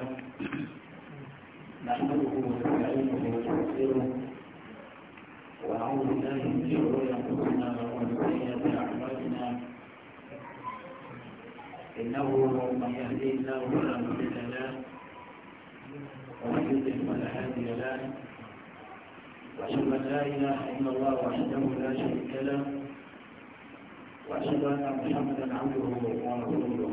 نحمده ونستعينه ونستغفره ونعوذ بالله من شرور انفسنا ومن سيئات اعمالنا انه من يهدي الله فلا مضل له ومن يضلل فلا هادي له واشهد ان لا اله الا الله وحده لا شريك له واشهد ان محمدا عبده ورسوله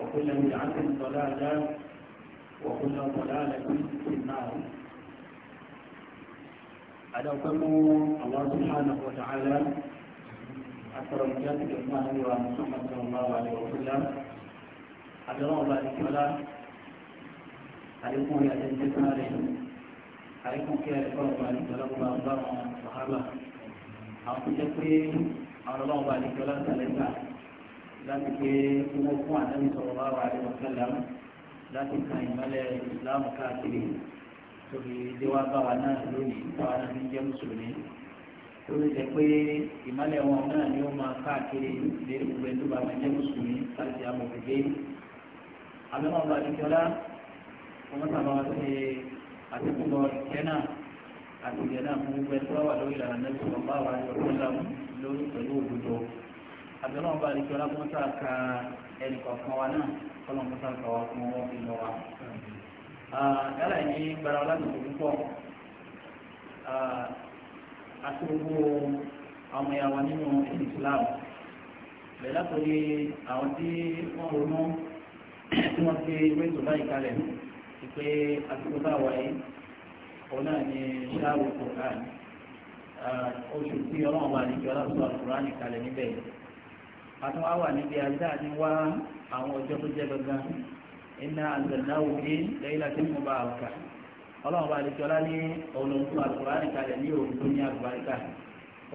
وكل بدعة ضلالة وكل ضلالة في النار أدعوكم الله سبحانه وتعالى أكثر من جاتك الله محمد صلى الله عليه وسلم أدعو الله وسلم عليكم يا جنتك عليكم عليكم كي يكون الله سلام الله وبركاته الصحابة أعطيك أن الله عليه وسلم láti pé wọ́n fún ànábì sọ̀rọ̀ wá wà lẹ́nu sẹ́lẹ̀m láti kan ìmọ̀lẹ̀ ìsìláàmù káàkiri torí déwà báwa náà lónìí báwa náà ní jẹ́ mùsùlùmí tó lè jẹ́ pé ìmọ̀lẹ̀ wọn náà ni ó máa káàkiri lé gbogbo ẹni tó bá máa jẹ́ mùsùlùmí láti amòfìgé àbẹ̀wọ̀n bá ti jọlá wọ́n sábà wá sí àtẹ̀kùbọ̀ ìkẹ́ náà àti ìjẹ́ náà fún gbogbo ẹni tó wà lórí ìlànà àbẹ̀rẹ̀ wọn bá lè fi ọlọ́gbọ́n sáà ka ẹnì kọ̀ọ̀kan wa náà kọ́lọ́n kó sáà kà wá fún wọn fi lọ wa. yálà yìí gbara ọlágbèsè púpọ̀ àti gbogbo àwọn ìyàwó nínú Islam bẹ̀rẹ̀ látòrí àwọn tí wọ́n ronú tí wọ́n fi wéètò báyìí kalẹ̀ ìpè àsìkò tá a wáyé òun náà ni ṣáà wò kò káàní oṣù tí ọlọ́run bá lè fi ọlọ́run sọ àkùrá níbẹ̀ yìí àtún wá wà níbi àyíká àti wá àwọn ọjọ́ tó jẹ́ gangan iná àgbẹ̀dáwò ní lẹ́yìnlá tí mo bá àwùkà ọlọ́run bá àdìsí ọlá ní ọ̀nà tó àlùkùránì kalẹ̀ ní òru tó ní àlùbáríkà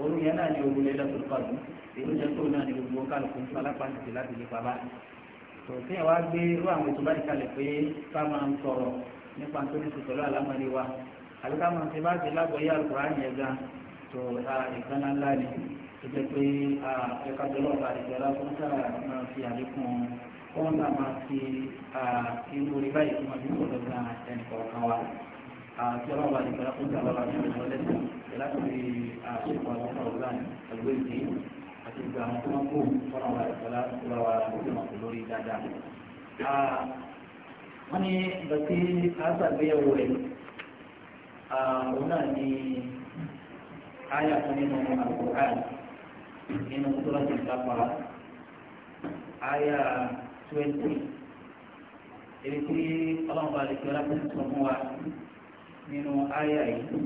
òru yẹn náà ní òru lẹ́yìnlá tó kọlù èyí jẹ́ tó náà ní gbogbo kálukú alápàǹtì láti lè pàbá tòkí ẹ̀ wá gbé irú àwọn ètò báyìí kalẹ̀ pé ká máa ń sọ̀rọ̀ nípa tó ní sùn pẹ̀lú àlámọ́lé wa àbí ká máa ń ṣe bá ti lágbọ̀ọ́yé àlùkùránì yẹn gan tó ìkànnà ńlá ni tó jẹ́ pé ẹ̀ka jọlọ́ ọba àdìgbẹ́lá tó ń sára máa fi àlékún wọn náà máa fi irú orí báyìí tó máa fi kọ́ lọ́gbà ẹnì kọ̀ọ̀kan wa àti ọlọ́ọ̀bà àdìgbẹ́lá tó ń sára wà ní ọ̀dọ́ lẹ́sìn láti àṣepọ̀ àwọn ọ̀rọ̀ ọ̀gá ẹgbẹ́ ìdí àti ìgbà àwọn tó ń kó ọlọ́ọ̀bà àdìgbẹ́lá tó bá wa lọ́wọ́ lórí dáadáa. wọ́n ní bàtí àṣàgbéyẹ̀wò rẹ̀ òun náà ni àyà kan nínú àkùrán nínú sọ́rọ́ ti kápára àyà twenty èyí tí ọlọ́mọba àdìsí ọlọ́pàá sọ fún wa nínú àyà yìí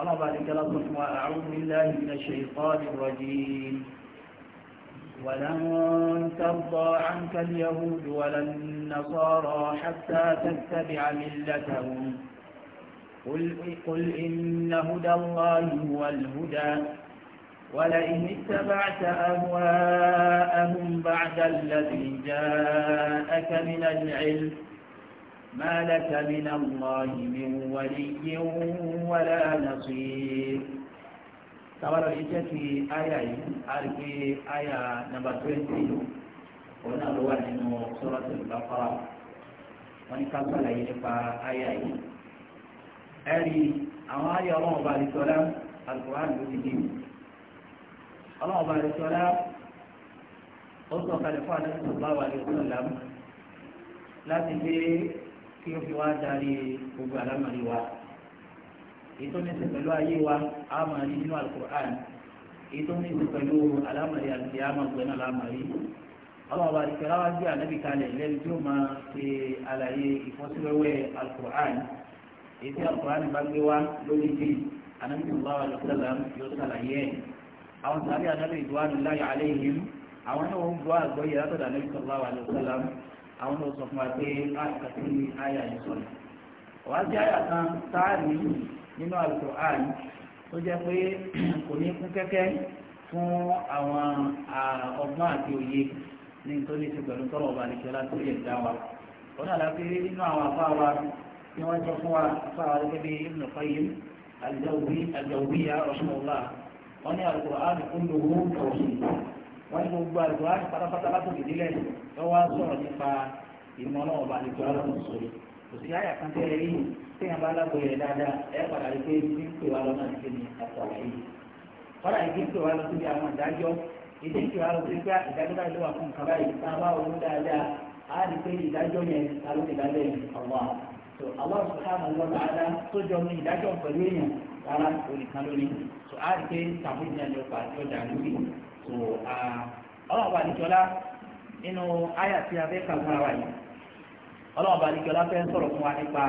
ọlọ́mọba àdìsí ọlọ́pàá sọ fún wa a'udhu billahi minash shaytanir rajim. ولن ترضى عنك اليهود ولا النصارى حتى تتبع ملتهم قل, قل إن هدى الله هو الهدى ولئن اتبعت أهواءهم بعد الذي جاءك من العلم ما لك من الله من ولي ولا نصير tawara ita ce aya yi arke aya namba 20 wani alowar nínú suratul baqara wani kasala yi nípa aya yi ẹ̀rí àwọn aya ọlọ́run ba àdìsọ́lá alquran ló ti dìbò ọlọ́wọ́n bá rẹ̀ sọ́lá ó sọ kalẹ̀ fún àdéhùn sọ̀rọ̀ àwọn àdéhùn sọ̀rọ̀ làmú láti gbé kí ó fi wá darí gbogbo àlámọ̀rí wa ètò ní ṣe pẹ̀lú ayé wa a máa rí nínú alukur'an ètò ní ṣe pẹ̀lú àlámọ̀rí àti àmọ̀gbẹ́nà àlámọ̀rí ọlọ́wọ́ bá rẹ̀ sọ́lá wá gbé ànábì kalẹ̀ lẹ́nu tí ó máa ṣe àlàyé ìfọ́síwẹ́wẹ́ alukur'an ètò alukur'an bá gbé wa lórí bíi ànábì sọ̀rọ̀ àwọn àdéhùn sọ̀rọ̀ yóò ṣàlàyé ẹ̀ àwọn sàbí ànábì ìdúwánu láyà aléhìm àwọn náà ń gbọ́ àgbọ́yé látọ̀dọ̀ ànábì sallallahu alaihi wasallam àwọn náà sọ fún wa pé àyà ah, sí àyà yìí sọ̀rọ̀ wàá sí àyà kan sáàrì nínú Al-Qur'an tó jẹ́ pé kò ní kún kẹ́kẹ́ fún àwọn ọgbọ́n àti òye ní tó ní ti pẹ̀lú tọ́rọ̀ ọba àlejò láti ilé ìdá wa wọn náà láti nínú àwọn afá wa tí wọ́n sọ fún wa afá wa gẹ́gẹ́ bí Ibn wọ́n ní alukur'an kúndùn òun tòun wọ́n ní gbogbo alukur'an pátápátá látòkè dílẹ̀ lọ́wọ́ sọ̀rọ̀ nípa ìmọ̀ náà ọba àlejò alásòsòrò kò sí àyà kan tẹ́lẹ̀ yìí tí yàn bá lágbóyè dáadáa ẹ padà rí pé ní pè wá lọ́nà àti kéde àtàlà yìí kọ́dà ìdí pè wá lọ síbi àwọn ìdájọ́ ìdí pè wá lọ sí pé ìdájọ́ dáadáa wà fún nǹkan báyìí tá a bá ronú dáadáa á rí pé ìdájọ́ yẹn alóòdì dáadáa yẹn ọ̀wá. tó àwọn sùkúrù àwọn ọlọ́dà rárá olùkan lónìí so a rí tàbí ìdíyàn ló pa àti ọjà lórí so a bá nìjọlá nínú àyà tí a fẹ́ kà fún ara yìí bá fẹ́ sọ̀rọ̀ fún wa nípa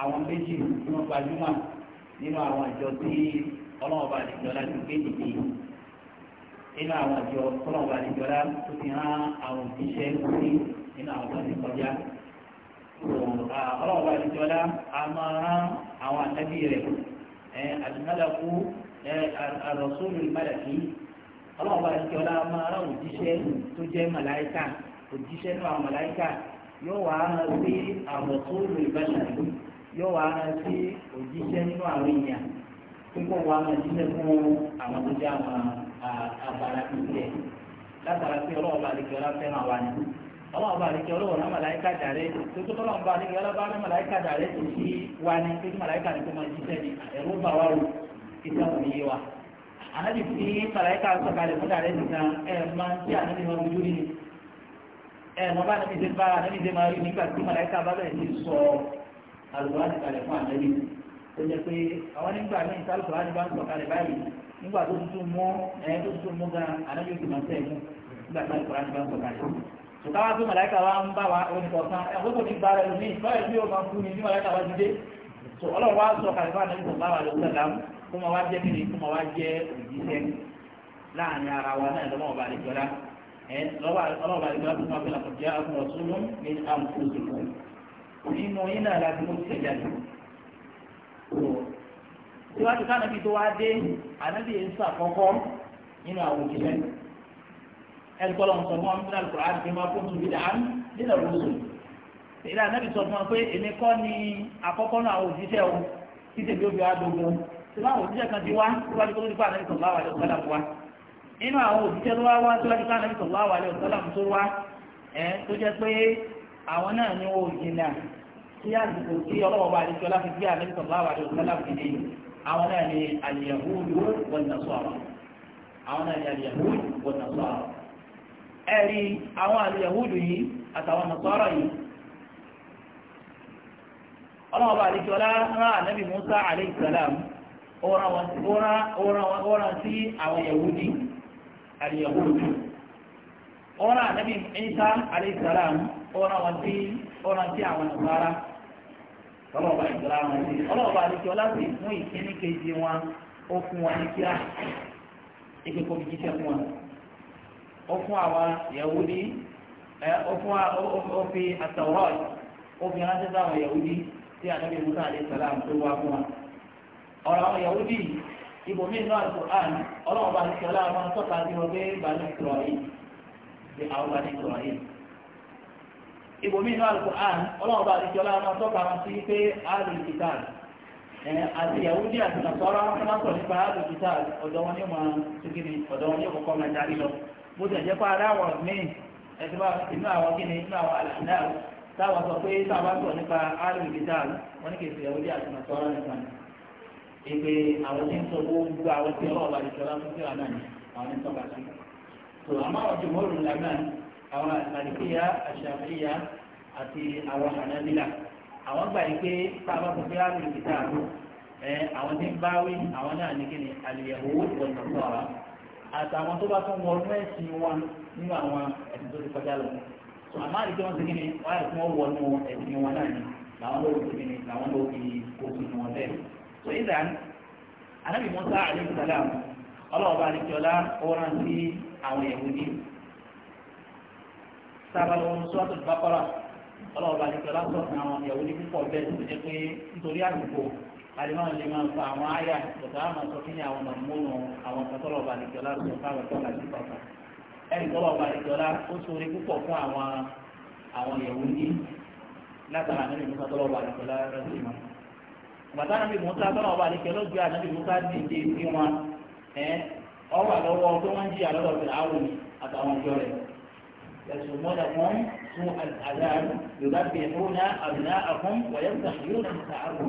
àwọn méjì tí wọ́n gbajúmọ̀ nínú àwọn ìjọ tí bá ti gbé alimadaku arọsọlù ìmàdàkì ọlọ́run bá ti ọlá máa rán òjíṣẹ́ tó jẹ́ màláìkà òjíṣẹ́ náà àwọn màláìkà yóò wá rán sí arọsọlù ìbáṣàlú yóò wá rán sí òjíṣẹ́ nínú àwọn èèyàn pípọ̀ wá máa jíṣẹ́ fún àwọn tó jẹ́ àwọn àbàrà ìpìlẹ̀ látara pé ọlọ́run bá ti ọlá fẹ́ràn wa ni ọlọ́run bá àlejò ọlọ́run náà màláìka dàrẹ́ tuntun tó lọ́run bá àlejò ọlọ́run bá náà màláìka dàrẹ́ tó ti wá ní pé kí màláìka ní kó máa jíṣẹ́ ni ẹ̀rú bá wà wò ìṣe àwọn òye wa. ànábì fi màláìka sọ̀kalẹ̀ fún dàrẹ́ nìkan ẹ̀ máa ń tí ànábì máa wù lórí ni. ẹ mọ bá ànábì ṣe bá ànábì ṣe máa rí nígbà tí màláìka bá bẹ̀rẹ̀ sí sọ àlùkò láti kalẹ̀ fún ànábì. ó tòkáwá tó màláìka wá ń bá wa oníkọ̀ọ̀kan àkókò ní gbára ẹlòmí ìfọ́rẹ̀ tí ó máa fún mi ní màláìka wá jíde tó ọlọ́run wá sọ kàlífà náà nípa báwa ló sẹ̀dá kó máa wá jẹ́ kíni kó máa wá jẹ́ òjíṣẹ́ láàrin ara wa náà lọ́wọ́ ọba àlejòlá ẹ lọ́wọ́ ọlọ́wọ́ àlejòlá tó máa fi làkọ̀ jẹ́ àkùnrin ọ̀túnlọ́ ní àmukúrúsìkò nínú yín náà láti mú ti ẹ̀já lò ẹgbọ́n sọ fún wọn nínú àlùkò àti ìmọ̀ fún tùbí dàn nínú ìrùsùn ìlà anábì sọ fún wọn pé èmi kọ́ ni àkọ́kọ́ náà òjíṣẹ́ o kí tèmi ó fi wá gbogbo ṣùgbọ́n àwọn òjíṣẹ́ kan ti wá síwájú tó ti pa anábì sọ̀rọ̀ àwọn àlẹ́ òṣèlú wa nínú àwọn òjíṣẹ́ tó wá wá síwájú tó anábì sọ̀rọ̀ àwọn àlẹ́ òṣèlú tó wá ẹ̀ tó jẹ́ ẹ̀rí àwọn àlìyàwódù yìí àtàwọn nàtọ́rà yìí ọlọ́wọ́ bá àlejò rán ànábì Musa alayhi salam sí àwọn yahudi àlìyàwódù ó rán Isa salam sí àwọn nàtọ́rà ọlọ́ọ̀bá ìgbàlá wọn sí ọlọ́ọ̀bá àdìsí ìkíní kejì wọn ó fún wọn ní kíá ó fún yahudi ẹ ó fún ó fi àtàwọ́rọ̀ ó sáwọn yahudi tí ànábì musa àdé sàlám tó wá fún wa ọ̀rọ̀ àwọn yahudi ibòmíì náà alukur'an ọlọ́run bá nìkan lára máa tọ́ka sí wọn pé bani israel pé àwọn bani israel ibòmíì náà alukur'an ọlọ́run bá nìkan lára máa tọ́ka wọn sí pé àti yahudi àti nasara wọn sọ nípa alùpùpù ọ̀dọ̀ wọn wọn wọn mo tẹ̀ jẹ́ fún aráwọ̀ míì ẹ̀sìn bá inú àwọn kíni inú àwọn àlànà táwọn sọ pé táwọn sọ nípa alùpùpù gítáàlù wọn ní kì í ṣe ìyàwó dí àtúnà sọ̀rọ̀ nípa ni èpè àwọn tí ń sọ gbogbo àwọn tí ọlọ́wọ́ bá ti sọ láti síra náà ni àwọn ń tọ́ka sí. tó àmọ́ àwọn jùmọ̀rù ńlá náà àwọn àlìkéyà àṣàfihà àti àwọn ànábìlà àwọn gbà yìí pé táwọn sọ pé alùpùpù gítáàlù àwọn tí ń àtàwọn tó bá tún wọnú ẹ̀sìn wọn nínú àwọn ẹ̀sìn tó ti kọjá lọ. àmọ́ àdìgbẹ́ wọn ti kí ni wọ́n á tún ẹ̀sìn wọn náà ni làwọn ló ti kí ni làwọn fi kó sínú wọn bẹ́ẹ̀. sọ ìdá anábì Musa alayhi salam ọlọ́ọ̀bá ọ̀ràn sí àwọn bàkọ́rà ọlọ́ọ̀bá àwọn púpọ̀ bẹ́ẹ̀ tó jẹ́ pé nítorí àdìgbò alimami lè máa fa àwọn àyà tòtò àwọn sọ kí ni àwọn ọmọ múnú àwọn tọ́lọ̀ ọba àdìjọ́lá ló fún àwọn tọ́lọ̀ àti pàpà ẹni tọ́lọ̀ ọba àdìjọ́lá ó sori púpọ̀ fún àwọn àwọn Yẹhudi látara ànábì Musa tọ́lọ̀ ọba àdìjọ́lá rẹ̀ sí bàtà ànábì Musa tọ́lọ̀ ọba àdìjọ́lá gbé ànábì Musa dìde sí wọn ẹ ọwọ́ àlọ́wọ́ tó wọ́n jí àlọ́dọ̀ fẹ̀ àwọn àtàwọn ọjọ́ rẹ̀ يسومونكم سوء العذاب يذبحون أبناءكم ويستحيون نساءكم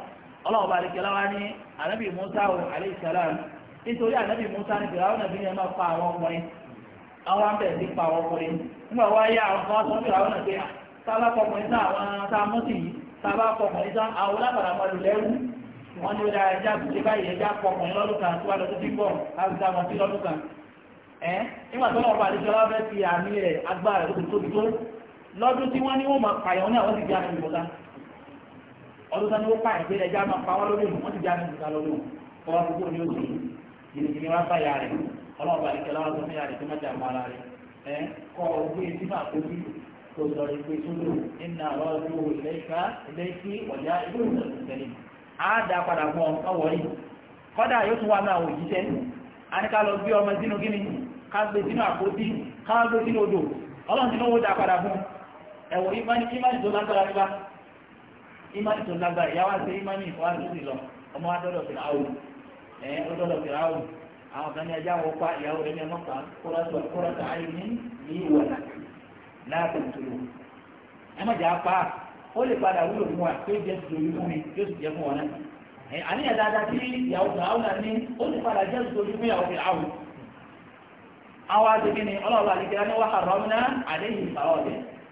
ọlọ́run bá rikẹ́ láwa ní anabi musa o aleyhi salam nítorí anabi musa ní fìlà ọ̀nà bíi ẹ̀ máa pa àwọn ọkùnrin àwọn abẹ́ ti pa àwọn ọkùnrin nígbà wá yá àwọn kan sọ fìlà ọ̀nà pé sábà kọkùnrin sá àwọn tá a mọ́tì yìí sábà kọkùnrin sá àwọn lábàrá máa lù lẹ́rú wọn ni ó dáa ẹja ti báyìí ẹja kọkùnrin lọ́dún kan tó wà lọ́dún tí ọdún sani ó pààyàn pé ẹja máa pa wọn lórí òun wọn ti já ní ìta lórí òun kọ́ wọn gbogbo ní oṣù jìnnìjìnnì wọn bá yà rẹ ọlọ́run bá nìkẹ́ láwọn tó ní yà rẹ tó má jà mọ́ ara rẹ ẹ kọ́ ogún etí máa kó bí kò sọ̀rọ̀ ìpè sódò iná ọlọ́dún ìlẹ́ka ìlẹ́kí ọ̀yá ìlú ìtẹ̀lẹ̀ á dá padà fún ọ ọwọ́ yìí kọ́dà yóò tún wà ní àwọn òjíṣẹ́ a ní ká lọ gbé ọmọ sínú kíni ká gbé sínú àpótí ká gbé sínú odò ọlọ́run ti dá padà fún ẹ̀wọ̀n ìmánì ìmánì tó lágbára nípa ìmánì tó lágbára ìyá wa ṣe ìmánì wá sí lọ ọmọ wa dọ́dọ̀ fìlà áwù ẹ̀ ó dọ́dọ̀ fìlà áwù àwọn kan ní ajá wọn pa ìyàwó rẹ̀ ní ọmọ pa kúrọ́tà ayé ní ìwà láti ìtòló ẹ má jẹ́ apá ó lè padà wúlò fún wa tó jẹ́ ìtòló fún mi tó sì jẹ́ fún wọn náà àníyàn dáadáa tí ìyàwó fìràwùn náà ní ó ti padà jẹ́ ìtòjú fún ìyàwó fìràwùn àwọn àti kí ni ọlọ́ọ̀lọ́ àti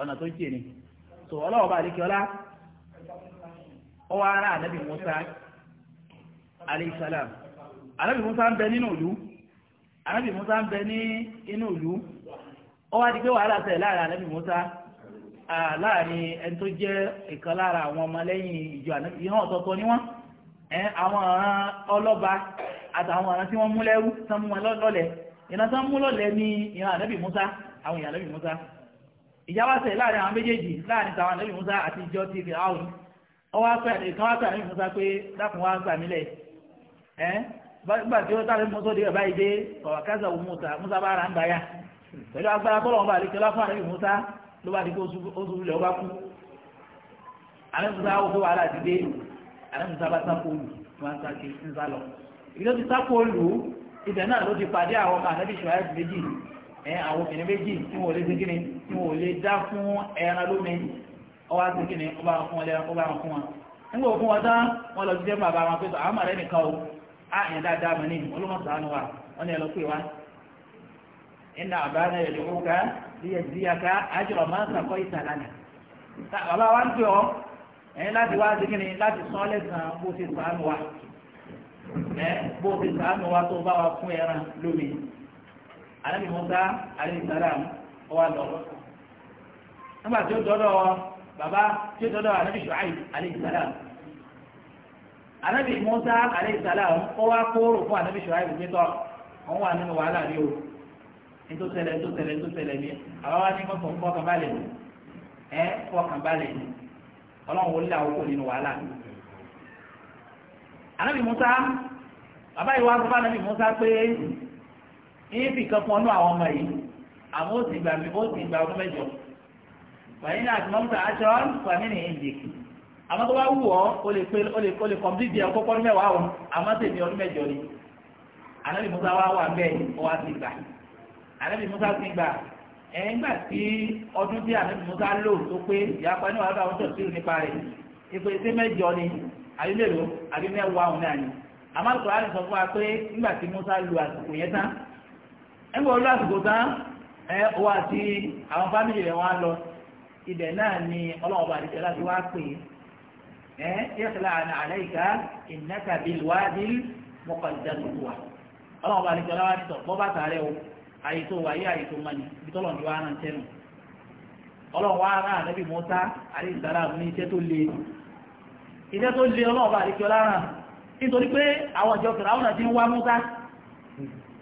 ọ̀nà tó jì ní so ọlọ́wọ́ bá àlékiọlá ó wá ara ànábì Musa ànábì Musa ń bẹ nínú ìlú ànábì Musa ń bẹ ní inú ìlú ó wá di pé wàhálà ṣẹlẹ̀ láàrin ànábì Musa láàrin ẹni tó ìkan lára àwọn ọmọlẹ́yìn ìjọ ànábì ìhàn ọ̀tọ̀ọ̀tọ̀ ni wọ́n àwọn ọ̀ràn ọlọ́ba àtàwọn ọ̀ràn tí wọ́n mú lẹ́rú tán mú wọn mú ni ìran ànábì Musa àwọn ìyàn ìjábáṣẹ̀ láàrin àwọn méjèèjì láàrin tàwọn ànábì Musa àti ìjọ ti fi áwùn ọwọ́ apẹ́ ìkan wá pé ànábì Musa pé dákun wá gbà mílẹ̀ ẹ́ gbà tí ó tàbí Musa di ọ̀bá ìdé ọ̀rọ̀ kásà wù Musa Musa bá ara ń bá yá pẹ̀lú agbára bọ́lọ̀ ọba àlejò láfún ànábì Musa ló bá di kó oṣù lẹ̀ ọba kú ànábì Musa wò fún wàhálà ti dé ànábì Musa bá sáko olù wọn sá ké ń sá lọ ìdí tó ti sáko olù ibẹ̀ náà ló ti pàdé àwọn ọmọ àwọn obìnrin méjì tí wọ́n lè ṣégíní tí wọ́n lè dá fún ẹran lómi ọwá ṣégíní ọba fún ọlẹ́ ọba fún wọn nígbà òfin wọn tán wọn lọ jíjẹ́ bàbá wọn pé àwọn màrẹ́ nìkan o á yẹn dáadáa mọ̀ ní olómọ̀sánú wa wọn ni ẹ lọ pè wá iná àbáná yẹ̀ lóko ká díẹ̀ díẹ̀ ká àjọrọ̀ máa ń sàkọ́ ìsàlánà bàbá wa ń pè ọ́ ẹ̀yin láti wá ṣégíní láti sán lẹ́sàn-án bó ti sànù wa bó ti sànù wa tó bá wa fún ẹran lómi ànábì Mùsá alayhi salam ọwọ́ àlọ́ nígbà tí ó dọ́dọ̀ bàbá tí ó dọ́dọ̀ ànábì Shu'aib alayhi salam ànábì Mùsá ọwọ́ akóró fún ànábì Shu'aib gbẹ́tọ̀ wọ́n wàhálà rí o mi àwọn wa ní balẹ̀ ẹ balẹ̀ ọlọ́run àwọn kò nínú wàhálà mi bàbá yìí wá sọ fún ìbì kan fún ọdún àwọn ọmọ yìí àmọ́ ó ti gbà mí ó ti gbà ọdún mẹ́jọ wàyí ní àtìmọ́mùtà aṣọ àǹfààní ní ìdè àmọ́ tó bá wù ọ́ ó lè pé ó lè ó lè kọ̀m̀pìtì ẹ̀ kọ́kọ́ mẹ́wàá o àmọ́ tèmi ọdún mẹ́jọ ni ànábì Musa wá wà bẹ́ẹ̀ ó wá ti gbà ànábì Musa ti gbà ẹ̀yìngbà tí ọdún tí ànábì Musa lò tó pé ìyapa ní wàhálà àwọn tọ̀sí nípa rẹ̀ ìpè sí mẹ́jọ ni àbí mélòó àbí mẹ́wàá òun náà ni àmọ́ àlùkò àlùsọ fún wa pé nígbà tí Musa lu àsìkò yẹn tán ẹgbẹ́ olú àsìkò tán ẹ wà tí àwọn fámìlì rẹ̀ wá lọ ibẹ̀ náà ni ọlọ́wọ́ bá dìtẹ̀ láti wá pè é ẹ yẹ́sẹ̀lá àná àlẹ́yìká ìnáka bíi wáàdí mọ́kànlélá tó wà ọlọ́wọ́ bá dìtẹ̀ láwá dìtọ̀ bọ́ bàtà rẹ̀ o àyè tó wáyé àyè tó mani ibi tọ́lọ̀ ní wàá tẹ́nu ọlọ́wọ́ wá náà nẹ́bí mọ́tá àlẹ́ ìsàlá ní iṣẹ́ tó le iṣẹ́ tó le ọlọ́wọ́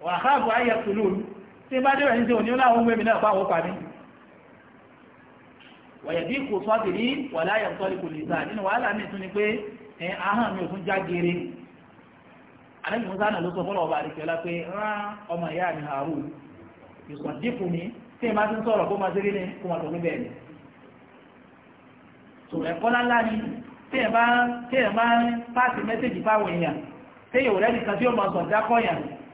wà káàbù ayẹ tòlú tí bá dé rẹ̀ ní òní láwọn ohun èmi náà fáwọn pa mí wọ̀yẹ̀dí kò sọ́ọ̀tì ní wàlá ayẹ̀ tọ́lì kò lè sáà nínú wàhálà mi tún ni pé ahọ́n mi ò tún já geere alẹ́ musa náà ló sọ fọlọ́ ọba àdìsẹ́ la pé rán ọmọ ìyá mi àrù ìsọ̀dínkù mi tí ìmá ti ń sọ̀rọ̀ kó máa ṣeré ní kó máa tọ́lú bẹ́ẹ̀ ni sọ̀rọ̀ ẹ̀kọ́ lálá ni tí ẹ̀ máa ń pàṣẹ mẹ́sẹ̀jì fáwọn èèyàn tí ìwòrẹ́ nìkan tí ó máa sọ̀dá kọ́yàn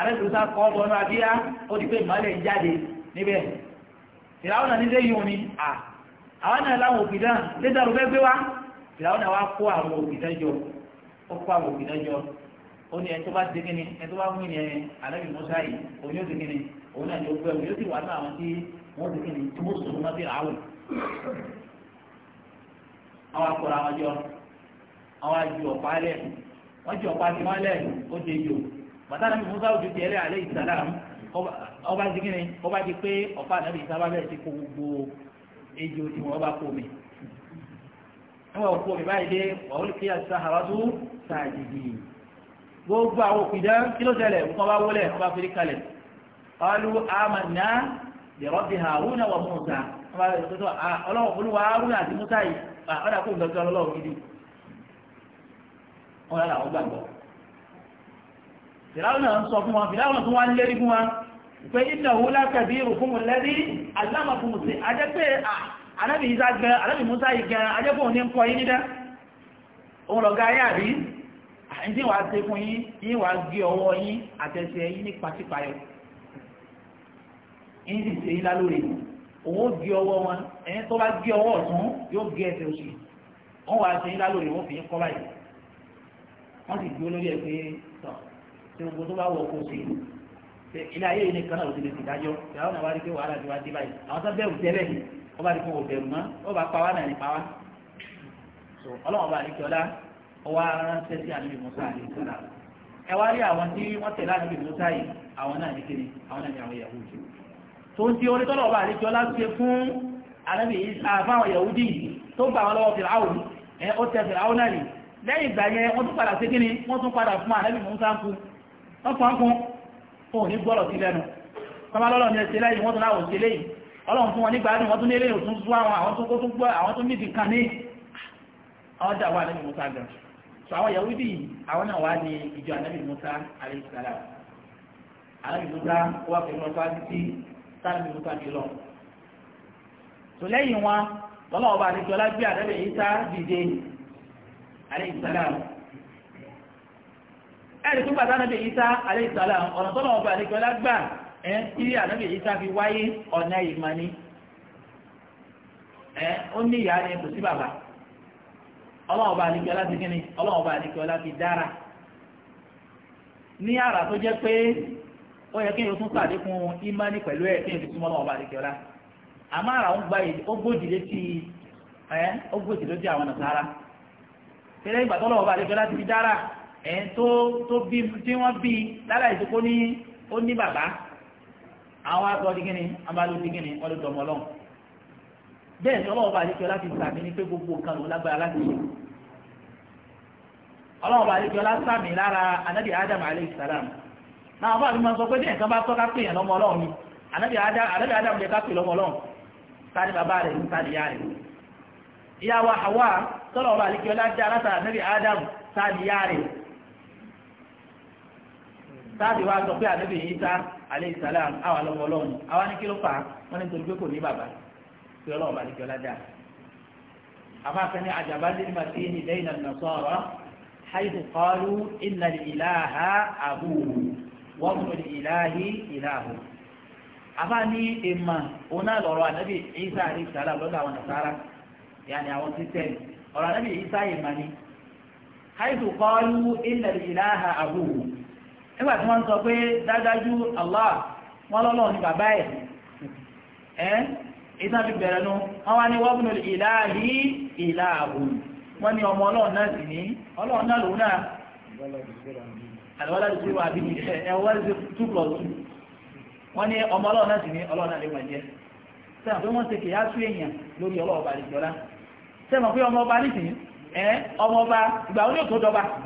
àrẹ́sùsá kọ́ ọ́ bọ́nú abíyá ó ti pé ìmọ̀lẹ̀ jáde níbẹ̀ ìràwọ̀n náà nílé yìí ni à àwọn náà láwọn òkìdá lédàrú fẹ́ gbé wá ìràwọ̀n náà wá kó àwọn òkìdá jọ ó kó àwọn òkìdá jọ ó ní ẹni tó bá ti kíni ẹni tó bá wí ni ànábì Mùsá yìí òun yóò ti kíni òun náà yóò gbẹ òun yóò ti wà ní àwọn tí wọ́n ti kíni tí wọ́n sọ̀rọ̀ mọ́tì ràwọ̀ àwọn akọ̀rọ̀ àwọn jọ àwọn àjù ọ̀pá lẹ̀ wọ́n jù ọ̀pá ti wọ́n lẹ̀ ó de jù bàtà nàbí musa ojú ti ẹlẹ́ alẹ́ ìsàlám ọba ti kíni ọba ti pé ọ̀pá nàbí ìsàlám bẹ́ẹ̀ ti kó gbogbo ejò tí wọ́n bá kó mi. wọ́n kó mi báyìí dé ọ̀hún kí asahara tó sàdìdì. gbogbo àwọn òpìdán kí ló ṣẹlẹ̀ nǹkan bá wọlé ọba fi kalẹ̀. qalu amanna bi rabbi haruna wa musa ah, ọlọ́wọ́ olúwa haruna àti musa yìí ah, ọ̀dà kó gbẹ̀gbẹ̀ ọlọ́wọ́ gidi. wọ́n yára fìràwùnà ń sọ fún wọn fìràwùnà tó wá ń lérí fún wọn pé iná òun lákàbí ìrùkún lẹ́rí alámàkùnmù sí ajẹ́ pé anábì isa gan anábì musa yìí gan ajẹ́ pé òun ní ń kọ yín nídá òun lọ ga yá rí àìjí wàá ṣe fún yín yín wàá gé ọwọ́ yín àtẹsẹ̀ yín ní pàṣípàyọ yín sì ṣe yín lálórí òun ó gé ọwọ́ wọn ẹni tó bá gé ọwọ́ ọ̀tún yóò gé ẹsẹ̀ oṣù wọn wàá ṣe yín lálórí wọn fi yín kọ́ báyìí wọn sì gbé olórí ẹ pé tọ̀ tí gbogbo tó bá wọ kó sí ilé ayé yìí nìkan náà ò ti lè tìdájọ́ ìyàwó náà wá rí pé wàhálà ti wá dé báyìí àwọn tó bẹ̀rù tẹ́lẹ̀ ni wọ́n bá rí pé wọ́n bẹ̀rù mọ́ wọ́n bá pa wá náà ní pa wá. ọlọ́wọ́n bá rí kí ọlá ọwọ́ aránṣẹ́ sí àníbi Musa àdéhùn sọ́lá ẹ wá rí àwọn tí wọ́n tẹ̀lé àníbi Musa yìí àwọn náà ní kíni àwọn náà ní àwọn Yahudi tó ń di onítọ́lọ̀ ọba àdéjọ́ láti fún àníbi àfáwọn Yahudi tó gbà wọn lọ́wọ́ Fìràwọ̀ ẹ ó tẹ fún àníbi Musa wọ́n fọ́n kún òun ní gbọ́rọ̀ sí lẹ́nu tọ́mọ́lọ́lọ́ ní ẹ̀ṣẹ́ lẹ́yìn wọ́n tún láwọn òṣèlé yìí ọlọ́run fún wọn nígbà ní wọ́n tún nílé òtún sú àwọn àwọn tó kó tún gbọ́ àwọn tó níbi kan ní àwọn dà wà nínú Musa gan so àwọn Yahudi àwọn náà wà ní ìjọ anábì Musa alẹ́sàlá anábì Musa wà pẹ̀lú ọ̀tọ́ títí sáàbì Musa ti lọ so lẹ́yìn wọn lọ́lọ́wọ́ bá àdéjọ́lá gbé anábì Isa dìde alẹ́sàlá ẹ̀rí tó gbàtà nàbì Isa ala salam ọ̀nà tó lọ́wọ́ bá àlejò lágbà ẹ̀ tí Isa fi wáyé ọ̀nà ìmọ̀ni ẹ̀ ó ní ìyá ni kò sí bàbá ọlọ́wọ́ bá àlejò láti kíni ọlọ́wọ́ bá dára ní ara tó jẹ́ pé ó yẹ kéèyàn tún pàdé fún pẹ̀lú ẹ̀ fi súnmọ́ ọlọ́wọ́ bá àmọ́ gba E tó tó bí tí wọ́n bí lára ìsìnkú ní ó ní bàbá àwọn àtọ́ di kíni amálò di kíni bẹ́ẹ̀ ni ọlọ́wọ́ láti sàmì ní pé gbogbo nǹkan ló lágbára láti ṣe ọlọ́wọ́ bá yẹ láti anabi adam aleyhi salam náà wọ́n bá sọ pé bí nǹkan bá tọ́ka lọ́mọ anabi adam anabi adam lè ká pè lọ́mọ sani bàbá tọ́lọ́wọ́ bá láti anabi adam sani sáàbì wa sọ pé ànábì Ìsá alayhi salam àwọn alọ́mọ ọlọ́run àwọn ní kí ló fà á wọ́n ní torí pé kò ní bàbá pé ọlọ́run bá dìjọ́ ládà àmọ́ àfẹ́ni àjàbá lè má sí ní lẹ́yìn àná sọ̀rọ̀ haythu qalu inna al-ilaha abuhu wa ibnu al-ilahi ilahu àmọ́ ní ìmọ̀ òun náà lọ́rọ̀ ànábì Ìsá alayhi salam lọ́dọ̀ àwọn nàṣàrà yàní àwọn kristẹni ọ̀rọ̀ nígbà tí wọ́n sọ Allah wọ́n lọ́lọ́ ní bàbá ẹ̀ ẹ́ ìtàn fi bẹ̀rẹ̀ nu wọ́n wá ní wọ́pùnù ìlàhí ìlàhùn wọ́n ní ọmọ ọlọ́run náà sì ní ọlọ́run náà lòun náà àlọ́lá ti bí ẹ wọ́n ti two plus two wọ́n ní ọmọ ọlọ́run náà sì ní ọlọ́run náà lè wà jẹ́ sẹ́wọ̀n pé wọ́n ti kìí aṣọ èèyàn lórí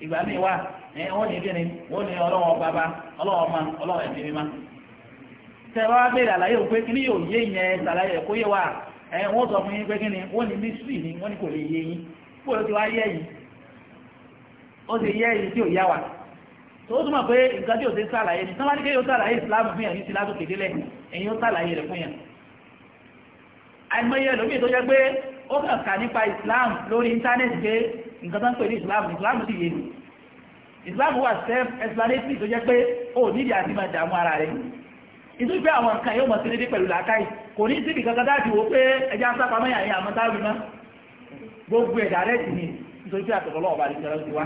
ìgbà míì wà wọ́n ní kíni wọ́n ní ọlọ́wọ́ bàbá ọlọ́wọ́ ma ọlọ́wọ́ tẹ̀wá àlàyé yóò yé yẹn yé wa wọ́n sọ fún yín pé wọ́n ní mísírì ni wọ́n ní kò lè yé yín kó o ti wá yé ti yé tí yá wa. tó o pé nǹkan tí o ti ni sábà ní kí fún ní ẹ̀yin fún àìmọye ẹlòmíì tó pé ó kàn nípa nǹkan tó ń pè ní islam islam sì yé mi islam wà self explanatory tó jẹ́ pé ó nídìí àti máa ara rẹ̀ ìtú pé àwọn nǹkan yóò mọ̀ sí lédè pẹ̀lú làákàyè kò ní síbi kankan dáàbì pé ẹja sápamọ́ ni nítorí pé àtọ̀tọ̀ ọlọ́wọ́ bá nìkẹ́lá ti wá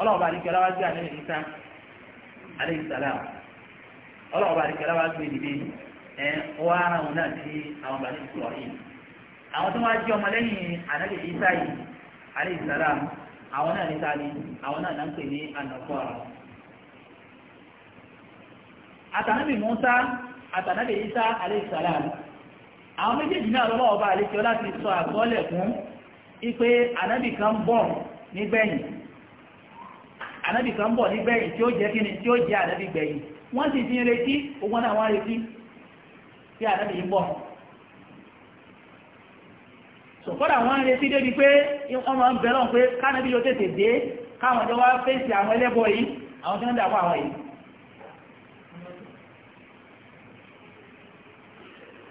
ọlọ́wọ́ bá nìkẹ́lá wá gbé àlẹ́ ìsá alẹ́ ìsàlá ọlọ́wọ́ bá nìkẹ́lá ẹ̀ wá ara wọn náà alayhi salam àwọn náà níta ni àwọn náà náà ń pè ní anọ̀kọ́ra. àtànábì Musa àtànábì Isa alayhi salam àwọn méjèèjì náà lọ́wọ́ ọba àlejò láti sọ àkọọ́lẹ̀ fún ipe ànábì kan bọ̀ nígbẹ̀yìn ànábì kan bọ̀ nígbẹ̀yìn tí ó jẹ́ kíni tí ó jẹ́ ànábì gbẹ̀yìn wọ́n sì ti ń retí ogun náà wọ́n retí tí ànábì sọ̀kọ́dà wọ́n ń retí débi pé ọmọ ń bẹ̀rọ̀ pé kánàbí yóò tètè dé káwọn ọjọ́ wá fèsì àwọn ẹlẹ́bọ yìí àwọn tí wọ́n dàpọ̀ àwọn yìí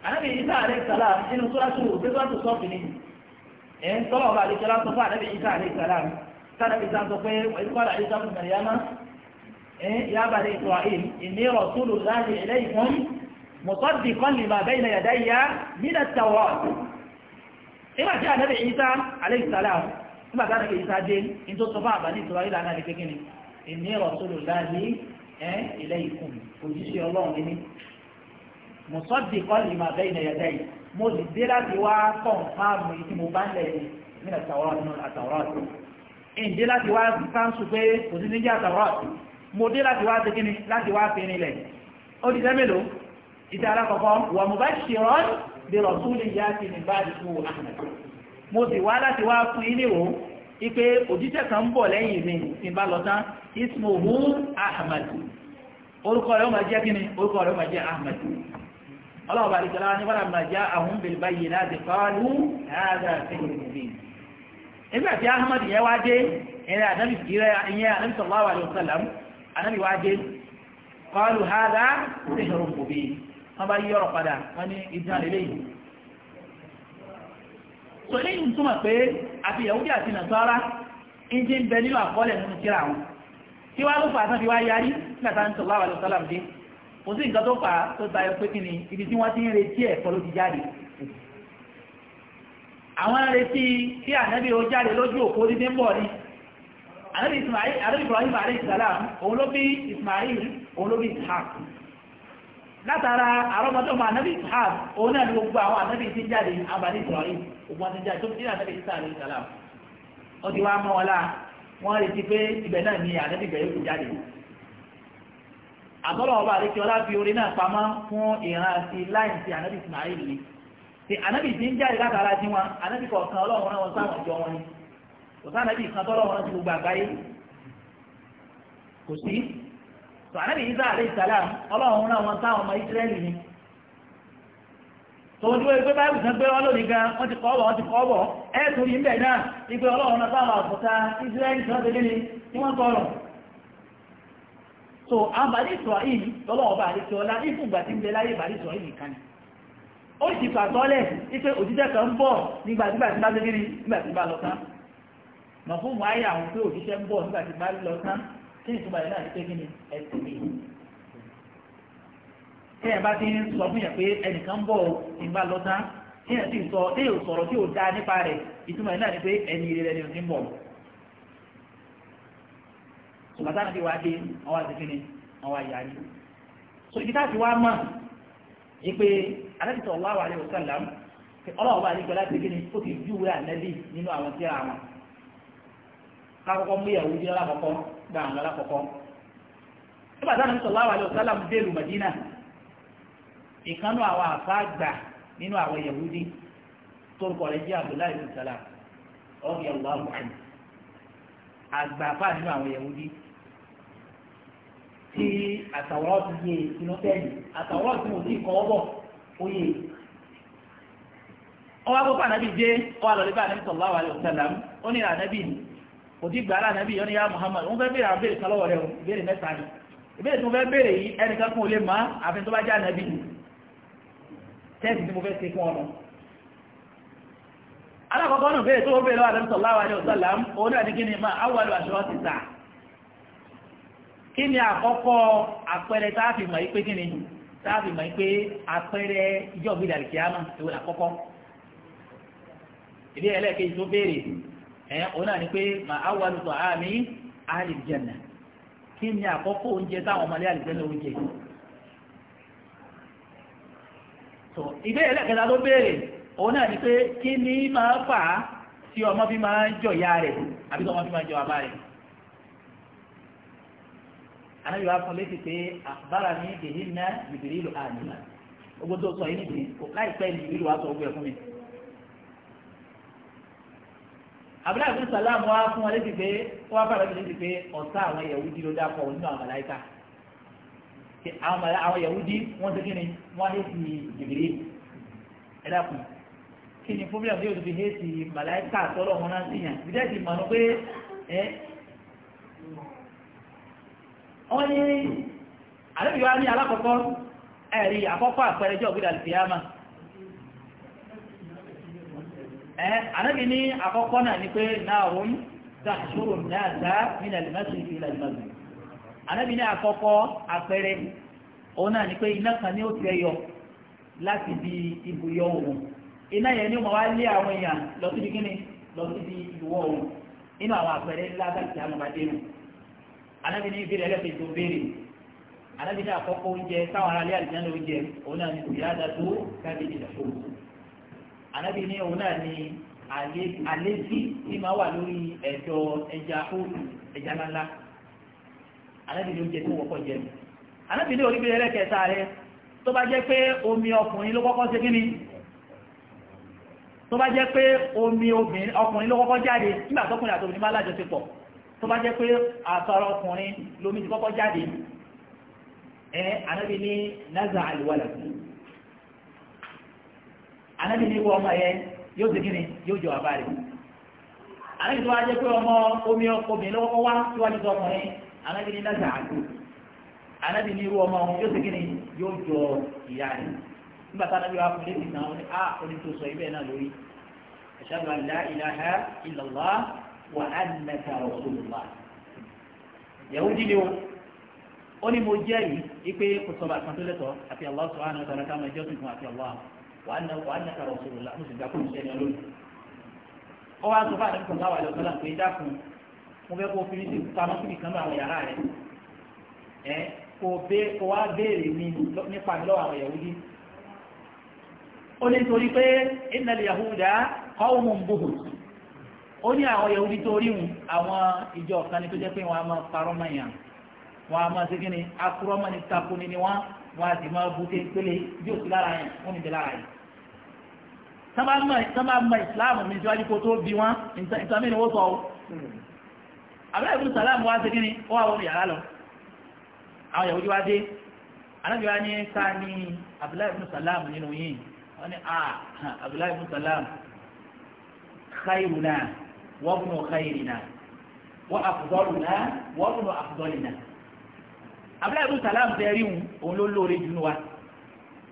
ànábì Ìsá alayhi salam nínú sọ́lásù gbégbàtù sọ́ọ̀fì ni ẹ̀ ń tọ́lọ̀ ọba àlejò lásán fún ànábì Ìsá alayhi salam kánàbí Ìsá sọ pé ìkọ́lá Ìsá fún ya bani Isra'il nígbàtí ànábì Ìsá aléìsàlám nígbàtí ànábì Ìsá dé ní tó sọ fún àbáni ìtura ìlànà àti kékeré ìní ìrọ̀sọ́lù láàyè ẹ́ ilé ìkùn òjíṣẹ́ ọlọ́run ní mùsọ́dì kọ́lì máa bẹ́ ìnà yàtọ̀ yìí mo sì dé láti wá kàn fáàmù ìdí mo bá ń lẹ̀ ní nínú àtàwọ́rọ́ àti ìdí láti wá fáńsù pé kò sí níjà àtàwọ́rọ́ àti di sẹ́mẹ́lò ìdí alákọ̀ọ́kọ́ wà bí yá ti ní bá ìlú ahmed mo sì wá láti wá fún ipe òjíṣẹ́ kan ń bọ̀ lẹ́yìn mi tí bá lọ tán ismuhu ahmed orúkọ rẹ̀ ó jẹ́ kíni orúkọ rẹ̀ ó jẹ́ ahmed ọlọ́run bá dìgbà láwọn máa já àwọn láti wọ́n bá yí ọ̀rọ̀ padà wọ́n ní ìdíhàn eléyìí so eléyìí ń túmọ̀ pé àti yahudi àti nàtọ́ra ń jí ń bẹ nínú àkọọ́lẹ̀ nínú kíra wọn tí wá ló fà á fi wá yarí nígbàtà ń sọ̀rọ̀ àwọn ọ̀sọ́lá dé kò sí nǹkan tó fà á tó tayọ pé kí ni ibi tí wọ́n ti ń retí ẹ̀kọ́ ló ti jáde àwọn retí kí ànábì ó jáde lójú òkú dídé ń bọ̀ ni ànábì Ibrahim alayhi salam òun ló bí Ismail òun ló bí Ishaq látara àrọ́mọdọ́mọ anábì Ishaq òun náà ni gbogbo àwọn anábì ti jáde abàní Israel ògbọ́n ti jáde tó ti ní anábì Isa alayhi salam ó ti wá mọ́ wọn láà wọ́n retí pé ibẹ̀ náà ni anábì bẹ̀rẹ̀ kò jáde àtọ́lọ̀ ọba àdékí ọlá fi orin náà pamọ́ fún ìran ti láìn ti anábì Ismail ni ti anábì ti ń jáde látara tí wọn anábì kọ̀ọ̀kan ọlọ́run náà wọn sáwọn ìjọ wọn ni kò sí tó ànábì Isa alayhi salam ọlọ́run náà wọn táwọn ọmọ Ísírẹ́lì ni tòwòjú wọ́n gbé báyìí sàn pé ọlọ́ọ̀ni gan wọ́n ti kọ́ bọ̀ wọ́n ti kọ́ bọ̀ ń bẹ̀ náà ìgbé ọlọ́run náà táwọn ti léni tí wọ́n tọrọ so àwọn bàálì Israel lọ́lọ́wọ́ bàálì tí ọlá ìfúngbà tí ń bẹ ni tini ìtumọ̀ yìí náà ti pé kí ni ẹsẹ̀ mi. kí ẹ bá ti ń sọ fún yẹn pé ẹnìkan bọ̀ ìgbà lọ́tà kí ẹ sì sọ tí yóò sọ̀rọ̀ tí yóò dáa nípa rẹ̀ ìtumọ̀ yìí náà ti pé ẹni rẹ̀ ni ò ní bọ̀. sùgbọ́n táwọn ti wá dé so táà ti wá mọ̀ pé kí ni ó ti gba àwọn alákọ̀ọ́kọ́ nígbà tí Ànábì sallallahu alaihi wasallam dèlù Madina ìkánú àwọn àfa gbà nínú àwọn Yahudi tó ń kọ̀ọ̀lẹ́ jẹ́ Abdullahi ibn Salam ọ̀gẹ̀ ọ̀gbọ̀n àgbà àfa nínú àwọn Yahudi tí àtàwọ̀rọ̀ ti yé inú tẹ́lẹ̀ àtàwọ̀rọ̀ tí mo ti kọ́ ọ́ bọ̀ ó yé ọwọ́ àgbọ̀pọ̀ ànábì dé ọwọ́ àlọ́lẹ́bà ànábì sallallahu alaihi wasallam ó ní ànábì ni kò tí gbàrà nàbí yọ ní yá Muhammad wọ́n fẹ́ bèèrè àbẹ̀rẹ̀ kalọ́wọ̀ rẹ̀ ìbéèrè mẹ́ta ni ìbéèrè tó fẹ́ bèèrè yìí ẹnìkan kún olè máa tó bá já nàbí tí mo fẹ́ fún alákọ̀ọ́kọ́ bèèrè tó bèèrè ma sa'a ni ni ẹ̀ òun náà ni pé mà á lùtọ̀ àmì àlìjẹ̀nà kí ni àkọ́kọ́ oúnjẹ táwọn ọmọlé àlìjẹ̀nà oúnjẹ so ìbéèrè lẹ́kẹ̀ta ló béèrè òun ni pé kí ni máa fà á tí ọmọ fi máa ń jọ ìyá rẹ̀ àbí tí ọmọ fi máa ń jọ bàbá rẹ̀ anáyọ̀ á létí pé àbára ní ìdèhìn náà ìbìrìlù àmì gbogbo sọ yìí nìyí láìpẹ́ sọ fún mi. abúlé àti sàlámù wa fún wọn létí pé wọn bá rẹ létí pé ọ̀tá àwọn yahudi ló dápọ̀ nínú àwọn màláíkà àwọn yahudi wọn ti kíni wọn lè fi jìbìrì ẹ dákun kí ni fúnbíyàn bí o ti fi hé ti màláíkà tọ́lọ̀ wọn náà sí yàn bí dẹ́ẹ̀tì mọ̀ ní pé ẹ wọ́n ní àlébìyàn ní alákọ̀ọ́kọ́ ẹ̀rí àkọ́kọ́ àpẹẹrẹ jọ̀gbìn àlùfíàmà. Anabini ní àkọ́kọ́ náà ni pé náàrùn dáṣòrò náà dá nínú àlùmọ́sí ilẹ̀ àlùmọ́sí ànábì ní àkọ́kọ́ àpẹẹrẹ òun náà ni pé iná kan ní ó ẹyọ láti di ibùyọ òun iná yẹn ni ó wá lé àwọn èèyàn lọ sí kíni lọ sí di ìwọ òun nínú àwọn àpẹẹrẹ àmọ̀bàdé nù ní tó béèrè ní àkọ́kọ́ oúnjẹ táwọn aráalé ànábì ní òun náà ni àléébì tí máa wà lórí ẹ̀dọ̀ ẹja òòlù ẹja ńláńlá ànábì ní oúnjẹ tó wọ́pọ̀ jẹ mi ànábì ní orí bíi ẹlẹ́kẹta rẹ tó bá jẹ́ pé omi ọkùnrin ló kọ́kọ́ ṣe kí ni tó bá jẹ́ pé omi ọkùnrin ló kọ́kọ́ jáde nígbà tọkùnrin àtòmìnir bá lájọṣepọ̀ tó bá jẹ́ pé àtọrọ ọkùnrin lómi ti kọ́kọ́ jáde ẹ ànábì ní náza àlùwalà fún un anábì ní ọmọ yẹn yóò ṣe kíni yóò jọ àbá rẹ̀ anábì tó wá jẹ́ pé ọmọ omi obìnrin lọ́wọ́ wá síwájú tó ọkùnrin anábì ní lásà àgbo anábì ní irú ọmọ yóò ṣe kíni yóò jọ ìyá rẹ̀ nígbà tá anábì wá fún lẹ́sìn náà ní a ah, oní tó sọ ibẹ̀ náà lórí ashhadu an la ilaha illallah wa annaka rasulullah yahudi ni o ó ní mo jẹ́rìí pé kò sọ bàtàn lẹ́tọ̀ọ́ àti Allah subhanahu wa ta'ala ká máa jọ́sìn fún àti Allah wàá nàka rọ̀ṣọ̀rọ̀ la mo sì gbà kó mi sẹ́ni ọlọ́run. ọ wá sọ fún àdàkùn kan láwàlẹ̀ ọ̀sán láǹpẹ́ dákun mo fẹ́ kó fi ní sí pamọ́ sí nìkan láwọn yàrá rẹ̀ ẹ kó wá béèrè mi nípa mi lọ́wọ́ àwọn Yahudi. ó ní nítorí pé innal yahuda qawmun buhut ó ní àwọn Yahudi tó rí wọn àwọn ìjọ kan ni tó jẹ́ pé wọ́n á máa parọ́ mọ́ yàn wọ́n á máa ṣe ni akurọ́ mọ́ ni takuni ni wọ́n wọ́n á sì máa bu téńpélé bí òsì lára yẹn wọ́n ní bẹ́ẹ̀ lára yẹn sábà mọ ìsìláàmù mi síwájú kó tó bí wọn ìtàmì ni wọ́n sọ ọ́ abúlé ìbùn sàlámù wá sí kí ni ó wà wọ́n yàrá lọ àwọn yahudi wá dé anábì wá ní ká ní abúlé ìbùn sàlámù nínú yìí wọ́n ní à abúlé ìbùn sàlámù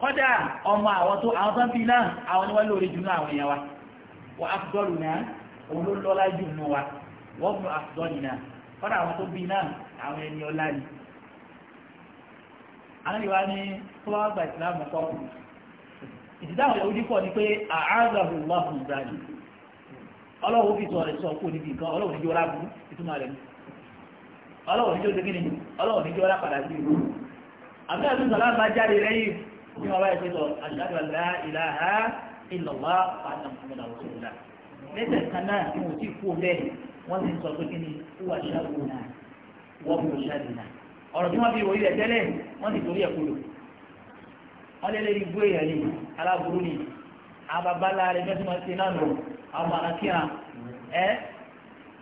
kọ́dà ọmọ àwọn tó àwọn tán náà àwọn ni lórí jù àwọn èèyàn wa wọ́n afdọ́lù náà òun ló lọ́lá jù nù wa wọ́n mú afdọ́lù náà kọ́dà àwọn tó bí náà àwọn ẹni ọlá ni. àwọn ìwà ni gba ìsìlámù kọ́ ni pé wà fún ọlọ́wọ́ fi sọ sọ kó níbi nǹkan ọlọ́wọ́ níjọ́ ọlá bí wọ́n bá yẹ pẹ́tọ̀ àṣàdù àlá ìlàhà ìlọ̀lá pàtàkì mọ̀lá òṣèlú lẹ́sẹ̀ kan náà tí wọ́n ti kú bẹ́ẹ̀ wọ́n ti sọ pé kí ni wọ́n ṣáàbù náà wọ́n kò ṣáàbù náà ọ̀rọ̀ tí wọ́n fi wòye tẹ́lẹ̀ wọ́n ti torí ẹ̀ kúrò wọ́n lé lérí ibú èèyàn ni aláburú ni àwọn bàbá ńlá rẹ̀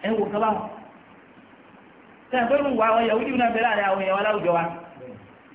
mẹ́tí wa.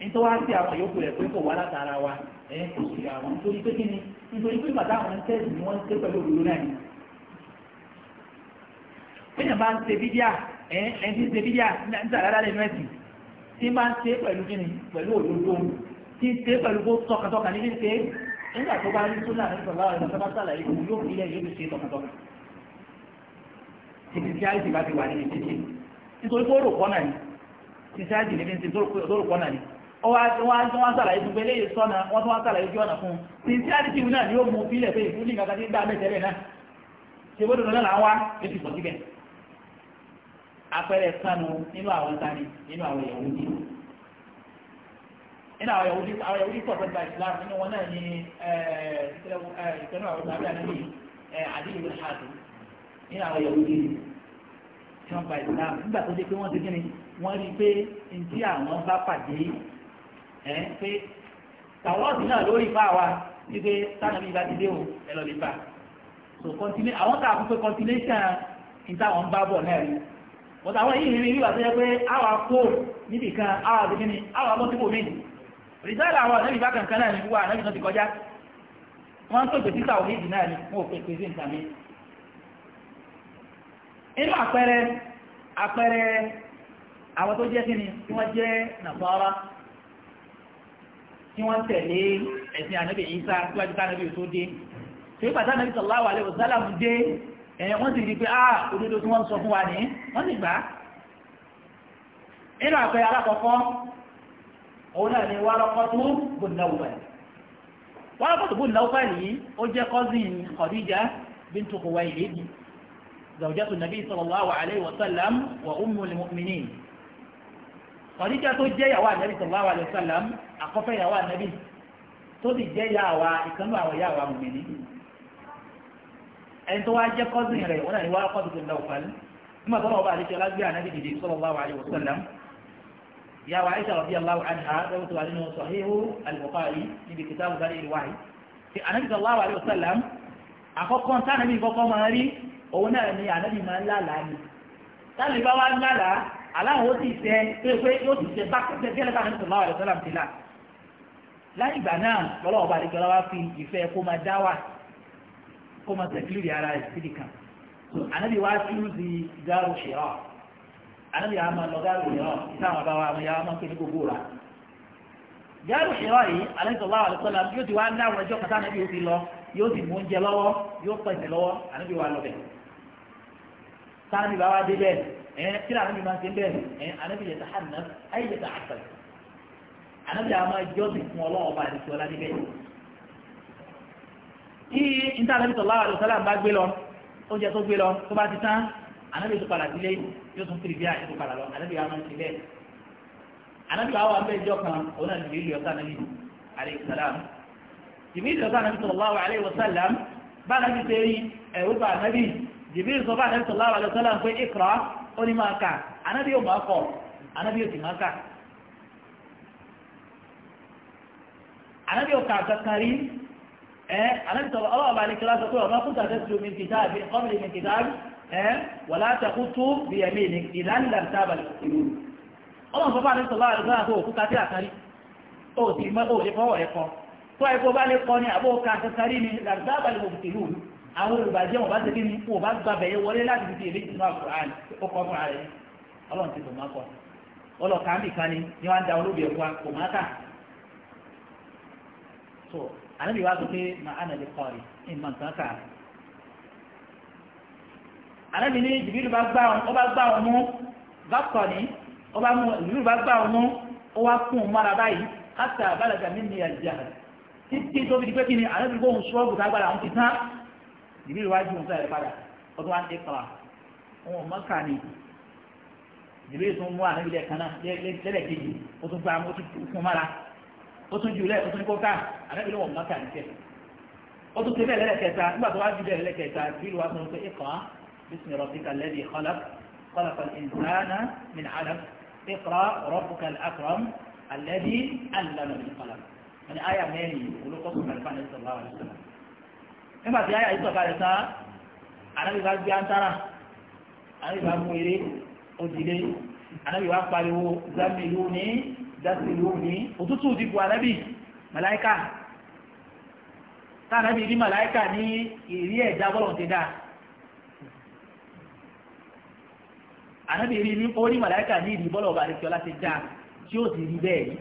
nítorí wá sí àwọn yòókù rẹ̀ pé kò wá látara wa ẹ̀ kò sí àwọn nítorí pé kíni nítorí pé bàtà àwọn ń tẹ̀sí ni wọ́n ń ké pẹ̀lú òdodo náà ni. péyàn bá ń ṣe bídíà ẹ̀ ẹ̀ ti ń ṣe bídíà ń tà dáadáa lẹ́nu ẹ̀sìn tí ń bá ń ṣe pẹ̀lú kíni pẹ̀lú òdodo tí ń ṣe pẹ̀lú bó tọkàntọkàn ní ṣe nígbà tó bá rí sólà ní pé ó rò kọ́nà ni ìfìsí àìsí ní fi ń ni wọ́n tún wá sàlàyé fún pẹ̀lẹ́ ìsọ́nà wọ́n tún wá sàlàyé ojú ọ̀nà fún un tí àdìsíwò náà ni ó mú fílẹ̀ pé ìfúnlẹ̀ kankan tí ń dá mẹ́tẹ̀lẹ̀ náà ṣe bó dòdò náà wá ló ti pọ̀ síbẹ̀ apẹ̀rẹ̀ kanu nínú àwọn tani nínú àwọn Yahudi nínú àwọn Yahudi àwọn Yahudi pọ̀ pẹ̀lú Islam nínú wọn náà ni ìtẹ́nu àwọn tàbí àdébí àdébí ló ṣáàtú nínú àwọn Yahudi tí wọ́n gba Islam nígbà tó dé pé wọ́n ti kí ni wọ́n rí i pé ntí àwọn bá pàdé ẹ̀ pé tàwọ́ọ̀sì náà lórí fà wá wípé sánàbí bá ti dé o ẹ lè fà so continue àwọn tà fún pé continuation ní táwọn ń bá bọ̀ náà rí but àwọn yìí rí rí wà tó yẹ pé àwa kó níbì kan àwa àti kíni àwa bọ́ sípò mí rìsáàlà àwọn ànábì bá kankan náà ní wíwá ànábì náà ti kọjá wọ́n ń pèpè títà òhìdì náà ni wọ́n ò pèpè sí nǹkan mi inú àpẹẹrẹ àpẹẹrẹ àwọn tó jẹ́ kíni tí wọ́n jẹ́ nàfọ́ọ́rọ́ tí wọ́n tẹ̀lé ẹ̀sìn ànábì Ìsá síwájú ká ànábì tó dé tí ó pàtàkì ànábì sallallahu alaihi wasallam dé wọ́n sì rí pé ah òdodo tí wọ́n sọ fún wa ní wọ́n sì gbà nínú àpẹẹrẹ alákọ̀ọ́kọ́ òun náà ni Waraqatu bun Nawfal Waraqatu bun Nawfal yìí ó jẹ́ cousin Khadija bintu Khuwaylid zawjatu nabi sallallahu alaihi wasallam wa ummul mu'minin Khadija tó jẹ́ ìyàwó ànábì sallallahu alaihi wasallam àkọ́fẹ́ ìyàwó ànábì tó sì jẹ́ ìyàwó ìkanú àwọn ìyàwó mùmínì ẹni tó wá jẹ́ kọ́sìn rẹ̀ wọ́n ni wọ́n kọ́sìn tó ń lọ òfàlẹ́ nígbà tó lọ́wọ́ bá àdéṣe lágbé ànábì alaihi wasallam ìyàwó Aisha radiyallahu anha lọ́wọ́ tó wà nínú Sahihu al-Bukhari níbi kìtàbù sáré ìwáyé alaihi wasallam àkọ́kọ́ tánàbì kọ́kọ́ máa rí òun ni ànábì máa ń ni tálẹ̀ bá wá ń lálàá aláwọn ó sì tẹ pé pé yóò ti tẹ bá kẹsẹ̀ bí ẹlẹ́ta àdúgbò láwà ẹ̀sọ́ làm ti là láì ìgbà náà lọ́wọ́ ọba àdìgbò láwa fi ìfẹ́ kó máa dá wà kó máa tẹ̀kílì ara rẹ̀ síbi kan ànábì wá sí ti gáàrú ṣèrọ̀ ànábì wá máa lọ gáàrú ṣèrọ̀ ìtàwọn àbáwá àwọn ìyá wa máa ń pè ní gbogbo rà gáàrú ṣèrọ̀ yìí àlẹ́ sọ̀rọ̀ yóò ti wá ní àwọn kí ni ànábì máa ń ṣe bẹ́ẹ̀ ànábì yẹn tàhánà ayé yẹn tàhánà ànábì àwọn máa jọ́ sí fún ọlọ́wọ́ bá àdìsí ọlá níbẹ̀. kí níta ànábì sallallahu alaihi wasallam bá gbé lọ oúnjẹ tó gbé lọ tó bá ti tán ànábì tó padà sílé yóò tún kiri bí àyè tó padà lọ ànábì àwọn máa ń ṣe bẹ́ẹ̀. ànábì àwọn abẹ́jọ́ kan òun náà nìyí lọ́sà nàbì alayhi salam jìbìrì lọ́sà nàbì sallallahu alaihi wasallam bá nàbì sẹ́yìn ẹ̀rú bá nàbì jìbìrì sọ bá nàbì sallallahu alaihi ó ní máa kà anábì yóò máa kọ̀ anábì yóò sì máa kà anábì yóò kà kankan rí ẹ anábì sọ̀rọ̀ ọlọ́wọ́ bá ní kí lásán pé ọ̀nà kúta tẹ́sí omi kìtá àbí ọ̀bìlì mi kìtá ẹ wàlá takú tó bìyẹ̀mí ni ìdánilà tábàlì ìlú ọlọ́wọ́ sọ fún anábì sọ̀rọ̀ àdúgbò àti òkúta tí àkárí ó sì mọ́ ó lè fọwọ́ rẹ̀ kọ́ tó àìkó bá lè kọ́ ni àbó ka kankan rí ni làǹtàbàlì òkùtì àwọn olùbàjẹ́ wọn bá ṣe kí o bá gba bẹ̀yẹ wọlé láti fi ti èlé ìtumọ̀ àkùrán ó kọ́ fúnra rẹ̀ ọlọ́run ti tòun akọ ọlọ́run kan nìkan ni ni wọ́n á da olóbi ẹ̀kọ́ kò má kà so ànábì wa sọ pé mà á nàlẹ́ kọ́ rẹ̀ ní ìmọ̀ nǹkan kà ànábì ní jìbìlù bá gbá ọ bá gbá ọ mú bá kọ̀ ní ọ bá mú jìbìlù bá gbá ọ mú ó wá kún un mọ́ra báyìí káṣà bàlágà mí ni àjà títí tó fi di pé kí ni ànábì ìbí ìwájú ń sáré padà ọdún wa ń tẹ́kọ̀ọ́ àwọn ọmọ kà ní ìbí ìtún mú àná ilẹ̀ kan náà lẹ́lẹ̀ kejì ó tún gba ó tún fún mára ó tún jù lẹ̀ ó tún kó ká àná ìbí ìwọ̀n mọ́kà ní tẹ̀ ó tún tẹ́lẹ̀ lẹ́lẹ̀ kẹta nígbà tó wá jù lẹ́lẹ̀ kẹta ìbí ìwà tó ń pẹ́ ẹ̀kọ́ bísí rabbika alladhi khalaq khalaqa al-insana min 'alaq iqra rabbuka al-akram alladhi 'allama bil-qalam nígbà tí àyà ìsọ̀ka rẹ̀ tán ànábì bá gbé antara ànábì bá mú eré òdìlé ànábì bá pariwo zamilu ní dasilu ní òtútù dìbò ànábì màláìka tánàbì rí màláìka ní ìrí ẹ̀dá bọ́lọ̀ ti dáa ànábì rí orí màláìka ní ìrí bọ́lọ̀ bàrẹ̀kì ọlá ti dáa tí ó sì rí bẹ́ẹ̀ yìí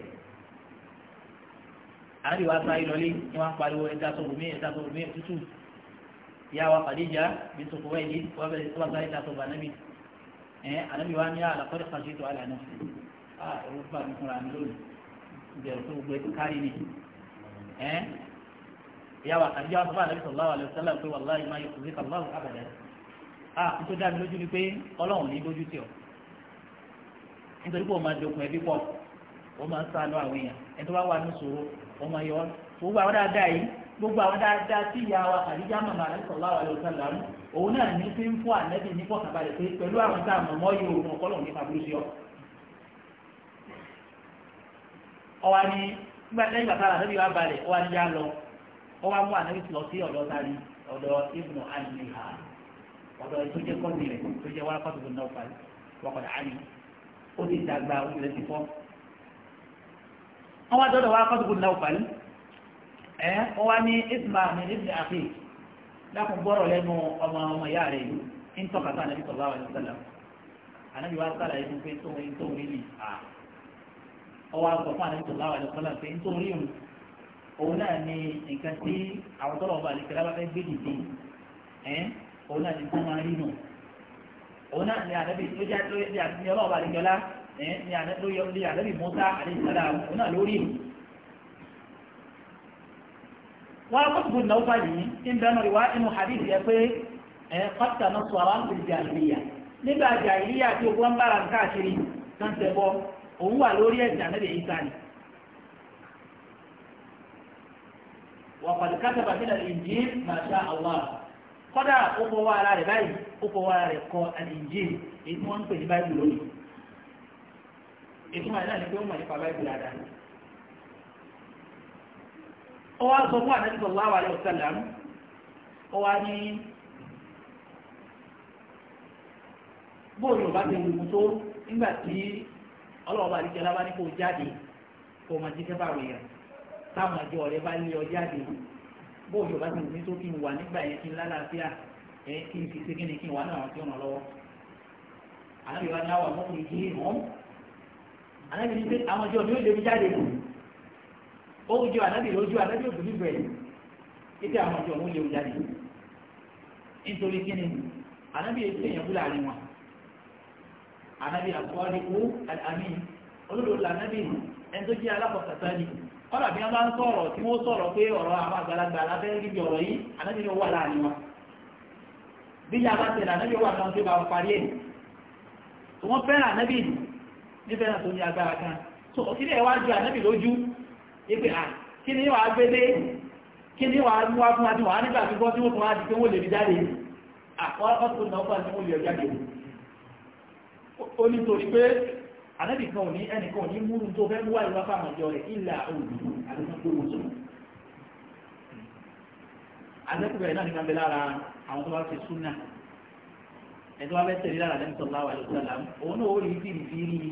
ànábì wa sáré lọlé ni wọ́n pariwo ẹ̀dá sọ̀rọ̀ mí ẹ̀dá sọ̀rọ̀ mí òtútù ìyá wa Khadija bí sọ̀kọ̀ wáyé yìí wọ́n bẹ̀rẹ̀ sọ́wọ́ sáré ẹ̀dá sọ̀rọ̀ ànábì ẹ̀ ànábì wa ní àlàkọ́dé kàṣí tó àlà náà à ẹ̀rọ bá mi fúnra mi lónìí ìbẹ̀rù tó gbé kárí ni ẹ̀ ìyá wa Khadija sọ́wọ́ ànábì sallallahu alaihi wasallam pé wàlláhi má yẹ kùzí kàlá àbàdà à nítorí dá mi lójú ni pé ọlọ́run ní lójú tì ọ́ wọ́n máa ń sá lọ àwọn èèyàn ẹni tó bá wà ní ìṣòro wọ́n máa yọ ọ́ gbogbo àwọn dáadáa yìí gbogbo àwọn dáadáa tí ìyá wa àdíjá màmá àdìsọ̀lá wa lọ́sàn lánàá òun náà ní fi ń fún ànẹ́bì ní fọkànbalẹ̀ pé pẹ̀lú àwọn tá a mọ̀ mọ́ yìí òun ọ̀kọ́lọ̀ nípa burúkú yọ. ọwa ni lẹ́yìn bàtà ànẹ́bì wa balẹ̀ ọwa ni yá lọ ọwa mú ànẹ́bì lọ sí ọ̀dọ̀ tani ọ̀dọ̀ ibùn àlìhà ọ̀dọ̀ tó jẹ́ kọ́ọ̀nì rẹ̀ tó jẹ́ wárápàtàkùn náà wọ́n wá dọ́dọ̀ wá kọ́sùkù náwùfàlì ẹ̀ wọ́n wá ní isma ní ibn akhi lákùn gbọ́rọ̀ lẹ́nu ọmọ ọmọ ìyá rẹ̀ yìí ń tọ́ka sí anabi sallallahu alaihi wasallam anabi wa sálà yìí fún pé tó ń tó ń rí lì à ọwọ́ àgbọ̀ fún anabi sallallahu alaihi wasallam pé ń tó ń rí òun òun náà ni nǹkan tí àwọn tọ́lọ̀ ọba àlekèrè bá fẹ́ gbé dìde ẹ̀ òun náà ni tó máa rí nù òun náà ni anabi tó jẹ́ tó jẹ́ àti ní ọlọ́ọ̀ba àlekèrè ní lórí ànábì Mùsá àdéhìsálà òun náà lórí wọ́n á kọ́tùkù náà fà yìí ń bẹ́ẹ̀ náà ìwà inú hadith yẹ pé kọ́tà náà sọ̀rọ̀ àwọn ìjà ìlíyà nígbà ìjà ìlíyà tí ogun ń bára káàkiri kan tẹ̀ bọ́ òun wà lórí ẹ̀sìn ànábì Ìsá ni. وقد كتب من الإنجيل ما شاء الله قد أقوى على ربعي أقوى على الإنجيل إذن إيه أنت ببعض لوني ìtumọ̀ náà ni pé ó mọ̀ nípa báyìí dáadáa ó wá sọ fún àdájú sallallahu alaihi wasallam ó wá ní bóòlù ọba ti wù tó nígbà tí ọlọ́ọ̀bá àdìjẹ́ lábá ní kó jáde kó o máa jí kẹfà rẹ̀ yàn táwọn àjọ rẹ̀ bá lé ọ jáde bóòlù ọba ti wù mí tó kí n wà nígbà yẹn kí n lálàáfíà ẹ̀ kí n fi ṣe kí n wà náà àwọn tí ó nà lọ́wọ́ àná ìwà ni àwọn ọmọkùnrin yìí hàn ànábì ní pé àwọn ìjọ mi ò lè mi jáde kù ó ń jọ ànábì lójú ànábì ò dùn bẹ̀ kíkẹ́ àwọn ìjọ òun lè mi jáde nítorí kíni ànábì ètò èèyàn kú láàrin wọn ànábì àkọ́ọ́dẹ́kù àmì olódò lànábì ẹni tó jẹ́ alákọ̀ọ́sàtà ni kọ́lá bí wọ́n bá ń sọ̀rọ̀ tí wọ́n sọ̀rọ̀ pé ọ̀rọ̀ àwọn àgbàlagbà alábẹ́ níbi ọ̀rọ̀ yìí ànábì ni ó wà láàrin wọn bí yàrá tẹ̀lé ànábì ó wà láwọn tó bá wọn parí ẹ̀ tí wọ́n fẹ́ràn ànábì níbẹ̀ náà tó ní agbára kan so òkìlẹ̀ ẹ̀ wá ju ànábì lójú ipe à kí ni wàá gbélé kí ni wàá mú wá fún wa ní wàá nígbà tó gbọ́ tí wọ́n tún wá di pé wọ́n lè rí jáde àwọn ọkùnrin náà wọ́n lè rí jáde ó ní torí pé ànábì kan ò ní ẹnìkan ò ní múrù tó fẹ́ mú wá ìwà fáwọn ọjọ́ rẹ̀ ìlà òòlù àti wọn gbé wọn sọ̀rọ̀ àdẹ́kùnrin náà ní kan bẹ lára àwọn tó bá fi súnà ẹ̀tọ́ bá fẹ́ tẹ̀lé lára lẹ́nu sọ̀rọ̀ òun náà ó rí fìrìfìrì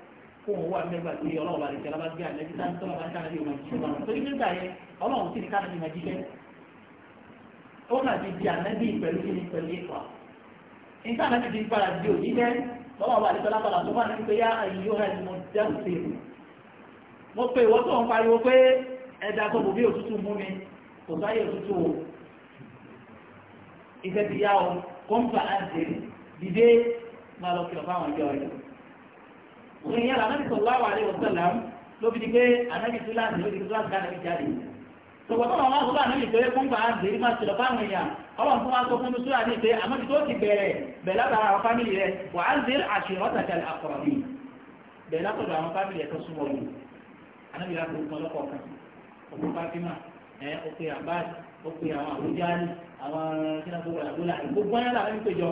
kó wọn wà mẹ́gbà tí ọlọ́run bá lè jẹ́ alábàgbé àlẹ́bí sáà tó lọ́ba sáà lè máa jíṣẹ́ wọn torí nígbà yẹn ọlọ́run sì ní káàdì máa jíṣẹ́ ó kà ti di àlẹ́bí pẹ̀lú kíni pẹ̀lú ìfà nígbà náà ti di padà di òní jẹ́ lọ́wọ́ bá lè tọ́lá padà tó bá ní pé yá ayíyó ẹ̀ mo dẹ́kun sí i mo pe ìwọ tó ń pariwo pé ẹ̀dá tó bò bí òtútù mú mi kò sáyé òtútù o ìfẹ́ ti yá o kọ́ńtà àǹtẹ̀ dìde máa lọ kìlọ̀ fáwọn òun yẹn lànà bìtò wá wàlẹ́ òsèlá ló fi di pé ànábì tó láti ló fi di tó láti ká ànábì jáde tòwòtò wọn wọn sọ fún ànábì pé fún bàá gbèrè máa ṣẹlẹ̀ fáwọn èèyàn Ọlọ́run tó wọn sọ fún musu àti pé ànábì tó ti bẹ̀rẹ̀ bẹ́ẹ̀ látara àwọn fámìlì rẹ wà á zèrè àṣírí ọ̀tà kẹlẹ̀ àkọ̀rọ̀ mi bẹ́ẹ̀ látọ̀dọ̀ àwọn fámìlì rẹ tó súnmọ́ mi ànábì rà kúrú kọlọ́kọ̀ kan òkú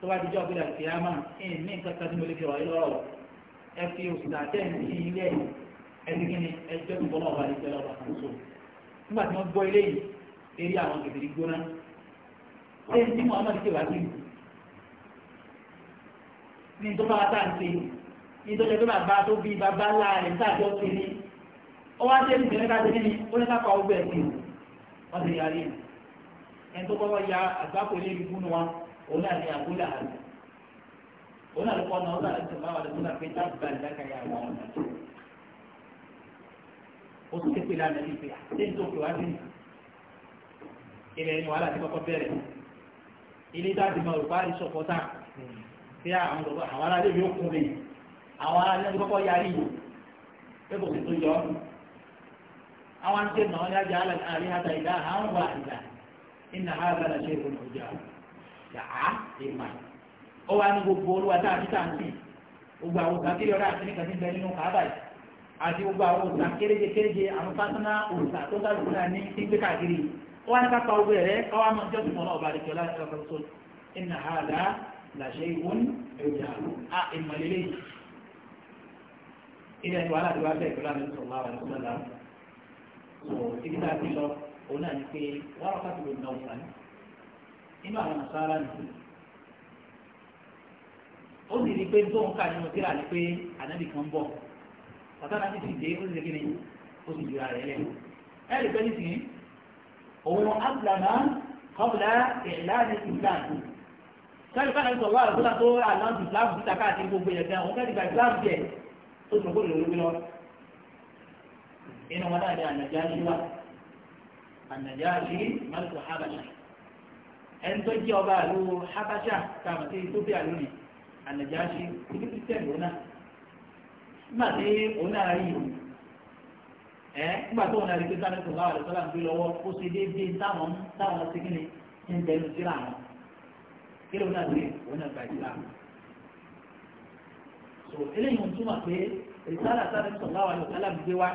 tó bá dijọ́ bí láti kíámà ẹ̀ ní nǹkan kan tí mo lè fi wáyé lọ́rọ̀ ẹ fi oṣù tàtẹ́ ní ilé ẹnikẹ́ni ẹjọ́ tó bọ́ lọ́wọ́ àdìsẹ́ lọ́wọ́ kan so nígbà tí wọ́n gbọ́ ilé yìí eré àwọn kẹfìrí gbóná ṣé ní Muhammad ṣe wá sí ní tó bá wa tá à ń ṣe ní tó jẹ pé bàbá tó bí bàbá láàrin sáàjọ ṣe ní ó wá dé nìkan ká ṣe nínú ó ní ká pa ọgbẹ́ ẹ̀sìn wọ́n ti yára yìí ẹni tó kọ́kọ́ ya àgbákò ilé ìgbónú wa òun náà ní la? àná òun náà ló kọ́ náà òun náà ló ti máa wà lóun náà pé tábìlì àdìdáka yà wà wọn náà o tún ti pè lánàá ní pé àtẹ́yìn tó pè wá sí ilẹ̀ ní wàhálà ti kọ́kọ́ bẹ̀rẹ̀ ilé dáàbì máa rò bá rí sọ̀kọ́ tán bí àwọn ọ̀dọ́ àwọn aráàlú yóò kún mi àwọn aráàlú ti kọ́kọ́ yarí yìí pé kò sì tó yọ ọ́ àwọn àti ṣe nà ọ́ ní ajá àlẹ́ àríhàtà ìdá àwọn wà ìdá ìnà àbára ṣe ìrònú ìjà yàá èèmà ó wá ní gbogbo olúwa tá a ti tà ń sìn gbogbo àwọn òòsàn kéré ọ̀rá àti nígbà tí ń bẹ nínú kàábà yìí àti gbogbo àwọn òòsàn kéréje kéréje àwọn pásánà òòsàn tó bá lùkúta ní ti gbé káàkiri ó wá ní ká pa ogun rẹ káwá mọ jọ́sìn mọ́ ọba àdìkẹ́ ọlá ẹ̀rọ kan tó ẹ̀nà àdá làṣẹ ìwọ́n ẹ̀jà à ìmọ̀lélẹ́ ilé ẹni wàhálà nínú àwọn nasara nìkú ó sì rí i pé tó ń kà nínú tíra ni pé ànábì kan bọ̀ sàtánà ti ti dé ó sì kéde ó sì jura rẹ̀ lẹ̀ ẹ rí pé nísìnyí òun ábùlànà kọ́bùlà ìlànà ìsìláàmù sáré fún àgbẹ̀sọ̀ wà lọ́sọ́lá tó àlọ́ọ̀dù ìsìláàmù síta káàkiri gbogbo yẹn gan òun fẹ́ẹ́ dìgbà ìsìláàmù jẹ ó sì gbọ́dọ̀ lórí lọ inú wọn náà ní ànàjáṣí wa ànàjáṣí mọ́tò ẹni tó jẹ́ ọba àlú habasha kàmù sí ethiopia lónìí ànàjáṣe ìlú christian lòun náà nígbà tí òun náà rí ìlú ẹ nígbà tó òun náà rí pé sáré tó báwà lọ́sọ́lá ń gbé lọ́wọ́ ó ṣe déédéé táwọn táwọn ti ni ń bẹnu síra wọn kí lóun náà rí òun náà gbà síra so eléyìí ń túmọ̀ pé ìsára sáré tó báwà lọ́sọ́lá ń gbé wa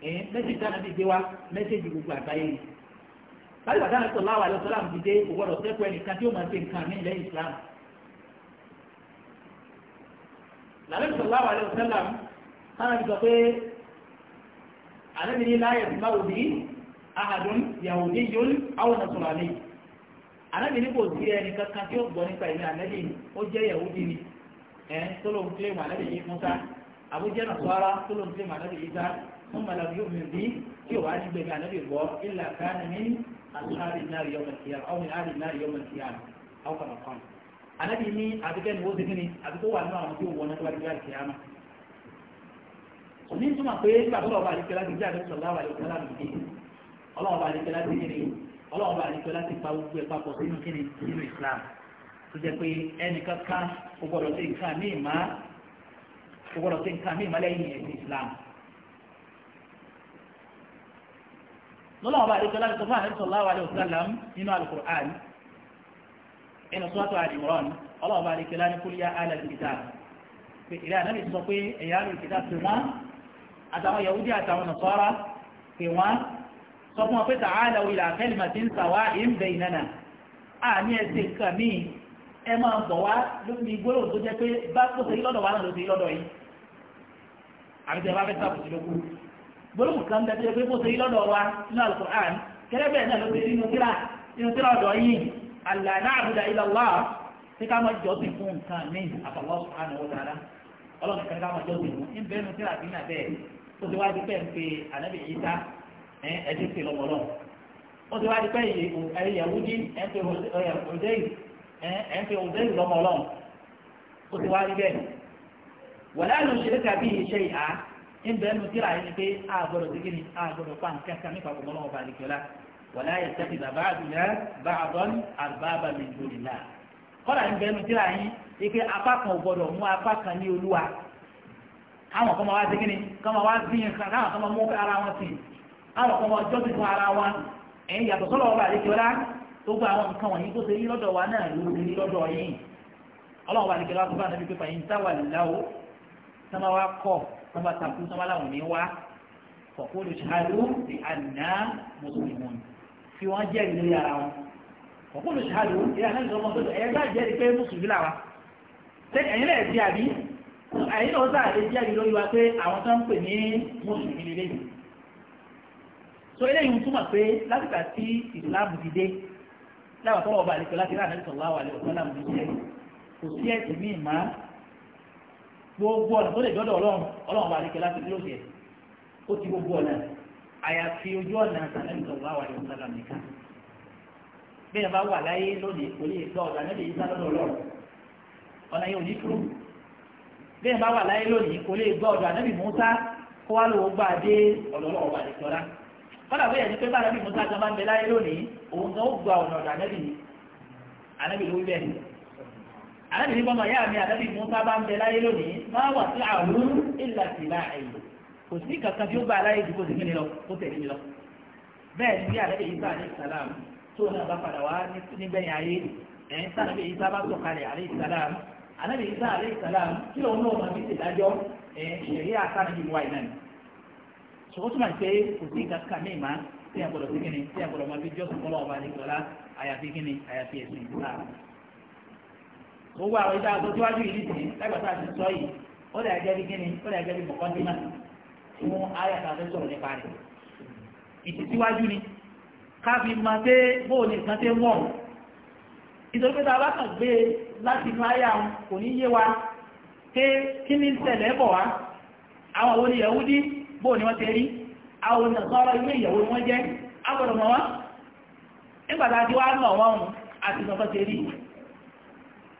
ẹ mẹ́sẹ̀jì sáré ti gbé wa mẹ́sẹ̀jì gbogbo àgbáyé yìí láti bàtà náà sọ̀lá wà lọ́sọ̀lá mi dìde kò gbọ́dọ̀ sẹ́kọ̀ ẹnìkan tí ó máa ṣe nǹkan ní ilẹ̀ Islam. làlẹ́ sọ̀lá wà lọ́sọ̀lá mi sára mi sọ pé àlẹ́ mi ní láyé ìgbà òbí ahadun yahudi yun àwọn nasọ̀rọ̀ àlẹ́ yìí àlẹ́ ní kò sí ẹnì kankan tí ó gbọ́ nípa ìlú àlẹ́ yìí ó jẹ́ yahudi ni ẹ̀ tó lóun kílẹ̀ mọ́ àlẹ́ yìí Musa àbújẹ́ nàṣọ́ra tó lóun kílẹ̀ mọ́ àlẹ́ yìí fún malawi yóò mi bí tí o wá ní gbẹ̀mí ànábì gbọ́ ilà kánà ní aláàbì náà yọ mọ̀tìyà àwọn aláàbì náà yọ mọ̀tìyà àwọn kan kan. ànábì ní àbíkẹ́ ni ó ti kíni àbí tó wà nínú àwọn tí ó wọ́n náà tó bá dé àlùkìyàmá. òní túmọ̀ pé nígbà tó lọ́wọ́ àlùkìyàmá ti jẹ́ àdéhùn sọ̀lá àlùkìyàmá ti ọlọ́wọ́ bá àlùkìyàmá ti kíni ọlọ́wọ́ bá àlùkìyàmá ti pa gbogbo ẹ̀ papọ̀ sínú kíni nínú Islam tó jẹ́ pé ẹnìkan kan ó gbọ́dọ̀ sí nǹkan míì má ó gbọ́dọ̀ sí nǹkan míì má lẹ́yìn ẹ̀sìn Islam lọ́la ọba àdéjọ́ láti sọ fún àdéjọ́ sallallahu alaihi wasallam nínú al-Qur'an inú suratu al-Imran ọlọ́wọ́ bá àdéjọ́ láti kul ya ahla al-kitab pé ìrẹ́ ànábì sọ pé ẹ̀yà al-kitab pè wọ́n àtàwọn Yahudi àtàwọn Nasara pè wọ́n sọ fún wọn pé ta'alaw ila kalimatin sawa'in baynana àmì ẹ̀sìn kàmí ẹ máa bọ̀ wá lórí gbólóhùn tó gbólóhùn kan bẹ́ẹ̀ pé bó ṣe yí lọ́dọ̀ wa nínú alukur'an kẹ́lẹ́ bẹ́ẹ̀ náà ló ṣe nínú kíra nínú kíra ọ̀dọ̀ yìí àlà náà àbúdá ilà wá ṣé ká máa jọ́sìn fún nǹkan ní àfàlọ́ subhanahu wa ta'ala ọlọ́run kan ká máa jọ́sìn fún ń bẹ́ẹ̀ nu kíra bí náà bẹ́ẹ̀ ó ti wá di pẹ́ ń pe ńbẹ nu tíra yìí ni pé a gbọ́dọ̀ sí kíni a gbọ́dọ̀ pa nǹkan kan nípa ọmọ ọba àdìgbòlá wàlá yẹ sẹ́kì bàbá àdùnà bá àbọ̀n àbábà mi lórí la kọ́dà ńbẹ nu tíra yìí ni pé apá kan ò gbọ́dọ̀ mú apá kan ní olúwa káwọn kan wá sí kíni káwọn wá sí yẹn kan káwọn kan mú ara wọn sí káwọn kan máa jọ́sìn fún ara wọn ẹ̀yìn yàtọ̀ sọ́lọ́ ọba àdìgbòlá tó ṣe wọ́n bá takú sábà láwọn ní wá fọ̀kúrú ṣáàlú ní àná mùsùlùmí fi wọ́n jẹ́ ìlú yàrá wọn fọ̀kúrú ṣáàlú ìyá náà sọ fọ́nkú ẹ̀yẹ bá jẹ́ pé mùsùlùmí làwà ẹ̀yìn náà ti àbí ẹ̀yìn náà sáà lè jẹ́ ìlú wa pé àwọn tó ń pè ní mùsùlùmí lélẹ́yìn so eléyìí túmọ̀ pé látìgbà tí ìsìláàmù ti dé láwọn tó àlejò láti rí àná gbogbo ọ̀nà tó lè dọ́dọ̀ ọlọ́run ọlọ́run bá àríkẹ́ láti dúró tiẹ̀ ó ti gbogbo ọ̀nà àyàfi ojú ọ̀nà àtàlẹ́nìkan wà wàlẹ̀ ọ̀sán nìkan bí ẹ bá wà láyé lónìí kò lè gbọ́ ọ̀nà lẹ́yìn ìsá lọ́dọ̀ ọlọ́run ọ̀nà yóò ní kúrò bí ẹ bá wà láyé lónìí kò lè gbọ́ ọ̀dọ̀ ànábì Mùsá kó wá lówó gbà dé ọ̀dọ̀ ọlọ́run wà lẹ́sọ̀rá kọ́dà bóyá ní pé bá ànábì àlẹ́ mi bọ́mọ ìyá mi àlẹ́ mi mú sábà ń bẹ láyé lónìí máa wà sí àrùn ìlà sí láàyè kò sí kankan tí ó bá aláyé ju kó sì kíni lọ kó tẹ̀lé mi lọ bẹ́ẹ̀ ni bí àlẹ́ mi bá àlẹ́ ìsàlám tó náà bá padà wá nígbẹ̀yìn ayé ẹ̀ ń sàlẹ́ mi ìsà bá sọ̀kalẹ̀ àlẹ́ ìsàlám àlẹ́ mi ìsà àlẹ́ ìsàlám kí lóun náà máa fi ṣèdájọ́ ẹ̀ ṣẹ̀rí àtàlẹ́ mi wá ìlànà gbogbo àwọn ìta àtọ́jú wájú yìí nìyí lágbàtà àti sọ ó lè jẹ́ bí kíni ó lè jẹ́ bí mọ̀kọ́ndínà fún ayàtà tó sọ̀rọ̀ nípa rẹ̀ ìtìsíwájú ni ká fi mọ pé bóòlù nǹkan tẹ́ wọ̀ nítorí pé tá a bá kàn gbé láti inú ayà wọn kò ní yé wa pé kí ni ṣẹlẹ̀ bọ̀ wá àwọn àwọn Yahudi bóòlù wọn ti rí àwọn Nasara ilé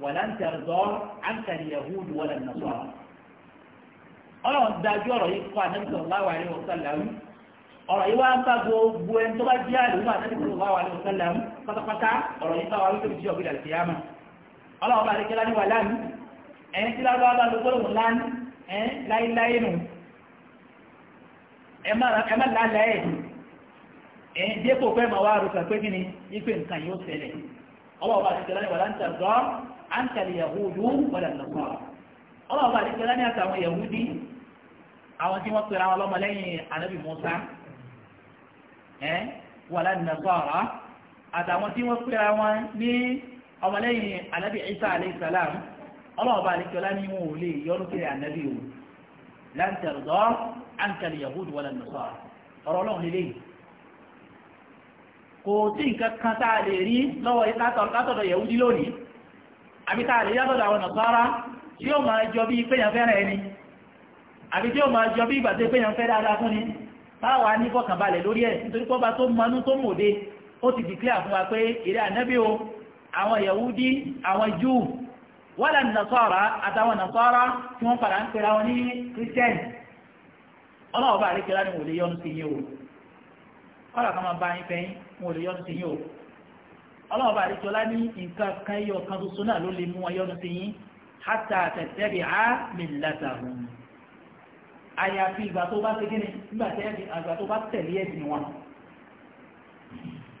ولن tarda عنك اليهود ولا النصارى. an-nasara ọlọ́run dájú ọ̀rọ̀ yìí kọ́ ànábì sallallahu alaihi wasallam ọ̀rọ̀ yìí wá ń bá gbogbo ẹni tó bá jẹ́ àlùmọ́ ànábì sallallahu alaihi wasallam pátápátá ọ̀rọ̀ yìí bá wà wípé jíjọ́ bí lálẹ́ kìyàmà ọlọ́run bá lékelá ní wà lánìí ẹ̀yìn tí lábá bá lọ́gbọ́n lánìí ẹ̀ láíláí nù ẹ má àǹtàlì yahudu wọ́n lẹ́nu sọ́ra ọlọ́wọ́ bá ti pẹ́lá ní àtàwọn yahudi àwọn tí wọ́n pèrè àwọn ọlọ́mọlẹ́yìn anabi musa ẹ́ wọ́n lẹ́nu sọ́ra àtàwọn tí wọ́n pèrè àwọn ní ọmọlẹ́yìn anabi isa alayhi salam ọlọ́wọ́ bá ti pẹ́lá ní wọn ò lè yọnu kiri anabi o láǹtàlùdọ́ àǹtàlì yahudu wọ́n lẹ́nu sọ́ra ọ̀rọ̀ ọlọ́run lélẹ́yìn kò tí nǹkan kan tá a lè rí lọ́wọ́ látọ̀dọ̀ yahudi lónìí àbí tá a lè yàtọ̀ àwọn nàṣàrà tí ó máa jọ bí péyàn fẹ́ràn ẹni àbí tí ó máa jọ bí ìgbà tó péyàn fẹ́ fún ni táwa ní fọkànbalẹ̀ lórí ẹ̀ nítorí pọ́ba tó manú tó mòde ó ti dìklẹ́ fún wa pé eré ànábì o àwọn yahudi àwọn júù wọ́n lẹ́nu nàṣàrà àtàwọn nàṣàrà tí wọ́n padà ń pera wọn ní kírísítẹ́nì ọlọ́wọ́ bá àríkẹ́lá ni wò lè yọ́nu sí ọlọ́run bá àríkọ́lá ní nǹkan kan yọ kan tuntun náà ló lè mú ọyọ́nu sí yín hátà tẹ̀tẹ̀rì á mìlátà wọn àyàfi ìgbà tó bá ṣe gíní nígbà tẹ́ẹ̀bì àgbà tó bá tẹ̀lé ẹ̀sìn wọn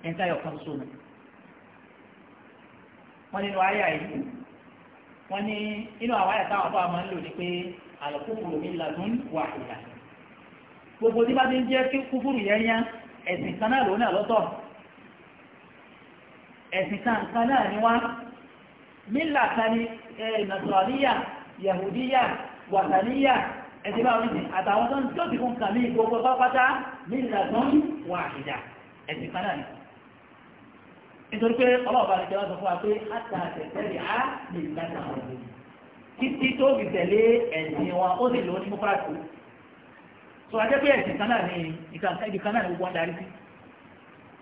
nǹkan yọ kan tuntun náà wọ́n nínú àyà yìí wọ́n ní inú àwọn àyà táwọn àbọ̀ máa ń lò ní pé àlọ́kùnkùn mi làdún wà ìyá gbogbo tí bá ti ń jẹ́ kúfùrù yẹn yẹn ẹ̀sìn kan náà lòun náà ẹ̀sìn kankan náà ni wá mílà kan ní nàṣọ̀ríyà yahudiya wàtàníyà ẹ̀sìn bá wíṣìn àtàwọn tó ń tó ti fún kàmí gbogbo pápátá mílà tó ń wà àṣìjà ẹ̀sìn kan náà ni nítorí pé ọlọ́ọ̀bá ni jẹ́wọ́ sọ fún wa pé àtà á lè gbàgbà ọ̀rọ̀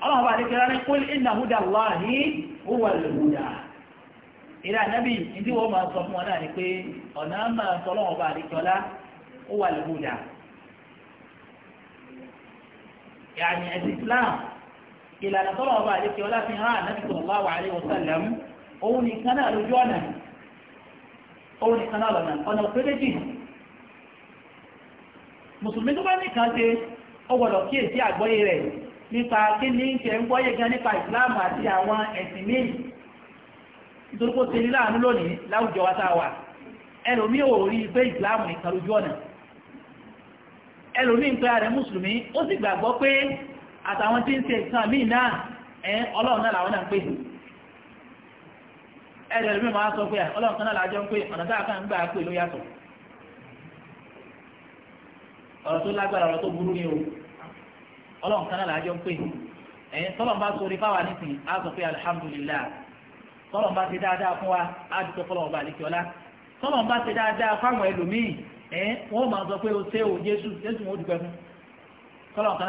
Allah bá dékẹ́lá ní kúl iná húdà láàrí wúwà lòdà. Ìrà ni pé ọ̀nà máa sọ lọ́wọ́ bá dékẹ́lá wúwà lòdà. Yàní ẹ̀sìn Islam ìlànà tọ́lọ̀ bá dékẹ́lá fi hàn nábì sallallahu alaihi wasallam òun nìkan náà lójú ni Kana nípa kí ní ṣe ń gbọ́yé gan nípa ìsìláàmù àti àwọn ẹ̀sìn míì nítorí kó tẹ́lẹ̀ láàánú lónìí láwùjọ wa táwà ẹlòmí ò rí pé ìsìláàmù nìkan lójú ọ̀nà ẹlòmí ń pè ààrẹ mùsùlùmí ó sì gbàgbọ́ pé àtàwọn tí ń ṣe ìsìláàmù míì náà ẹ̀ ọlọ́run náà làwọn náà ń pè ẹ̀rẹ̀ lómi máa sọ pé ọlọ́run kan náà lájọ ń pè ọ̀nà táà kan ń gbà ọlọ́run kan náà jọ ń pè ẹ̀yìn tọ́lọ̀ bá sori fáwa á sọ pé alihamudulilayi bá ṣe dáadáa fún wa á ti fọlọ́ ọba àlekíọ́lá tọ́lọ̀ bá ṣe dáadáa fáwọn ẹlòmíì wọ́n máa sọ pé o ṣe o Jésù Jésù wọn ò fún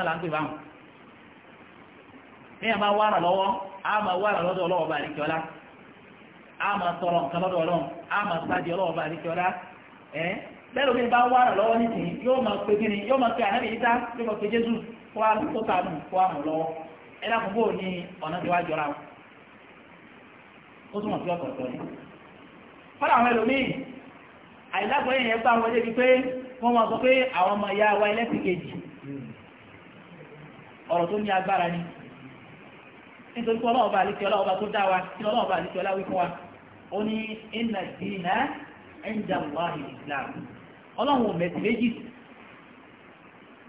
a máa wá lọ́wọ́ á máa lọ́dọ̀ ọlọ́wọ́ ọba àlekíọ́lá á máa sọ̀rọ̀ nǹkan lọ́dọ̀ ọlọ́run á máa sáàdì ọlọ́wọ́ kó a kó a mọ̀ lọ́wọ́ ẹ lákòókò ní ọ̀nà tó wá jọra o ó túmọ̀ sí ọ̀tọ̀ọ̀tọ̀ ni. fọ́nà àwọn ẹlòmíì yẹn wọlé bíi pé wọ́n máa sọ pé àwọn ọmọ ìyá wa ẹlẹ́sìn Ọrụ ọ̀rọ̀ tó ní agbára ni nítorí pé tó dá wa kí ọlá wa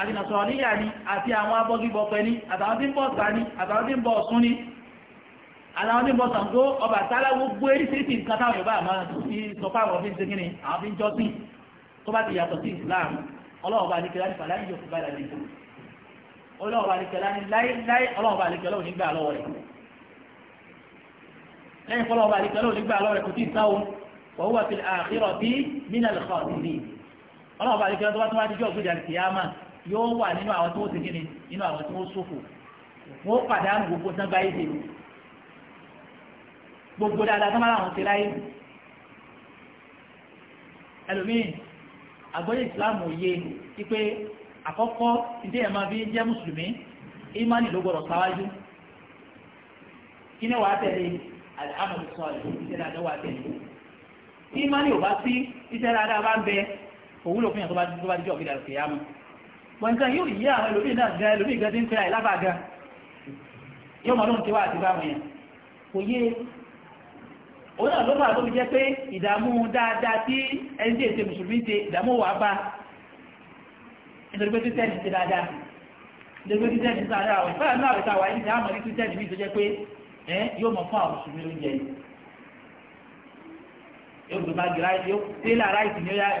àti nàṣọ̀rọ̀níyà ni àti àwọn abọ́gibọ̀pẹ́ ni àtàwọn tí ń bọ̀ sá ni àtàwọn tí ń bọ̀ ọ̀sún ni àtàwọn tí ń bọ̀ Ṣàngó ọba àtàlà gbogbo eréṣiríṣi nǹkan táwọn yorùbá àmọ́ ti sọ pé àwọn fi ń segin ni àwọn fi ń jọ́sìn tó bá ti yàtọ̀ sí Islam ọlọ́wọ́ bá nìkẹ́lá ní fàlàyé yóò fi bá ìlànà ìlú ọlọ́wọ́ bá nìkẹ́lá ní láíláí ọlọ́wọ́ bá nìkẹ́lá ò ní gbà lọ́wọ́ rẹ̀ lẹ́yìn fọlọ́wọ́ bá nìkẹ́lá ò ní gbà lọ́wọ́ rẹ̀ kò tí ì sáwọn wọ́n wà fi àkírọ̀ bí mínà lè kọ́ ọ̀sìn ní ọlọ́wọ́ bá nìkẹ́lá tó bá tó bá ti jọ́ ògbé yóò wà nínú àwọn tó ti kíni nínú àwọn tó ṣòfò wọ́n pàdánù gbogbo sangba yìí dèrò gbogbo dáadáa tó máa ń ṣe láyé ẹlòmíì àgbọ́yé ìsìláàmù yé wípé àkọ́kọ́ ìdí ẹ̀ máa fi jẹ́ mùsùlùmí ìmánì ló gbọ́dọ̀ sáwájú kí ni wàá tẹ̀lé àdàmọ̀lù sọ̀rọ̀ ìṣẹ́ dáadáa wàá tẹ̀lé ìmánì ò bá sí dáadáa bá ń bẹ wọn kan yóò yí àwọn ẹlòmíì náà gan ẹlòmíì gan ti ń tẹ́ra ìlábà gan yóò mọ̀ lóhun ti wá àti báwọn yẹn kò yé òun náà ló máa tó fi jẹ́ pé ìdààmú dáadáa tí ẹni tí èsè mùsùlùmí ṣe ìdààmú wà bá nítorí pé kírísítẹ́nì ṣe dáadáa nítorí pé kírísítẹ́nì ṣe dáadáa àwọn ìfẹ́ náà rẹ̀ ta wà nígbà àmọ́ ní kírísítẹ́nì mi tó jẹ́ pé ẹ yóò mọ̀ fún àwọn mùsùlùmí lóúnjẹ yìí yóò gbé bá gíráì yóò tẹ́lẹ̀ aráìsì ni ó yá ẹ̀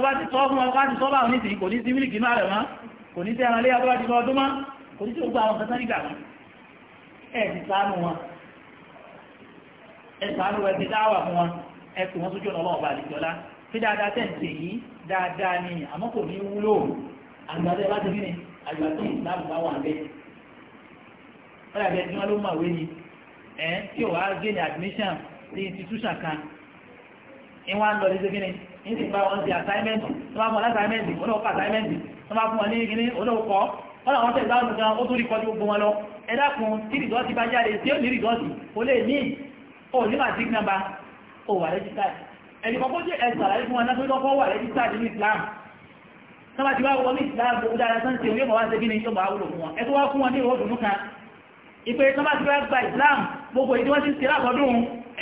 tó bá ti sọ fún ọkọ̀ láti sọ́bà òní sí kò ní sí mílìkì náà rẹ̀ mọ́ kò ní sí ẹran léyà tó bá ti sọ ọdún mọ́ kò ní sí gbogbo àwọn kẹta nígbà wọn ẹ̀ ti ṣàánú wọn ẹ̀ ṣàánú ẹ̀ ti dáwà fún wọn ẹ̀ pè wọ́n sójú ọ̀nà ọlọ́ọ̀bà àlejòlá fi dáadáa tẹ̀ ń tè yí dáadáa ni àmọ́ kò ní admission sí institution kan ìwọ̀n á ní ti bá wọn ti assignment tó bá fún wọn assignment olóòkọ assignment tó bá fún wọn ní kíní olóòkọ wọn làwọn tẹ̀sí láwọn nìkan ó tún rí kọjú gbogbo wọn lọ ẹ dákun tí rìsọ́ọ̀tì bá jáde tí ó ní rìsọ́ọ̀tì ó lè ní ó ní màtí nàmbà ó wà registered ẹni kọ́kọ́ jẹ́ ẹ̀sà láti fún wọn náà tó lọ́kọ́ wà registered ní Islam tó ti wá wọlé Islam gbogbo dára sáńtì ó yẹ mọ̀ wá ṣe bí ní yóò máa wúlò fún wọn ẹ tó wá fún wọn ní ìwọ́dùn nùkan ìpè tó bá ti wá gba Islam gbogbo ìdí wọ́n ti ń ṣe lákọ̀ọ́dún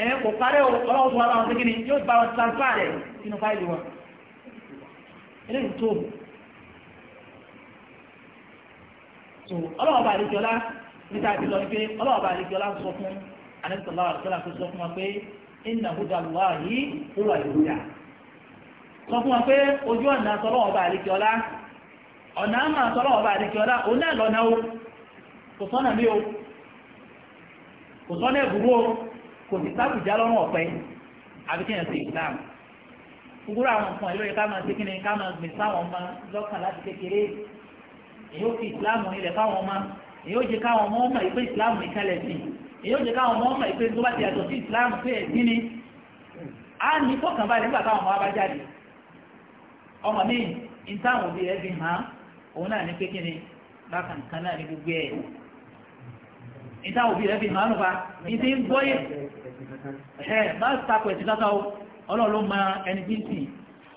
ẹ̀ kò parẹ́ ọlọ́wọ́ tó wọn ṣe kí ni yóò bá wọn transfer rẹ̀ sínú fáìlì wọn eléyìí tó so ọlọ́wọ́ bá àlejòlá níta àti lọ pé ọlọ́wọ́ bá àlejòlá sọ fún anẹ́sọ̀lá tó sọ fún wa pé sọ fún wa pé ojú ọ̀nà ọ̀nà àmà òun náà lọ́nà o kò sọ́nà mí o kò sọ́nà ẹ̀bùrú o kò sì sábùjá lọ́rùn ọ̀pẹ sí gbogbo àwọn nǹkan ìlú yẹ ká máa ṣe kí ni ká máa gbìn sáwọn ọmọ lọ́kàn láti kékeré èyí ó fi ìsìláàmù ilẹ̀ fáwọn ọmọ èyí ó jẹ káwọn ọmọ ọmọ ìpè ìsìláàmù ìkẹlẹ̀ sí èyí ó jẹ káwọn ọmọ ọmọ ìpè tó bá ti yàtọ̀ sí ìsìláàmù pé ẹ̀sìn ni a ní fọkànbalẹ̀ nígbà táwọn ọmọ wa bá jáde ọmọ mi ń táwọn òbí rẹ̀ fi hàn òun náà ní pé kí ni bákan kan náà ní gbogbo ẹ̀ ń táwọn òbí rẹ̀ fi hàn nípa ìdí ń gbọ́yẹ̀ ẹ̀ má takò ẹ̀sìn kankan o ọlọ́run ló máa ẹni bí ń sìn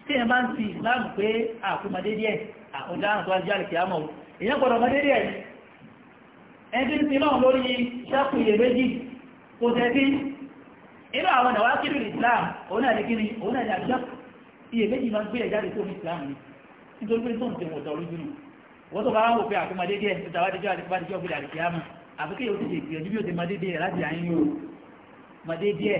tí ẹ bá ń sìn láàmù pé àkúmọdé díẹ̀ àkójá àrùn tó ajá àlùkè àmọ́ èèyàn gbọ́dọ̀ mọdé díẹ̀ ẹni tí ń sìn náà lórí ṣẹ́kù iyèméjì kò tẹ́tí inú àwọn ìdàwà kí lórí Islam òun náà ní kíni òun náà ní àjọ iyèméjì máa ń gbé ẹ̀jáde tó ní Islam ni nítorí pé tóun ti wọ̀ dọ̀ lójú nù wọ́n tó bá wọ́n wò pé àkúmọdé díẹ̀ tó tàwádìí jọ́ àdìjọ́ àdìjọ́ àdìjọ́ àdìjọ́ àdìjọ́ àdìjọ́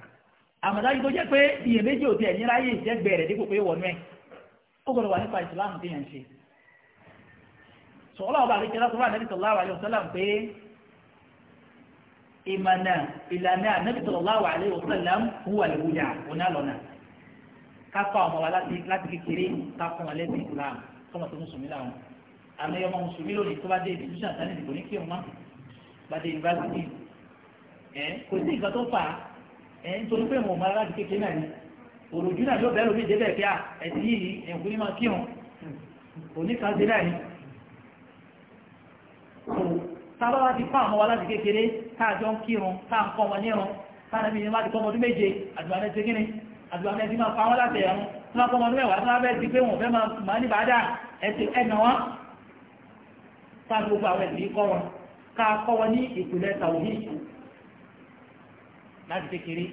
àmọ̀dájú tó jẹ́ pé iyèméjì ò tiẹ̀ níláyè ìjẹ́gbẹ̀ẹ́ rẹ̀ dípò pé wọnú ẹ̀ ó gbọ́dọ̀ wà nípa ìsìláàmù tí yẹn ń ṣe sọ̀rọ̀ ọba àti ìjọba sọ̀rọ̀ ànábì sallallahu alaihi wasallam pé ìmọ̀nà ìlànà ànábì sallallahu alaihi wasallam huwa al-huda òní àlọ́nà kápá ọmọ wa láti kékeré kápá wọn lẹ́sìn islam kọ́mọ tó mùsùlùmí làwọn àmì ọmọ mùsùlùmí lónìí tó bá dé ìdí tíṣà sani ìdìbò ní kí ẹ̀ ń torí pé mo máa láti kékeré náà ni òròjú náà yóò bẹ́ẹ̀ lómi débẹ̀ pé ẹ̀sìn yìí ẹ̀kú ní máa kírun oníkanṣe náà ni. tábà wá ti fún àwọn wa láti kékeré káàjọ ń kírun káà ń kọ́ wọn nírun káàdàbí ni wọ́n ti kọ́ ọmọdún méje àdúrà náà ti kíni àdúrà náà ti máa pa wọ́n láti ẹ̀rún tí wọ́n kọ́ ọmọdún mẹ́wàá tí wọ́n bẹ́ẹ̀ ti pé wọn fẹ́ máa ní bàdà ẹ̀sìn ẹ̀nà wọn káàdùn gbogbo àwọn ẹ̀sìn kọ́ wọn káà kọ́ wọn ní ìpìlẹ̀ tàwọn yìí láti kékeré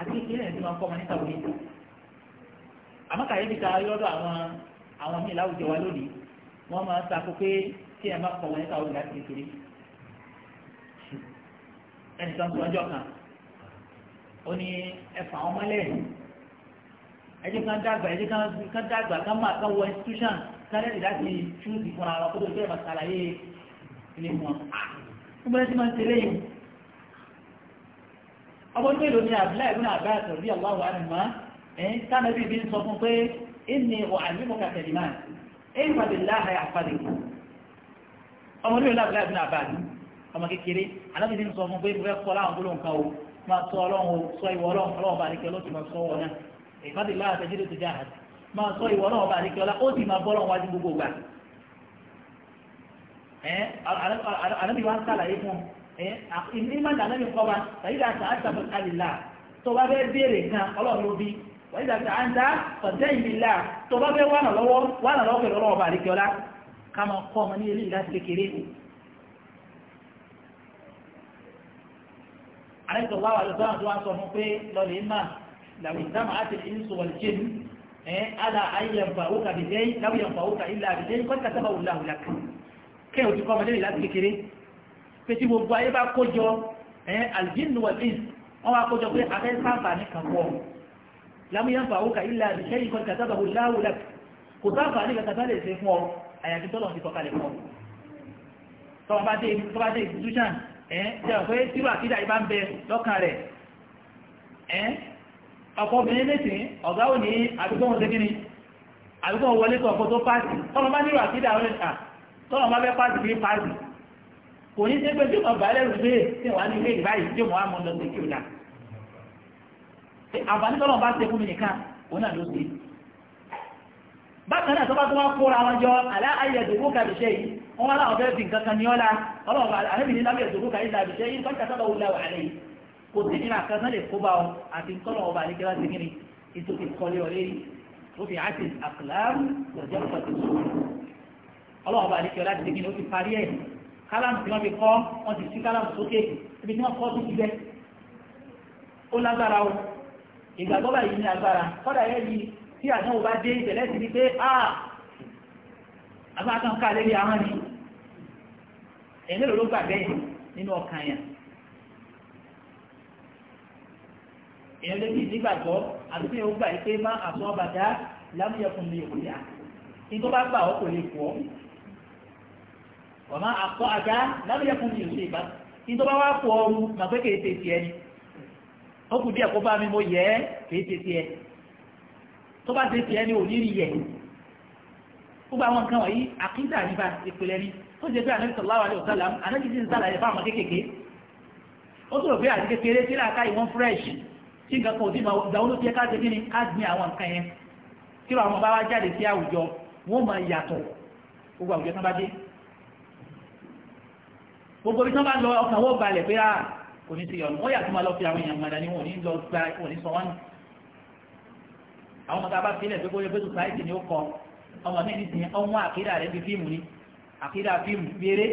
àti kékeré ẹ̀ ti máa ń kọ́ ọmọ níta òní. àmọ́ kàyéfì ta lọ́dọ̀ àwọn àwọn míì láwùjọ wa lónìí wọ́n máa ń sako pé kí ẹ má kọ́ ọmọ níta òní láti kékeré. ẹnìkan sọ ọjọ́ kan ó ní ẹ̀fà ọmọ lẹ́yìn ẹjẹ kan dàgbà ẹjẹ kan dàgbà kan máa kan wọ institution kálẹ̀ ti láti túùsì fúnra wọn kó tó fẹ́ máa ṣàlàyé ilé wọn. wọ́n ah! bẹ̀rẹ̀ sí máa ń tẹ̀lé yìí ọgbọ́n mélòó ni Abdullahi ibn Abbas radiyallahu anhuma ẹ̀yìn tánàbí bí ń sọ fún pé inni u'allimuka kalimat ihfadillaha yahfadhik ọmọ nílò Abdullahi ọmọ kékeré alábìdí ń sọ bá sọ ìmọ̀ ìdáná mi kọ́ wa tàyídà àti àǹtà fọ̀tàlìlà tó bá fẹ́ béèrè nǹkan ọlọ́run ló bí tàyídà àti àǹtà fọ̀tàlìlà tó bá fẹ́ wà lọ́wọ́ wà lọ́wọ́ pẹ̀lú ọlọ́wọ́ bàrí kíọ́lá ká máa kọ́ ọmọ ní ilé ìlà ti kékeré. àlẹ́sọ̀ wá wà lọ́sọ́nà tó wá sọ fún pé lọ́lẹ̀ ìmà làwọn ìdámà àti ìṣù wà lẹ́jẹ̀ ní ẹ̀ ala ayẹ̀mfà òkà bìdẹ́yìn láwọn òkà ilẹ̀ pé tí gbogbo ayé bá kójọ ẹ̀ aljinnu wal ins wọ́n wá kójọ pé afẹ́ sábà ní kan pọ̀ lam yanfa'uka illa bi shay'in qad katabahu Allahu lak kò sábà ní kàtàkà lè ṣe fún ọ àyàfi tọ́lọ̀ ti tọ́kalẹ̀ fún ọ tọ́badé institution ẹ̀ tí a fẹ́ tíró àkídà ibà ń bẹ lọ́kàn rẹ̀ ẹ̀ ọkọ̀ obìnrin lẹ́sìn ọ̀gá ò ní àdúgbò wọn ṣe kí ni àdúgbò wọlé tó ọkọ̀ tó pàṣì tọ́lọ̀ bá nílò àkídà ọ̀rẹ́ kò ní sẹ́gbẹ́ tí mo bá lẹ́rù pé ṣé wàá ní ilé ìgbà yìí tí mo wá mọ lọ sí kí o dà àǹfààní tọ́lọ̀ bá ṣe fún mi nìkan òun náà ló ṣe bákan náà tó bá tó wá kóra wọn jọ àlá ayé ẹ̀dùnkú kàbí ṣe yìí wọn wá láwọn fẹ́ẹ́ fi nǹkan kan ní ọ́la ọlọ́run àlẹ́bí ní lábẹ́ ẹ̀dùnkú kàbí ṣe yìí yìí kọ́ńtà tọ́lọ̀ wúlẹ̀ wà lẹ́yìn kò sí nínú àkàtà lè kóbá ọ àti tọ́lọ̀ ọba àlekẹ́lá ti kíni ìtòkè kọ́lé ọ̀lẹ́yìn ó fi àti àkàlà ọ̀jọ́ kálámù tí wọ́n fi kọ́ wọ́n ti sí kálámù sókè ibi tí wọ́n kọ́ sí ibẹ̀ ó lágbára o ìgbàgbọ́ báyìí ní agbára kọ́dà yẹ́ ni tí àdánwò bá dé ìtẹ̀lẹ́ sí ni pé áà abákan ká lérí àwọn ni èmi ló ló gbà bẹ́ẹ̀ nínú ọkàn yẹn èèyàn lè fi ìdígbàgbọ́ àti pé ó gbà yìí pé má àtúnwọ́n bàdá lámúyẹ̀kùn lè kú yá kí tó bá gbà ọ́ kò lè kú wàmá àkọ́ àgá lábẹ́yẹ̀kùn mi ìlú ìbá ìjọ bá wá pọ̀ ọrù mà pé kèé tètè ẹ ni ó kù díẹ̀ kó bá mi mo yẹ ẹ́ kèé tètè ẹ tó bá tètè ẹ ni ò ní rí yẹ gbogbo àwọn nǹkan wọ̀nyí àkíńtà nípa ìpìlẹ̀ ni tó ṣe pé ànábì sallallahu alaihi wasallam ànábì ti ń fáwọn kéékèèké ó tó rò àti kékeré tí làákà ìwọ̀n fresh tí nǹkan kan ò sí ìgbà olóòtú yẹ ká ṣe kí ni ká gbin àwọn nǹkan yẹn kí ló àwọn bá wá jáde sí àwùjọ wọn máa yàtọ̀ gbogbo àwùjọ tán bá dé gbogbo ibi tí wọ́n bá lọ ọkàn wọ́n balẹ̀ pé ah kò ní ti yọnu wọ́n yà tó máa lọ fi àwọn èèyàn mọ̀dá ni wọ́n ò ní lọ gba wọ́n sọ wọ́n àwọn ọmọ tá a bá filẹ̀ pé kóyọ pé society ni ó kọ ọmọ náà ní ti ọmọ àkídà rẹ̀ bí fíìmù ni àkídà fíìmù ìbéèrè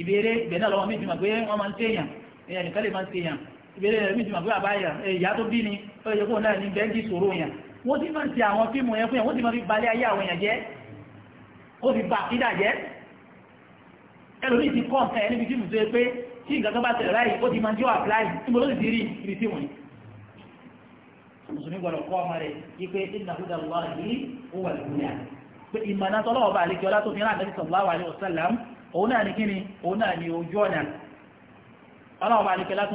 ìbéèrè ìbẹ̀ náà lọ́wọ́ méjì mà pé wọ́n máa ń téèyàn èèyàn nìkan lè máa ń téèyàn ìbéèrè rẹ̀ méjì mà pé àbáyà ìyá tó bí ni ó yẹ kó náà ní bẹ́ńkì sòrò yàn wọ́n ti máa ń ti àwọn fíìmù yẹn fún yàn wọ́n ti máa fi balẹ̀ ayé àwọn èèyàn jẹ́ ó fi ba àkídà jẹ́ ẹlòmíì ti kọ́ nǹkan ẹ̀ níbi jíìmù tó yẹ pé tí nǹkan kan bá tẹ̀lé láì ó ti máa jẹ́ àpláì níbo ló sì ti rí ibi tí wọ́n ní. mùsùlùmí gbọ́dọ̀ kọ́ ọmọ rẹ̀ wípé iná húdà wà yìí ó wà lóyà pé ìmọ̀nà tọ́lọ́wọ́ bá àlejò ọlá tó fi ránṣẹ́ sallallahu alaihi wasallam òun náà ni kíni òun náà ni ojú ọ̀nà ọlọ́wọ́ bá àlejò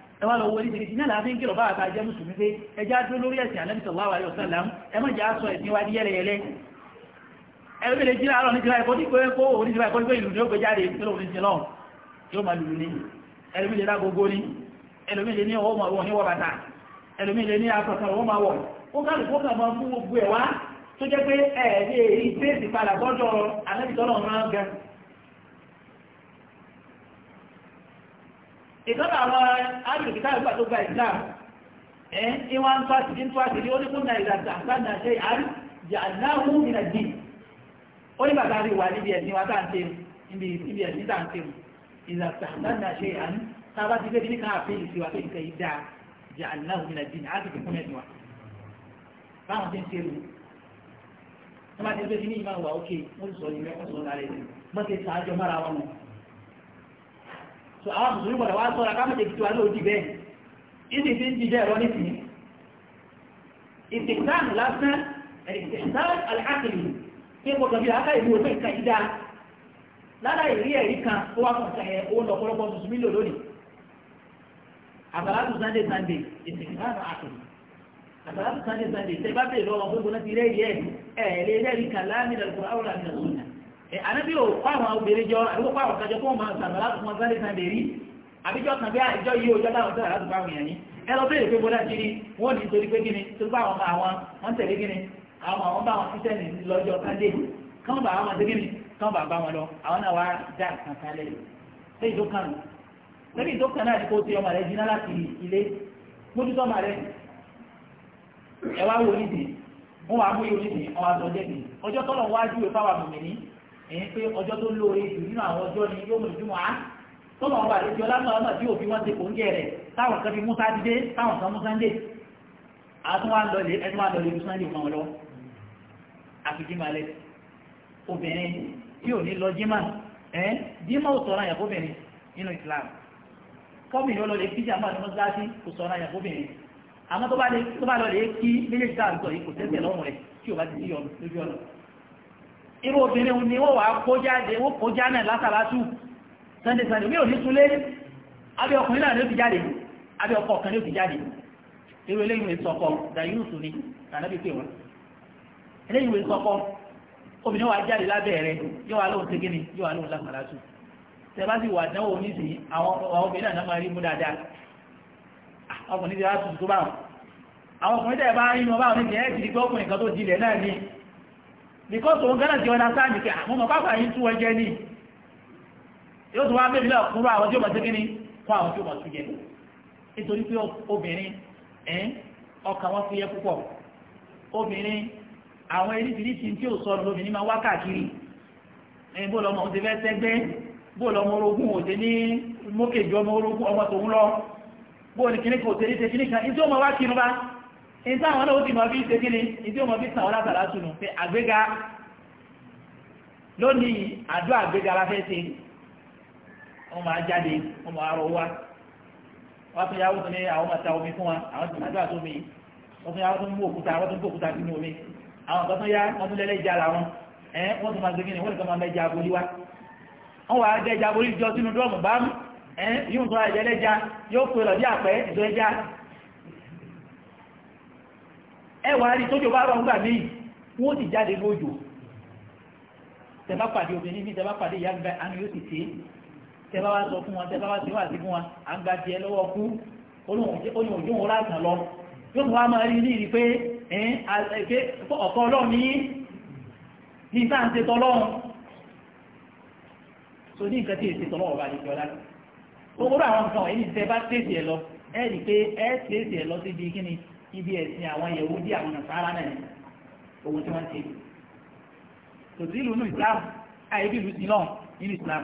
ẹwà lọ wọlé ìdíkì náà láàfin kí lọ́bá àtà jẹ́ mùsùlùmí pé ẹjá dúró lórí ẹ̀sìn Ànábì sallallahu alaihi wasallam ẹ má jà sọ ẹ̀sìn wá di yẹ́lẹ̀yẹ́lẹ́ ẹgbẹ́ lè jíra àárọ̀ níjìlá ẹ̀kọ́ dípẹ́ kó oníjìlá ẹ̀kọ́ dípẹ́ ìlú ní ó gbé jáde ìpínlẹ̀ oníjìlá yóò máa lùlù ní ẹlòmí lè lágogo ní ẹlòmí lè ní ọwọ́ máa wọ̀ ní wọ̀ bàtà ẹlòmí lè ní asọ̀kan ọwọ́ ìtọ́nà àwọn arìnrìnkìtà ìgbà tó gba islam ẹ̀ ń wá ń tó àṣírí ń tó àṣírí ó ní kún náà ìlànà àgbàdàn ṣe àrí jàǹdáhùn ìrìnàjì ó ní bàbá rí wà níbi ẹ̀sìn wa táà ń tẹ̀rù níbi ẹ̀sìn táà ń tẹ̀rù ìlànà àgbàdàn ṣe àrí tábà ti gbé níkà àfẹ́ ìṣèwà pé nǹkan yìí dáa jàǹdáhùn ìrìnàjì á ti fi kún ẹ̀sìn wa báwọn ti ń tẹ̀rù wọ́n bá ti gbé so àwọn mùsùlùmí gbọ́dọ̀ wá sọ́ra ká mọ̀jẹ̀ tiwa lóòdì bẹ́ẹ̀ ìdí tí ń jíjẹ́ ẹ̀rọ nísìnyí ìtìkánù lásán ìtìkánù alákìlì kí n gbọ́dọ̀ bí aká ìlú òfin kan ìdá lára ìrí ẹ̀rí kan ó wá kọ̀ọ̀kan ẹ̀ ó lọ pọ̀lọpọ̀ mùsùlùmí lò lónìí àbàlátù sunday sunday ìtìkánù àkìlì àbàlátù sunday sunday tẹ bá bèèrè lọ́wọ́ gbogbo náà ti rẹ́ yẹ ẹ̀ẹ́dẹ́rì kan láàmì Eh, ànábì ò kọ́ àwọn obìnrin jọ àdúgbò kọ́ àwọn kájọ fún ọmọ àgbàdo láti fún ọsán lẹ́sàn lè rí àbíjọ kan bí àìjọ yìí òjò láwọn sọ̀rọ̀ láti fáwọn èèyàn ní ẹ lọ bẹ́ẹ̀ pé bọ́dá ti rí wọ́n ní torí pé kí ni torí pé àwọn ọmọ àwọn wọ́n tẹ̀lé kí ni àwọn àwọn bá wọn kíṣẹ́nì lọ́jọ́ sándé kán bá wọn ti kí ni kán bá bá wọn lọ àwọn náà wá dá nǹkan kalẹ̀ lẹ́yìn tó kàn lẹ́yìn tó kàn ti ọmọ rẹ jiná láti ilé mójútó ọmọ rẹ ẹ wá wọ onídìí wọ́n wá mú yóò nídìí ọwọ́ àtọ́jẹ́ bì ọjọ́ tọ́lọ̀ wájú èyí pé ọjọ́ tó lóore jù nínú àwọn ọjọ́ ni yóò mú ìjùmọ̀ á tó lọ́wọ́ bá àlejò ọlọ́mọ ọmọ tí òfin wọn ti kò ń gẹ̀ rẹ̀ táwọn kan fi mú sátidé táwọn kan mú sándé àtúnwá lọlé ẹni wá lọlé mú sándé kan lọ àfijímalẹ̀ obìnrin tí ò ní lọ jímà ẹ́ jímà ò sọ̀rọ̀ àyàfó obìnrin nínú Islam kọ́mì ló lọlé kí jàmbá ni wọ́n dá sí kò sọ̀rọ̀ àyàfó obìnrin àmọ́ tó bá lọlé kí méjèèjì dáa ń sọ yìí irú obìnrin ni wọ́n wà kó jáde wọ́n kó jáde látàlátù sunday sunday ò ní túnlé abẹ́ ọkùnrin náà ní ó ti jáde abẹ́ ọkọ̀ ọ̀kan ní ó ti jáde irú eléyìnwé sọ́kọ́ dayúùsù ni rí mú dáadáa ọkùnrin ti wá ọkùnrin tẹ́ bá rí mọ́ báwọn because òun gẹ́rẹ̀ tí wọ́n náà sáàjì pé àmúmọ̀ ah, pápá yìí tún ẹjẹ́ ní yóò tún wá bèbí lọ àwọn tí ó mọ̀ fún àwọn tí ó mọ̀ sí jẹ nítorí pé obìnrin ẹ̀ẹ́n ọkàn wọn fi yẹ púpọ̀ obìnrin àwọn eríṣiríṣi tí ò sọ lóbìnrin máa wá káàkiri ẹ̀yìn òun ti fẹ́ sẹ́gbẹ́ ọmọ ìta àwọn náà ó ti mọ̀ bí ṣe gíní ìdí o mọ̀ bí sàwọn látàrá túnú pé àgbéga lónìí àdó àgbéga la fẹ́ ṣe wọ́n máa jáde wọ́n máa rọ wá wọ́n tún yàwó tún ní àwọn máa ta omi fún wa àwọn tún àdó àtó mi wọ́n tún yàwó tún mú òkúta wọ́n tún mú òkúta sínú omi àwọn kan tún yá wọ́n tún lẹ́lẹ́ ìjà làwọn ẹ̀ wọ́n tún máa ṣe gíní wọ́n tún máa mẹ́ja ẹwà rí tójò bá rọ̀ ńgbà míì wọ́n ti jáde lójò tẹ́bá pàdé obìnrin bí tẹ́bá pàdé ìyá gbà àmì yóò ti tẹ́ tẹ́bá wá sọ fún wọn tẹ́bá wá sí wà sí fún wọn àgbà tiẹ̀ lọ́wọ́ kú olóhùn ojú wọn láàtàn lọ yóò tún wá máa rí ní ìrí pé ọ̀kan ọlọ́run ní ní ń ṣe tọlọ́run so ní nǹkan tí èsì tọlọ́run bá lè jọ lá owó àwọn nǹkan wọ̀nyí ní tẹ́ bá tẹ̀sí ẹ̀ lọ ẹ̀ rí pé ẹ̀ tẹ̀sí ẹ̀ lọ síbi kíni ibi ẹ̀sìn àwọn Yẹhudi àwọn Nasara náà ni ohun tí wọ́n ti kò sí ìlú nù Islam àìbí ìlú sí náà nínú Islam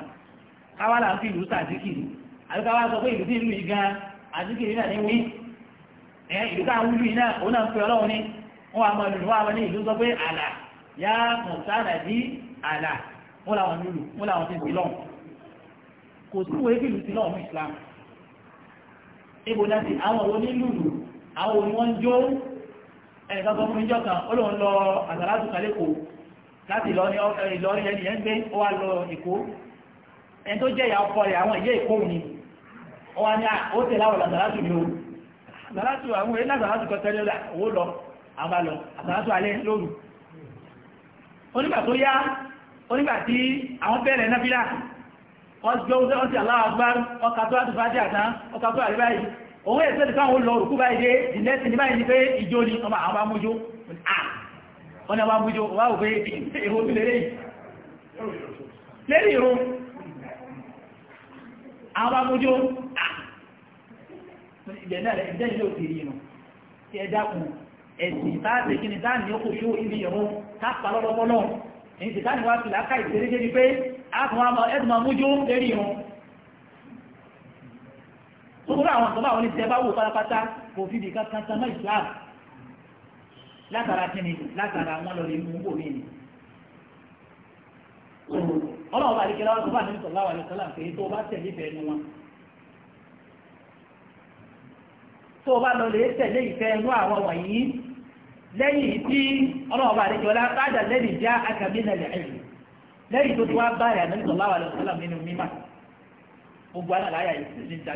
káwá là ń fi ìlú sàdíkìrì àbí káwá sọ pé ìlú sí ìlú yìí gan àdíkìrì náà ní wí ẹ ìlú tá à ń wúlú yìí náà òun náà ń pè ọlọ́run ní wọn àmọ́ ìlú wọn àmọ́ ní ìlú sọ pé àlà yá mọ̀tánà dí àlà wọn làwọn lùlù wọn làwọn ti sí lọ́n kò sí ìwé ìlú sí náà mú Islam ebo ti àwọn òun ní lùlù àwọn òní wọ́n ń jó ẹnìkan tó fún ìjọ kan ó lòun lọ àgbàlátù kálẹ́kò láti Ìlọrin ẹni yẹn gbé ó wá lọ Èkó ẹni tó jẹ́ ìyá ọkọ rẹ̀ àwọn ìyá Èkó ni ó wá ní ó tẹ̀lé àwọn àgbàlátù ni ó àgbàlátù àwọn èèyàn àgbàlátù kan tẹ́lẹ̀ owó lọ àbá lọ àgbàlátù alẹ́ lóru onígbà tó yá onígbà tí àwọn bẹ̀rẹ̀ náfílà wọ́n gbọ́ òun ẹ̀sẹ̀ ti káwọn lọ rùkú báyìí dé ìlẹ́sìn ah! ní báyìí ní pé ìjó ni ọmọ àwọn amójó wọ́n ni àwọn amójó wà ó pé èrò tí lérè lérí ìrún àwọn amójó ah! ìbẹ̀ náà ìjẹ́ ìlú òkèrè inú tí ẹ dákun ẹ̀sìn táàtì kí ni táàmì ó kò ṣó ibi ìrún kápa lọ́lọ́pọ́lọ́ gbogbo àwọn ìtọ́bà wọn ní tẹ́ bá wò pátápátá kò fi bìkan kan tán Islam látara kíni látara wọn lọ mú bò mí ni. ọlọ́run bá tó bá nínú àwọn wọ̀nyí lẹ́yìn tí ọlọ́run bá lẹ́yìn já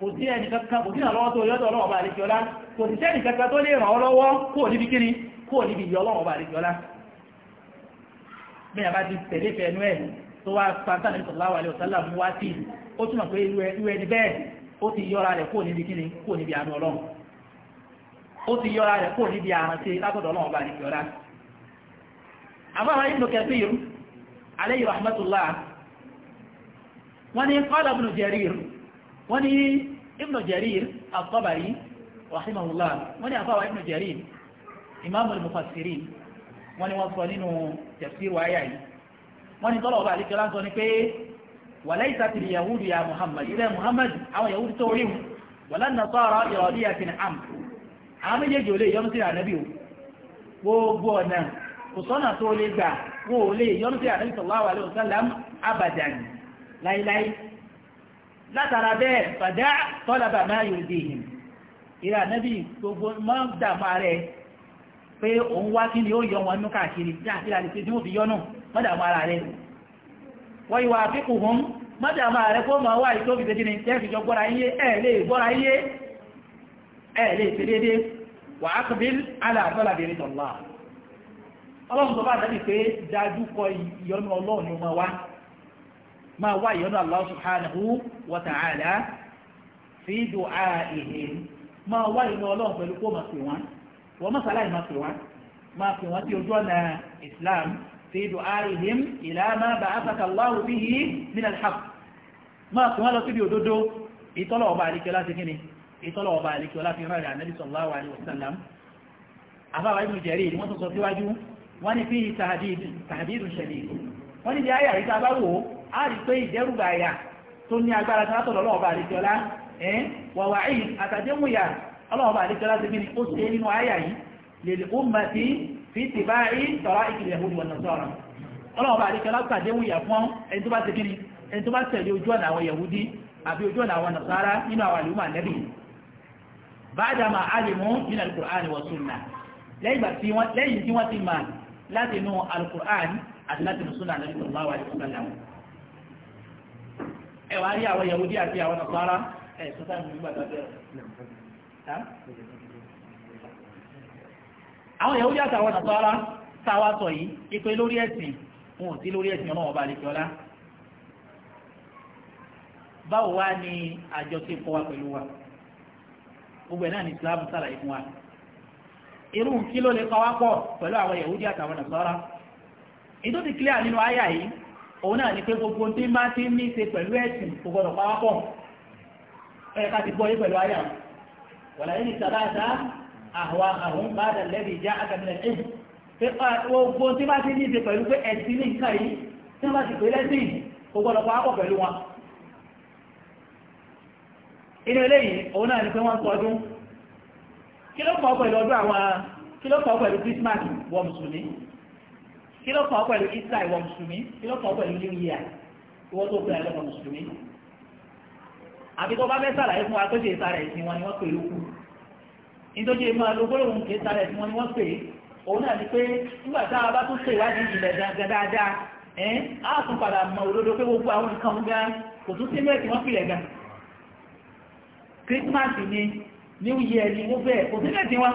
kò sí ẹni kankan kò sí ìrànlọ́wọ́ tó yọ́dọ̀ ọlọ́wọ́ bá àríkíọ́lá kò sí sẹ́ni kankan tó lè ràn ọ́ lọ́wọ́ níbi kíni kó níbi ìyọ́ ọlọ́wọ́ bá àríkíọ́lá bí ti tẹ̀lé fẹ̀ẹ́nú ẹ̀ tó wá pàtàkì ní sallallahu alaihi mú wá sí ó túnmọ̀ pé irú ẹni bẹ́ẹ̀ ó ti yọ́ra rẹ̀ kó níbi kíni níbi àánú ọlọ́run ó ti rẹ̀ wọ́n ní Ibn Jarir at-Tabari rahimahullah wọ́n ní àfáwà Ibn Jarir imam al-mufassirin wọ́n ní wọ́n sọ nínú tafsir wáyà yìí wọ́n ní tọ́lọ̀ ọba àlejò láǹsọ ni pé walaysat al-yahudu ya Muhammad ilẹ̀ Muhammad àwọn yahudu tó rí wọn wala nasara iradiyatin am àwọn méjèèjì ò lè sí ànábì o gbogbo ọ̀nà kò sọ́nà tó lè gbà wọn ò lè sí ànábì sallallahu alaihi wasallam abadan láíláí látara bẹ́ẹ̀ fàdá tọ́lábà máa yóò dé ìhìn ìrà nẹ́bí gbogbo máa ń dàmú ààrẹ pé òun wá kí ni ó yọ wọn nú káàkiri tí àti ìlànà tí wọ́n fi yọ náà má dàmú ara rẹ̀ wọ́n ìwà àfikù hún má dàmú ààrẹ kó máa wá ìtó fìdí ni tẹ́ fi jọ gbọ́ra iye ẹ̀ lè gbọ́ra iye ẹ̀ lè fi dédé wà á kàbí aláàtọ́lá bèrè tọ̀lá ọlọ́run tó bá dábì pé dájú kọ ìyọnu ọlọ́run ni ó wá máa wá ìyọ́nú Allah subhanahu wa ta'ala fi du'a'ihim máa wá ìlú ọlọ́run pẹ̀lú kó máa pè wọ́n wọ́n máa sàlàyé máa pè wọ́n máa pè wọ́n sí ojú ọ̀nà Islam fi du'a'ihim ila ma ba'athaka Allahu bihi min al-haqq máa pè wọ́n lọ síbi òdodo ìtọ́lọ̀ ọba àríkẹ́ láti kíni ìtọ́lọ̀ ọba àríkẹ́ láti rán rẹ̀ ànábì sallallahu alaihi wasallam afáwà ibùn jẹ̀rí ni wọ́n tún sọ síwájú wọ́n ní fi tahdid tahdid a rí pé ìdẹ́rùbà àyà tó ní agbára tí wọ́n tọ̀dọ̀ ọlọ́ọ̀bà àdéjọ́lá wàwà ìyí àtàdémùyà ọlọ́ọ̀bà àdéjọ́lá ti bí ni ó ṣe nínú àyà yìí lè ó mà sí fi ti bá rí tọ́rọ ìkìlẹ̀ ìhòòdì wọn sọ̀rọ̀ ọlọ́ọ̀bà àdéjọ́lá pàdémùyà fún ẹni tó bá ṣe kíni ẹni tó bá tẹ̀lé ojú ọ̀nà àwọn yahudi àbí ojú ọ̀nà àwọn nasara nínú àwọn àlùmọ̀ ànẹ́bì báyìí máa nínú alukur'an wa sunna lẹ́yìn tí wọ́n ti mà láti alukur'an àti láti inú sunna ànẹ́bì sallallahu alaihi wasallam ẹ wá rí àwọn Yahudi àti àwọn Nasara ẹ̀ tó sáà nígbà tó bẹ̀rẹ̀ àwọn Yahudi àti àwọn Nasara táwa sọ yìí ipe lórí ẹ̀sìn wọn ò sí lórí ẹ̀sìn ọlọ́wọ́ bá àlejò ọlá báwo wá ni àjọṣepọ̀ wa pẹ̀lú wa gbogbo ẹ̀ náà ní Islam sàlàyé fún wa irú kí ló lè kọ́ wá pọ̀ pẹ̀lú àwọn Yahudi àti àwọn Nasara ìdó ti clear nínú àyà yìí òun náà ni pé gbogbo tí bá ti ní ṣe pẹ̀lú ẹ̀sìn kò gbọdọ̀ pàápọ̀ ẹ̀ka ti gbọ́yé pẹ̀lú ayà wọ̀lá yìí ni sàdáàdá àwọ àwọn bàdà lẹ́bi já agamilẹ̀ ẹ̀sìn pé gbogbo tí bá ti ní ṣe pẹ̀lú pé ẹ̀sìn ní nǹkan yìí tí wọ́n bá ti pè lẹ́sìn kò gbọdọ̀ pàápọ̀ pẹ̀lú wọn. inú eléyìí òun náà ni pé wọ́n sọ ọdún kí ló kọ́ pẹ̀lú ọdún àwọn kí ló kọ́ pẹ̀lú Christmas wọ mùsùlùmí kí ló kàn ọ́ pẹ̀lú Easter ìwọ mùsùlùmí kí ló kàn ọ́ pẹ̀lú new year ìwọ tó pẹ̀lú ẹlọ́mọ mùsùlùmí àbí tó bá fẹ́ sàlàyé fún wa tó ṣe ìsàrẹ̀ ìsìn wọn ni wọ́n pè lókù nítorí ẹ máa lo gbólóhùn kì í sàrẹ̀ ìsìn wọn ni wọ́n pè òun náà ni pé nígbà tá a bá tún ṣe ìwádìí ìjìnlẹ̀ gangan dáadáa ẹ̀ á tún padà mọ òdodo pé gbogbo àwọn nǹkan gan kò tún sí mẹ́ẹ̀kì wọ́n pìlẹ̀ gan Christmas ni New Year ni wọ́n bẹ̀ẹ̀ kò sí mẹ́ẹ̀kì wọn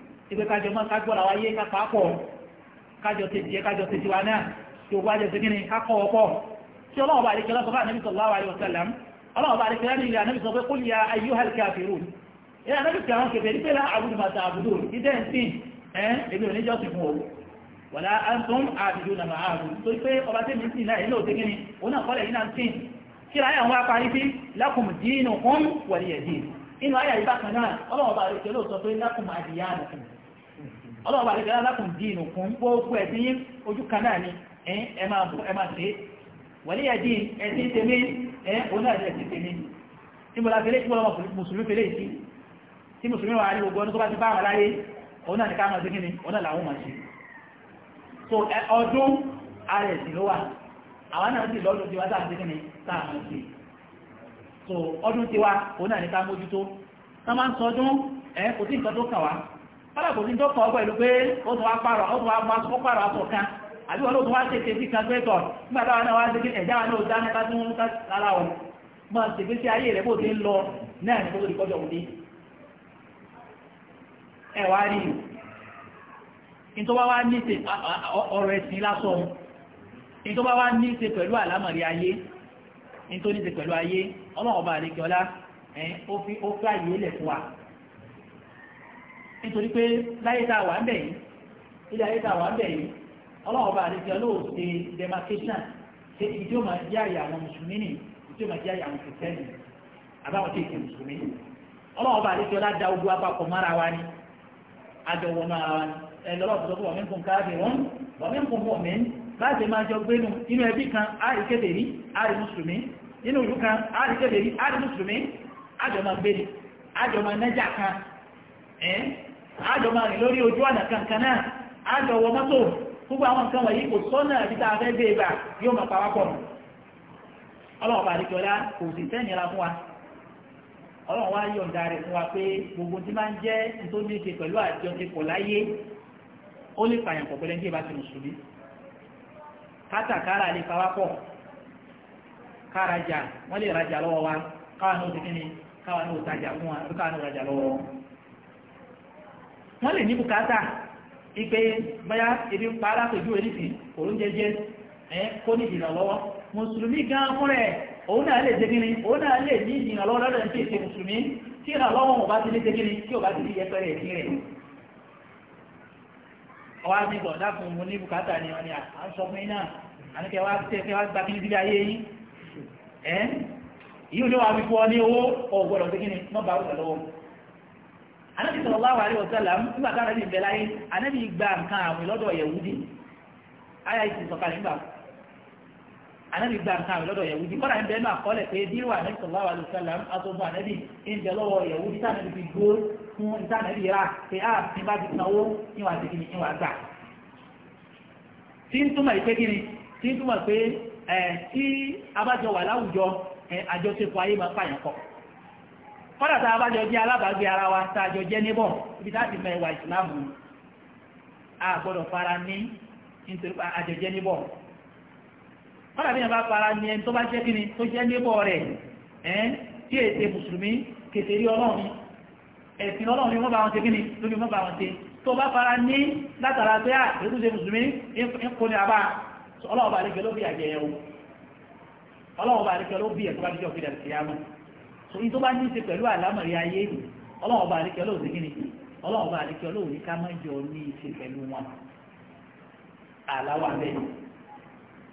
ìgbé kájọ mọ́ kágbọ́ra wáyé kápapọ̀ kájọ tètè kájọ tètè wa náà tí ó wájọ tètè ní kákọ̀ ọ̀pọ̀ tí ọlọ́ọ̀bà àríkẹ́lá sọ fún ànábì sallallahu alaihi wasallam ọlọ́ọ̀bà àríkẹ́lá ní ilẹ̀ ànábì sọ pé qul ya ayyuhal kafirun ilẹ̀ ànábì sọ àwọn kẹfẹ́ nípé lá àbúrò màtà àbúrò ìdẹ́ ń sìn ẹ́n èmi ò ní jọ́ sìn fún o wàlá antum àbìdó nà máa àbù tó pé ọba tẹ́mi sìn náà ilé òtẹ́ kíni òun náà kọ́lẹ̀ yìí náà sìn kí ra àwọn apárí sí lakum dinukum waliya din inú ayà yìí bákan náà ọlọ́ọ̀bà àríkẹ́lá sọ pé lakum àdìyá nìkan ọlọ́ọ̀bà àti ìjọba lákùn dìínù fún gbogbo ẹ̀sìn yín ojú kan náà ni ẹ máa bú ẹ máa ṣe é wàlẹ́ yẹ dín ẹ̀sìn tèmi ẹ̀ òun náà ẹ̀sìn tèmi tí mo la fẹ́lẹ́ tí mo lọ́wọ́ mùsùlùmí fẹ́lẹ́ ní so ọdún ara ẹ̀sìn ló wà àwọn náà sì lọ́dún tiwa tá à ń ṣe kíni tá so ọdún tiwa òun náà ní ká mójútó tá máa ń sọdún ẹ̀ kò sí nǹkan tó kàn kọ́lọ̀kù ní tó kọ́ pẹ̀lú pé ó tún wá pààrọ̀ ó tún wá gbá ó pààrọ̀ àpọ̀ kan àbí wọn ló tún wá ṣe ṣe sí kan pé tọ̀ nígbà táwọn náà wá ṣe ẹ̀dá wa náà dáná ká tún rárá o mọ̀ ṣègbè sí ayé rẹ̀ bó ti ń lọ náà ní kótó ìkọ́jọ òde ẹ wá rí ní tó bá wá ní ṣe ọ̀rọ̀ ẹ̀sìn lásán ní tó bá wá ní ṣe pẹ̀lú àlámọ̀rí ayé ní tó ní ṣe pẹ̀lú ayé ọlọ́run ọba àdékẹ́ọlá nítorí pé láyé tá a wà ń bẹ̀ yìí ilé ayé tá a wà ń bẹ̀ yìí ọlọ́run bá àdéjọ lóò ṣe demarcation ṣe ibi tí ó máa jẹ́ àyè àwọn mùsùlùmí nì ibi tí ó máa jẹ́ àyè àwọn kìrìsìtẹ́nì àbáwọn tí ì ṣe mùsùlùmí ọlọ́run bá àdéjọ láda ogun apapọ̀ mára wa ni àjọwọ̀ náà ara wa ni ẹ lọ́rọ̀ tó sọ́kọ̀ wọ̀mí nkùn káàbì wọn wọ̀mí nkùn wọ̀ mí láti máa jọ gbénu inú ẹbí kan àrí kébèrè àrí mùsùlùmí inú ìlú kan àrí kébèrè àrí mùsùlùmí àjọ àjọmọ̀ rìn lórí ojú ọ̀nà kankan náà àjọ wọ mọ́tò gbogbo àwọn nǹkan wọ̀nyí kò sọ́nà àbí tá a fẹ́ gbé ibà yóò máa pawápọ̀ nù ọlọ́run bá àdìjọ́lá kò sì sẹ́nira fún wa ọlọ́run yọ̀ǹda rẹ̀ fún wa pé gbogbo tí máa ń jẹ́ láyé ó lè pọ̀ ní wa ní wọ́n lè ní bùkátà ipé báyá ebi ń pa alápèjú oníṣì oúnjẹjẹ ẹ kó ní ìrànlọ́wọ́ mùsùlùmí gan fún rẹ̀ òun náà lè dégínní òun náà lè ní ìrànlọ́wọ́ lọ́dọ̀ ní ti mùsùlùmí tí ìrànlọ́wọ́ wọn bá ti ní dégínní tí ò bá ti ní yẹpẹrẹ ìpín rẹ̀ ọwọ́ àmì bọ̀ dákun mo ní bùkátà ni wọn ni à ń sọ fún iná àníkẹ́ wá tẹ́ wá gbá kí ní sílé ayé yín ẹ́ yìí ò anabi sallallahu alaihi wasallam nígbà tí anabi bẹ láyé anabi gba nǹkan àwìn lọ́dọ̀ yẹ̀wúdì ayé ti sọ̀kalẹ̀ nígbà anabi gba nǹkan àwìn lọ́dọ̀ yẹ̀wúdì kọ́ra ń bẹ náà kọ́lẹ̀ pé bí wà anabi sallallahu alaihi wasallam atọ́fún anabi ń bẹ lọ́wọ́ yẹ̀wúdì tí anabi fi gbó fún ìta anabi rà pé a ah, ti bá ti sanwó níwà ti kìnnì níwà gbà tí ń túmọ̀ ìpé kí tí ń túmọ̀ pé ẹ̀ tí abájọ wà láwùjọ àjọṣepọ̀ ayé máa pààyàn kọ̀ kọ́dà tá a bá jọ jẹ́ alábàágbé ara wa tá a jọ jẹ́ níbọ̀ ibi láti mọ ìwà ìsìláàmù a gbọ́dọ̀ fara ní nítorí àjọjẹ́ níbọ̀ kọ́dà bí wọn bá fara ní ẹni tó bá jẹ́ kíni tó jẹ́ níbọ̀ rẹ̀ ẹ́ tí èsè mùsùlùmí kèfèrí ọlọ́run ẹ̀sìn ọlọ́run ni wọ́n bá wọn ṣe kíni lórí wọ́n bá wọn ṣe tó bá fara ní látara pé à èkú ṣe mùsùlùmí ń kó ní abá ọlọ́run bá rí gẹ́lóbì àjẹyẹ̀wò ọlọ́run bá rí gẹ́lóbì ẹ̀kọ́ bá èyí tó bá ní ṣe pẹ̀lú àlámọ̀rí ayé yìí ọlọ́run ọba àríkẹ́ olóòwò kíni ọlọ́run ọba àríkẹ́ olóòwò ní ká jọ ní pẹ̀lú wọn àláwà bẹ́ẹ̀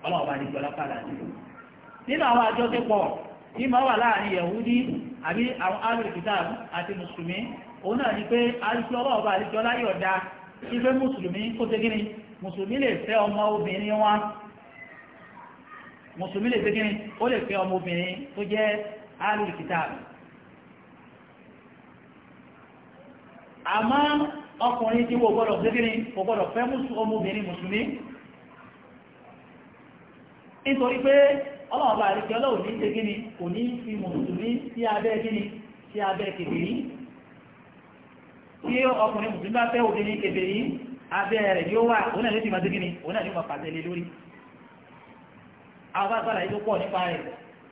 ọlọ́run ọba àríkẹ́ ọlọ́pàá láti nínú àwọn àjọṣepọ̀ tí máa wà láàrin yẹ̀wúdí àbí àwọn alùpùpù àti mùsùlùmí òun náà ni pé àríkẹ́ ọlọ́run ọba àríkẹ́ ọláyọ̀ ọmọ obìnrin wọn mùsùlùmí lè ṣe kíni ó ọmọ obìnrin alul kitab àmọ́ ọkùnrin tí wọ́n gbọ́dọ̀ gẹ́gẹ́rẹ́ kò gbọ́dọ̀ fẹ́ ọmọbìnrin mùsùlùmí nítorí pé ọlọ́ọ̀bá àríkẹ́ ọlọ́run ní ṣe gíní kò ní fi mùsùlùmí sí abẹ́ gíní sí abẹ́ kèbèrí tí ọkùnrin mùsùlùmí bá fẹ́ obìnrin kèbèrí abẹ́ rẹ̀ yóò wà òun náà ló ti máa ṣe òun náà ló máa pàtẹ́lẹ̀ lórí àwọn bá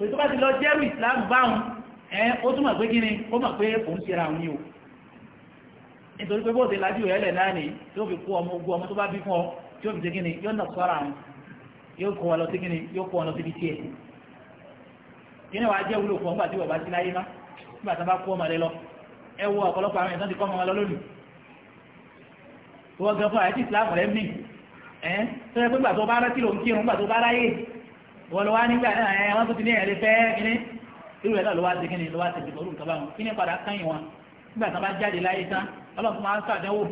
tòtí bá ti lọ jẹ́rù ìsìláàmù báhùn ẹ́ ó túnmọ̀ pé kíni ó mọ̀ pé òun ṣe òun yìí o nítorí pé bóòdì lájú ẹ̀lẹ̀ náà ni yóò fi kó ọmọ ogun ọmọ tó bá bí fún ọ tí yóò fi ṣe kíni yóò nà sọ́ra àwọn yóò kó ọ lọ sí kíni yóò kó ọ lọ síbi tiẹ̀ kíni wàá jẹ́ wúlò fún ọ nígbà tí wọ́n bá ti láyé má nígbà tí wọ́n bá kó ọmọ rẹ lọ ẹ wo ọ̀pọ̀lọpọ̀ àwọn ìtàn ti kọ́ ọmọ lọ lónìí wọ́n gan fún àyẹ̀tì ìsìláàmù rẹ̀ mí ẹ̀ tó yẹ pé gbà tó bá rántí lòun kírun gbà tó bá ráyè wọ́n lọ wá nígbà náà ẹ̀ wọ́n tó ti ní ẹ̀rí fẹ́ kíní irú rẹ̀ náà ló wá ti kíní ló wá ti dìbò olùkọ́ báwọn kíní padà kányìn wọn nígbà tí wọ́n bá jáde láyé tán ọlọ́run máa ń sàdánwò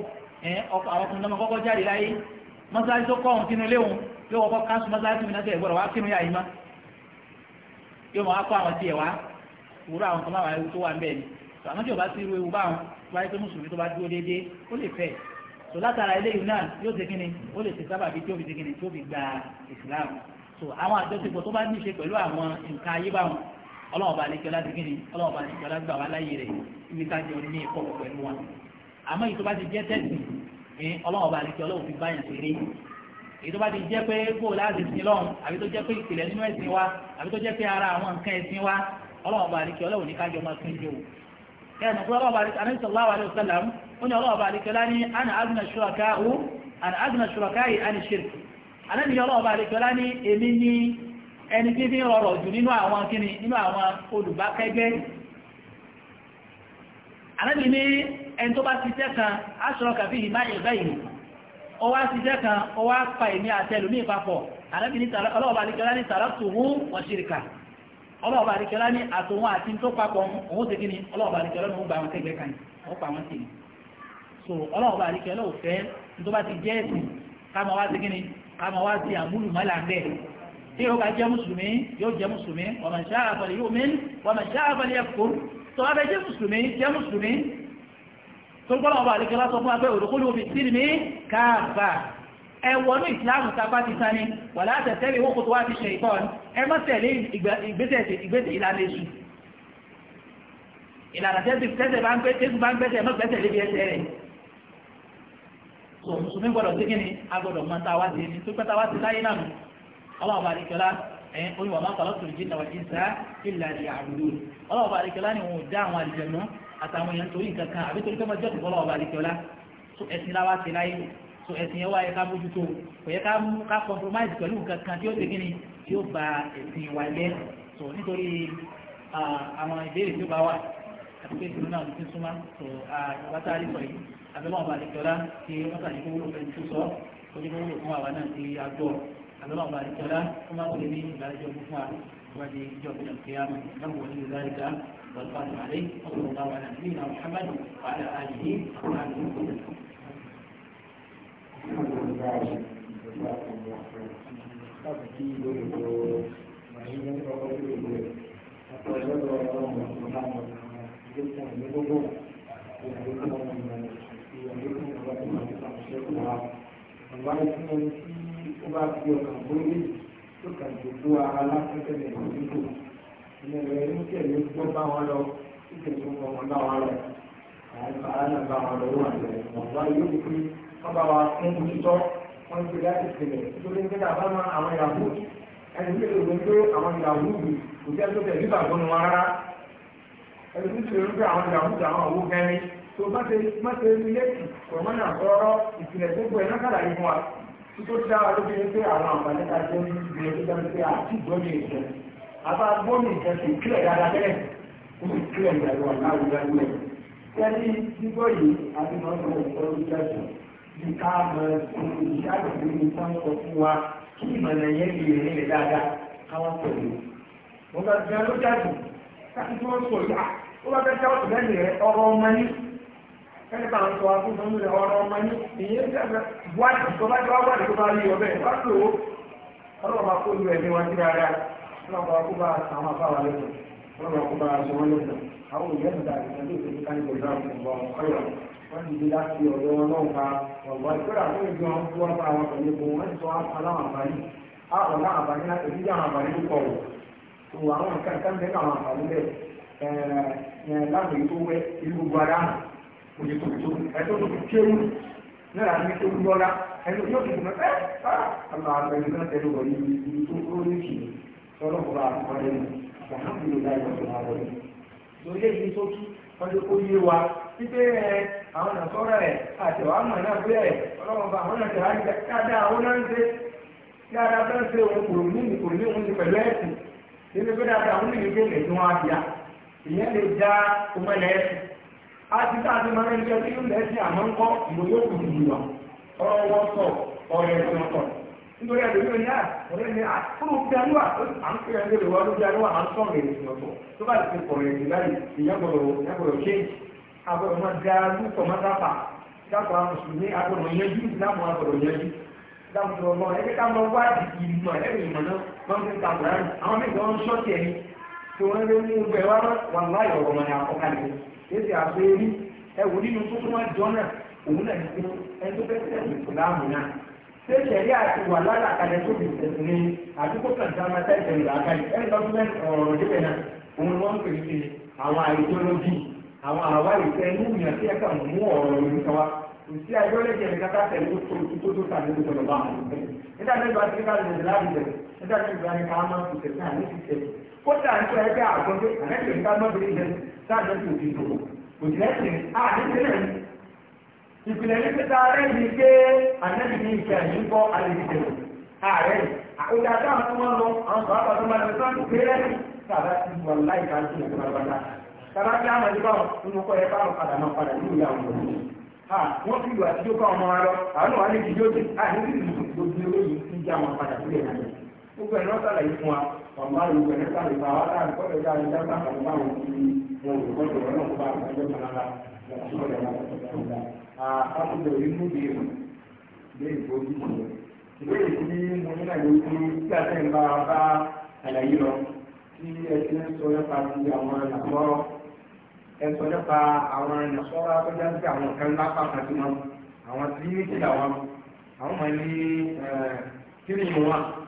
ẹ̀ ọkọ̀ àwọn ọkùnrin náà kọ́kọ́ jáde láyé mọ́sálásí tó kọ́ òun sínú ilé òun yóò kọ́kọ́ káńsù mọ́sálásí mi náà tẹ̀ gbọ́dọ̀ wá sínú yàrá yìí má yóò máa kọ́ àwọn tiẹ̀ wá òwúrọ̀ àwọn kan máa wà ewu tó ni àmọ́ tí o bá sí irú ewu báwọn wáyé pé mùsùlùmí tó bá dúró déédéé ó lè fẹ́ so látara eléyìí náà yóò ṣe kíni ó lè ṣe sábàbí tí ó fi ṣe kíni tí ó fi gba ìsìláàmù so àwọn àjọṣepọ̀ tó bá ní ṣe pẹ̀lú àwọn nǹkan ayé báwọn ọlọ́run bá lè jọlá dígí ni ọlọ́run bá lè jọlá gbà wá láyé rẹ̀ ibi ká jẹun ní ìkọ́ pẹ̀lú wọn àmọ́ èyí tó bá ti jẹ́ tẹ̀sìn ní ọlọ́run bá lè jọ ọlọ́run fi báyàn ṣeré èyí tó bá ti jẹ́ pé bó láti sin lọ́run àbí tó jẹ́ pé ìpìlẹ̀ nínú ẹ̀sìn wa àbí tó jẹ́ pé ara àwọn nǹkan ẹ̀sìn wa ọlọ́run bá lè jọ ọlọ́run ní ká anábìyàn ọlọ́ọ̀bá àdékọ́lá ní èmi ní ẹni tí fi ń rọrọ̀ jù nínú àwọn kíni nínú àwọn olùbákẹ́gbẹ́ anábì ní ẹni tó bá ṣiṣẹ́ kan aṣọ kàfí ìmá ìgbà ìlú ó wá ṣiṣẹ́ kan ó wá pa ìmí àtẹlù ní ìpapọ̀ anábì ní ọlọ́ọ̀bá àdékọ́lá ní tààràtùhún ní àtòhun tó kama wá sí àmúlù mọ́là ń bẹ̀ tí yóò bá jẹ́ mùsùlùmí yóò jẹ́ mùsùlùmí wa man sha'a falyu'min wa man sha'a falyakfur tó wá bẹ jẹ́ mùsùlùmí jẹ́ mùsùlùmí tó gbọ́dọ̀ ọba àlejò lásán fún abẹ́ òdòkúlù omi sílùmí káàbà ẹwọ̀nú ìsìláàmù tàbá ti sani wà láti tẹ́lẹ̀ owó kòtò wá ti ṣe ìtọ́ ẹ mọ́ tẹ̀lé ìgbésẹ̀ ìlànà èṣù ìlànà tẹ́sẹ̀ bá ń gbẹ́sẹ̀ mọ́ gbẹ́sẹ̀ lébi ẹsẹ̀ rẹ̀ so mùsùlùmí gbọ́dọ̀ sí kíni a gbọ́dọ̀ mọ táwa sí ni tó pẹ́ táwa sí láyé náà nù ọlọ́run bá àdékẹ́lá ẹ̀ oníwà máa kọ́lọ́ tòun jíjìnà wàjú ìsá ìlà ìyà àbúrò ọlọ́run bá àdékẹ́lá ni òun dá àwọn àlùjànnú àtàwọn èèyàn torí nǹkan kan àbí torí pé wọ́n jẹ́ òkú ọlọ́run bá àdékẹ́lá so ẹ̀sìn láwa sí láyé so ẹ̀sìn yẹn wá yẹ ká bójútó kò yẹ ká compromise pẹ̀lú nǹkan kan tí ó ti kíni tí ó ba ẹ̀sìn wa jẹ́ so nítorí àwọn ìbéèrè tí ó bá wà àti pé ìṣúná náà so àgbàtà àlìsọ àbẹ̀lọ́ ọba àdìkọ́lá tí wọ́n tà ní kó wúlò fẹ́ni tó sọ ó ní kó wúlò fún àwa náà ti àgbọ̀ àbẹ̀lọ́ ọba àdìkọ́lá ó má wọlé ní ìgbàlejò fún wa wọ́n di ìjọ ìjọ kìyàmù náà wọlé ìgbàlejò والقادم عليه صلى الله على نبينا محمد وعلى اله وصحبه وسلم. الحمد لله جزاكم الله خيرا. ìyẹn ní ọkọ tó lè lè ọkọ ìlọ́dọ̀ ọlọ́run ọ̀sán náà lọ́wọ́ ìgbésẹ̀ ìgbésẹ̀ ìgbésẹ̀ ìgbésẹ̀ ìwà ìfún ẹni tí ó bá fi ọkàn bóyá tó kàn tó tó ara lápẹ́tẹ̀lẹ̀ ìdíbò ilẹ̀ rẹ̀ ní tẹ̀lé gbọ́ bá wọn lọ tí tẹ̀lé wọn wọn bá wọn lọ àwọn bàá náà bá wọn lọ wà lẹ̀ ọ̀gbá yóò fi pé bá wa fún òtítọ́ wọ́n ti láti tẹ̀lẹ̀ nítorí pé bàbá máa àwọn ìyàwó ẹni tí èrò pé àwọn ìyàwó yìí kò jẹ́ tó tẹ̀lé bàbá wọn rárá ẹni tí èrò pé àwọn ìyàwó tó mọ́tẹ́ ilé ìpọ̀mọ́nà ọ̀rọ̀ ìpìlẹ̀ tó gbọ́ ẹ̀nàkàlà yìí wọn tó dára ló bíi pé àwọn àǹfààní ká jẹ́ ibi ẹgbẹ́ tó ń pé àti nke si àbá gbọ́nì ìjẹ́ sì kílẹ̀ dáadáa tẹ́lẹ̀ ó sì kílẹ̀ ìyàwó àláwùjọ tẹ́lí gbígbọ́ yìí àti mọ́tò ká fún ẹni bá ń sọ akú fún mi ọ̀rọ̀ ọmọ ní ìyẹn tẹ́lẹ̀ wájú tó bá jọ wájú tó bá rí ọbẹ̀ wá pé ó ọlọ́run bá kó lu ẹ̀mí wọn sí dáadáa ọlọ́run bá kó bá àwọn afáwà lẹ́sùn ọlọ́run bá kó bá aṣọ wọn lẹ́sùn àwọn òyìn ẹ̀sùn dàbí ẹ̀sùn tó ti káyọ̀ ìgbà ọ̀gbọ̀n ọ̀yọ̀ wọ́n ti di láti ọ̀dọ̀ wọn náà pa ọ̀gbọ̀n ìkọ́dà fún ìjọ wọn bá wọn pẹ̀lú epo wọ́n ti sọ aláwọ̀ àǹfààní àwọn àǹfààní láti ìdíjà àǹfààní tó kọ̀ wọ̀ àwọn nǹkan kan bẹ́ẹ̀ àwọn àǹfààní bẹ́ẹ̀ láàmì tó wẹ́ ìlú gbadá òye tuntun ẹ̀tọ́ tó ti kéwù náà ní tó ń lọ́lá ẹni yóò fi kùnà ẹ́ àmà àgbẹ̀rẹ̀ náà tẹnu wọ̀ yìí ibi tó kúrò ní kì í sọ́nà kọ́ra àkọ́rẹ́ mi wàhálà láì wọ́n tó wà wọ́n yìí. lórí èyí tó tú ọjọ́ kó yé wa wípé ẹ àwọn nàkọ́rọ̀ ẹ̀ àti àwọn àmọ̀ náà pé ẹ̀ ọlọ́mọba àwọn náà tẹ̀lé àjẹ dáadáa àwọn náà ń ṣe dáadáa bẹ́ẹ̀ ṣe òun kò ní kò ní òun àti káàdì máa ń jẹ́ tí ó lẹ́sí àmọ́ ń kọ́ ìlú yóò kù jù lọ ọ̀rọ̀ wọn sọ ah, ọ̀rẹ́ ẹ̀sìn ọ̀tọ̀ nítorí ẹ̀dùn yóò ní àkùnrin ní àkúrò januwa à ń pè é lórí wọn januwa à ń sọ ọ̀rẹ́ ẹ̀sìn ọ̀tọ̀ tó bá ti pọ̀ rẹ̀ jùlá yìí ìyàgbọ̀dọ̀ ṣe àgbọ̀dọ̀ máa da lùtọ̀ máa dáfà dáfà mùsùlùmí àgbọ̀dọ̀ yẹjú ìsìlámù àgbọ̀dọ̀ yẹjú dáhùn ọlọ́run ẹgbẹ́ ká lọ wádìí ìmọ̀ ẹ̀rìn ìmọ̀ náà wọ́n fi ń ta bùrán àwọn mẹ́jọ ń ṣọ́ọ̀tì ẹ̀yìn tí wọ́n lé ní gbẹ̀wá wà láyọ̀ ọ̀rọ̀ mọ̀ ní àkọ́kálẹ̀ kéde àgbérí ẹwù nínú tó tó wá jọ náà òun náà ti ẹni tó fẹ́ tẹ̀lé ìsìláàmù náà ṣé ìṣẹ̀lẹ̀ àti wà lálàkalẹ̀ tó fi tẹ̀sí ní àdúgbò kan tí a máa tẹ̀sí ìlà àkàlẹ̀ ẹni lọ́dún mẹ́rin ọ̀rọ̀ débẹ̀ náà òun ni pè é àwọn àìdíọ́lọ́jì àwọn àwa ìfẹ́ inú ìyàn tí ẹ̀ka mú ọ̀rọ̀ ìlú kan ìsí àìdíọ́lọ́jì ẹ̀ka tá tẹ̀lé tó tó tó kódà ń sọ ẹgbẹ́ àgbọ̀dé àlẹ́sẹ̀ ń bá mọ́bìnrin jẹ sáàjọ́ tó ti dùn òjìlẹ́sìn àdínkìlẹ̀ ìpìlẹ̀ ní pẹ́ta rẹ̀ ní pé ànẹ́bì ní ìfẹ́ àyín bọ́ alẹ́bìtẹ̀ ààrẹ àkójá táwọn tó wọ́n lọ àwọn bàbá bàbá máa lọ sọ́ọ̀tù pé rẹ̀ sábà ti wọ láì ká sí ìpínlẹ̀ bàbá sábà tí àwọn ẹni báwọn nínú kọ́ ẹ bá wọn padà máa padà ní ìyá wọn ha wọ́n fi ìwà tí ó kọ́ ọmọ wa lọ àwọn náà wà ní ìdíjọ́ gbogbo ẹ̀ náà sàlàyé fún wa ọ̀mà gbogbo ẹ̀ náà sàlàyé fún wa láàrín kọ́tọ̀ ìjà ìjà bá àwọn bá wọn fi wọn ò gbọ́dọ̀ wọn náà bá àwọn ẹjọ́ kan lára lọ́sọ̀rọ̀ ẹ̀ wà lọ́sọ̀rọ̀ àkókò inú béèrè béèrè tó bí mo ìbéèrè tí mo ní náà lórí tí a tẹ̀ ń bá bá àlàyé lọ tí ẹ ti ń sọ nípa ti àwọn nàkọ́rọ́ ẹ sọ nípa àwọn nàkọ́rọ́ abẹ́jà àwọn kan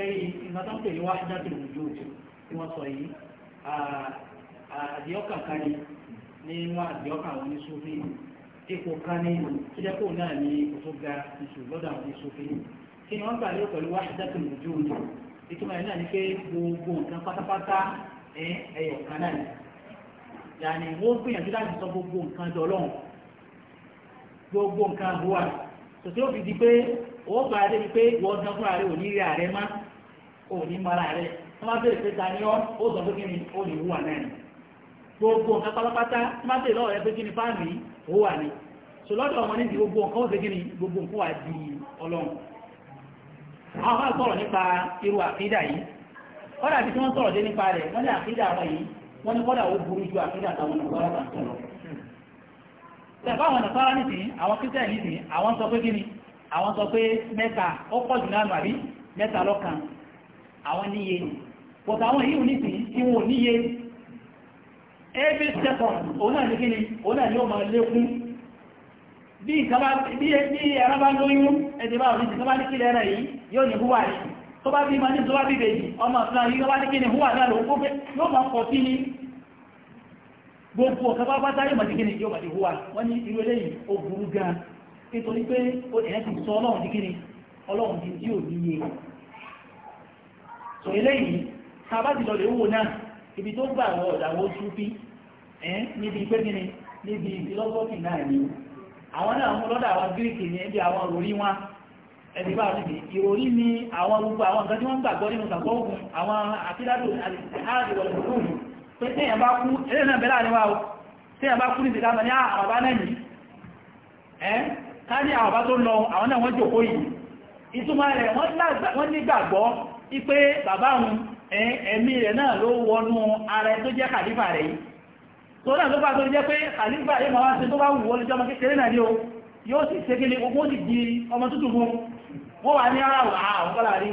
ẹ̀rí ìgbàdàn pẹ̀lú wahdatul wujud tí wọ́n sọ yìí àdìọ́kàn kan ní nínú àdìọ́kàn àwọn oníṣòfin ipò kan ní ìjẹ́kò náà ní oṣù ga oṣù lọ́dọ̀ àwọn oníṣòfin kí ni wọ́n gbà lérò pẹ̀lú wahdatul wujud ìtumọ̀ yìí náà ni pé gbogbo nǹkan pátápátá ẹ̀yọ̀ kan náà ni yàní wọ́n gbìyànjú láti sọ gbogbo nǹkan jọ gbogbo nǹkan àbúwà tòtí ó fi di pé ó bá a débi pé wọ́n dán rí ààrẹ má mara rẹ̀ wọ́n gbogbo nǹkan pátápátá wọ́n bá lọ́wọ́ rẹ̀ pé kí ni fáàmì ó wà ní gbogbo nǹkan ó kí ni gbogbo nǹkan wà di ọlọ́run àwọn bá sọ̀rọ̀ nípa irú yìí tí wọ́n sọ̀rọ̀ dé nípa rẹ̀ wọ́n ní wọn yìí wọ́n ní kọ́dà àwọn sọ pé mẹ́ta ó pọ̀ jù náà àbí mẹ́ta lọ́kàn àwọn níye pọ̀tà àwọn yìí ní tìí tí wọ́n níye every second òun náà ní kíni òun náà ní ó máa lékún bí ẹran bá lóyún ẹ̀dẹ̀ bá òní tó bá ní kílẹ̀ ẹran yìí yóò ní húwà rí tó bá bí ma ní tó bá bí bèjì ọmọ ìsìnà yìí wá ní kíni húwà náà ló kó pé yóò máa pọ̀ sí ní gbogbo ọ̀kan pápátá yóò máa ti kíni yóò máa ti húwà wọ́n ní irú eléyìí ó burú gan-an nítorí pé ó ẹ̀yẹ́ ti sọ ọlọ́run ní kíni ọlọ́run ní tí ò níye sọ eléyìí tàbátì lọ lè wò náà ibi tó gbà wọ ọ̀dàwó súnfí níbi pé kíni níbi ìfilọ́sọ́fì náà ni àwọn náà mú lọ́dọ̀ àwọn gíríkì ní ẹbí àwọn òrí wọn ẹbí bá ti ìròrí ni àwọn gbogbo àwọn nǹkan tí wọ́n gbàgbọ́ nínú gbàgbọ́ ogun àwọn àkídádò àdìwọ̀lẹ̀ òkúùn pé téèyàn bá kú ká àwọn bá tó lọ àwọn náà wọ́n jòkó yìí ìtumọ̀ rẹ̀ wọ́n nígbàgbọ́ ipé bàbá ẹ̀mí rẹ̀ náà ló wọnú ara tó jẹ́ kàlífà rẹ̀ yìí tó náà ló bá tó ah,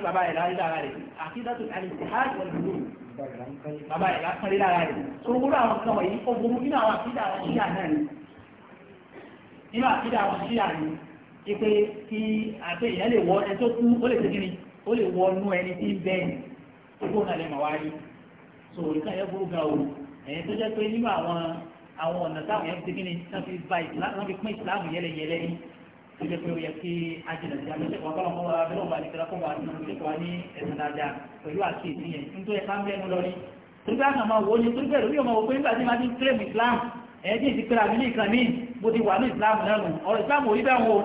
bàbá ẹ̀ lárí rẹ̀ àkídàtò àwọn kan wọ̀nyí ó gbogbo nínú àwọn àkídà àwọn ìṣẹ́ àná nínú àkídà àwọn ṣíyà ni ipe kí àti èèyàn lè wọ ẹni tó kú ó lè ṣe kíni ó lè wọ inú ẹni tí ń bẹ ẹni tó kó nàlẹ́ mà wá so ìka yẹn burú ga o ẹ̀yìn tó jẹ́ pé nínú àwọn àwọn ọ̀nà táwọn yẹn ti kíni náà fi ba ìsìlámù náà fi pín ìsìlámù yẹlẹyẹlẹ ní tó jẹ́ pé ó yẹ kí ajínà sí àmì ìṣẹ̀kọ̀ ọ̀pọ̀lọpọ̀ ọmọ wa abẹ́lẹ́ òbálẹ̀ ìṣẹ̀kọ̀ bẹ́ẹ̀ ni torí pé ẹ̀rọ yóò máa wọ pé nígbà tí wọ́n ti ń tẹ́lẹ̀ mú ìsìlámù ẹ̀ẹ́dì ìsìnkúra mi ní nǹkan ní mo ti wà ní ìsìláàmù náà nù ọ̀rọ̀ ìsìláàmù orí bẹ́ẹ̀ wo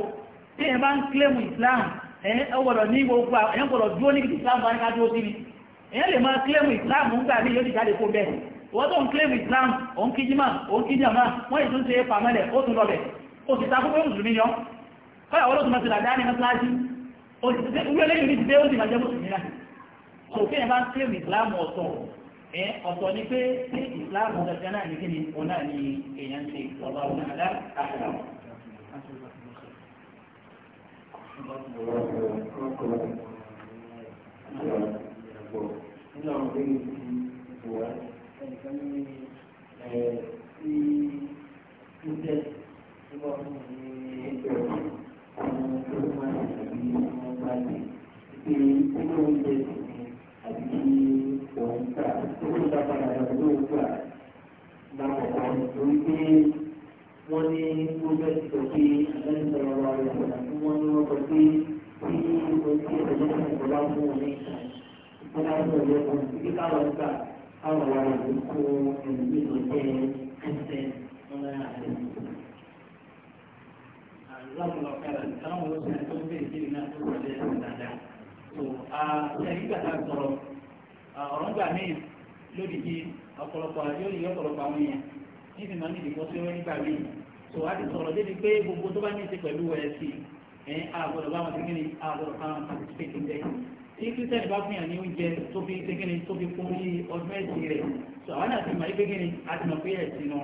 tí èèyàn bá ń kílẹ̀mù ìsìláàmù ẹ̀yẹn gbọ́dọ̀ ní gbogbo ẹ̀yẹn gbọ́dọ̀ dúró ní ìsìláàmù bá ní ká dúró sí ni èèyàn lè máa kílẹ̀mù ìsìláàmù ńgbà ní yóò ti jáde kó bẹ́ẹ̀ wọ́n tó ń kílẹ̀mù ìsìláàmù òun kí jímà òun kí jàmá wọ́n yìí tó ń ṣe pàmẹ́lẹ̀ ó tún lọlẹ̀ ó sì takú pé mùsùlùmí yọ kọ́yà wọ́n ló tún máa ti rà dáa ní mọ́sálásí ó sì ti dé ó sì máa jẹ́ ẹ ọ̀tọ̀ ni pé ṣé ìsìláàmù gẹ́gẹ́ náà ní kíni òun náà ni èèyàn ń ṣe ìjọba òun àdá àkàrà. nínú àwọn ọ̀gbẹ́ yìí ti bò wá ẹnìkan ní ẹ̀ tí ó jẹ́ tí wọ́n fún mi ní ẹgbẹ́ àwọn tó máa ń tàbí wọ́n bá dé pé nínú oúnjẹ àti òun kà owó ìta padà lọ sí òun kà lápapọ̀ torí pé wọ́n ní gbogbo ẹ̀sìn sọ pé àlẹ́yìn sọ̀rọ̀ wa rẹ̀ sọ̀rọ̀ fún wọn ní wọ́n sọ pé tí ojú ẹ̀sìn náà ń bọ̀ bá fún òun ní ìta ìpínlẹ̀ àwọn ọ̀rẹ́ kan títí káwọn gbà káwọn wà lè kó ẹ̀mí ìlú jẹ́ ẹsẹ̀ ọ̀nà àti lọ́pọ̀lọpọ̀ táwọn oṣù tó ń bèèrè kiri náà tó wọlé ẹ̀sìn dáadáa. tó a ṣe ìgbà tá a sọ̀rọ̀ ọ̀rọ̀ ńgbà míì lódì kí ọ̀pọ̀lọpọ̀ yóò yí ọ̀pọ̀lọpọ̀ àwọn èèyàn níbi máa ń níbi kan sí wọ́n nígbà míì tó a ti sọ̀rọ̀ débi pé gbogbo tó bá ní ìṣe pẹ̀lú ẹ̀sìn ẹ̀ àgbọ̀dọ̀ bá wọn ti kíni àgbọ̀dọ̀ kan participate in there tí kírísítẹ́nì bá fún yàn ní oúnjẹ tó fi ṣe kíni tó fi kún ní ọdún ẹ̀sìn rẹ̀ tó àwọn náà ti mọ̀ ní pé kíni a ti mọ̀ pé ẹ̀sìn náà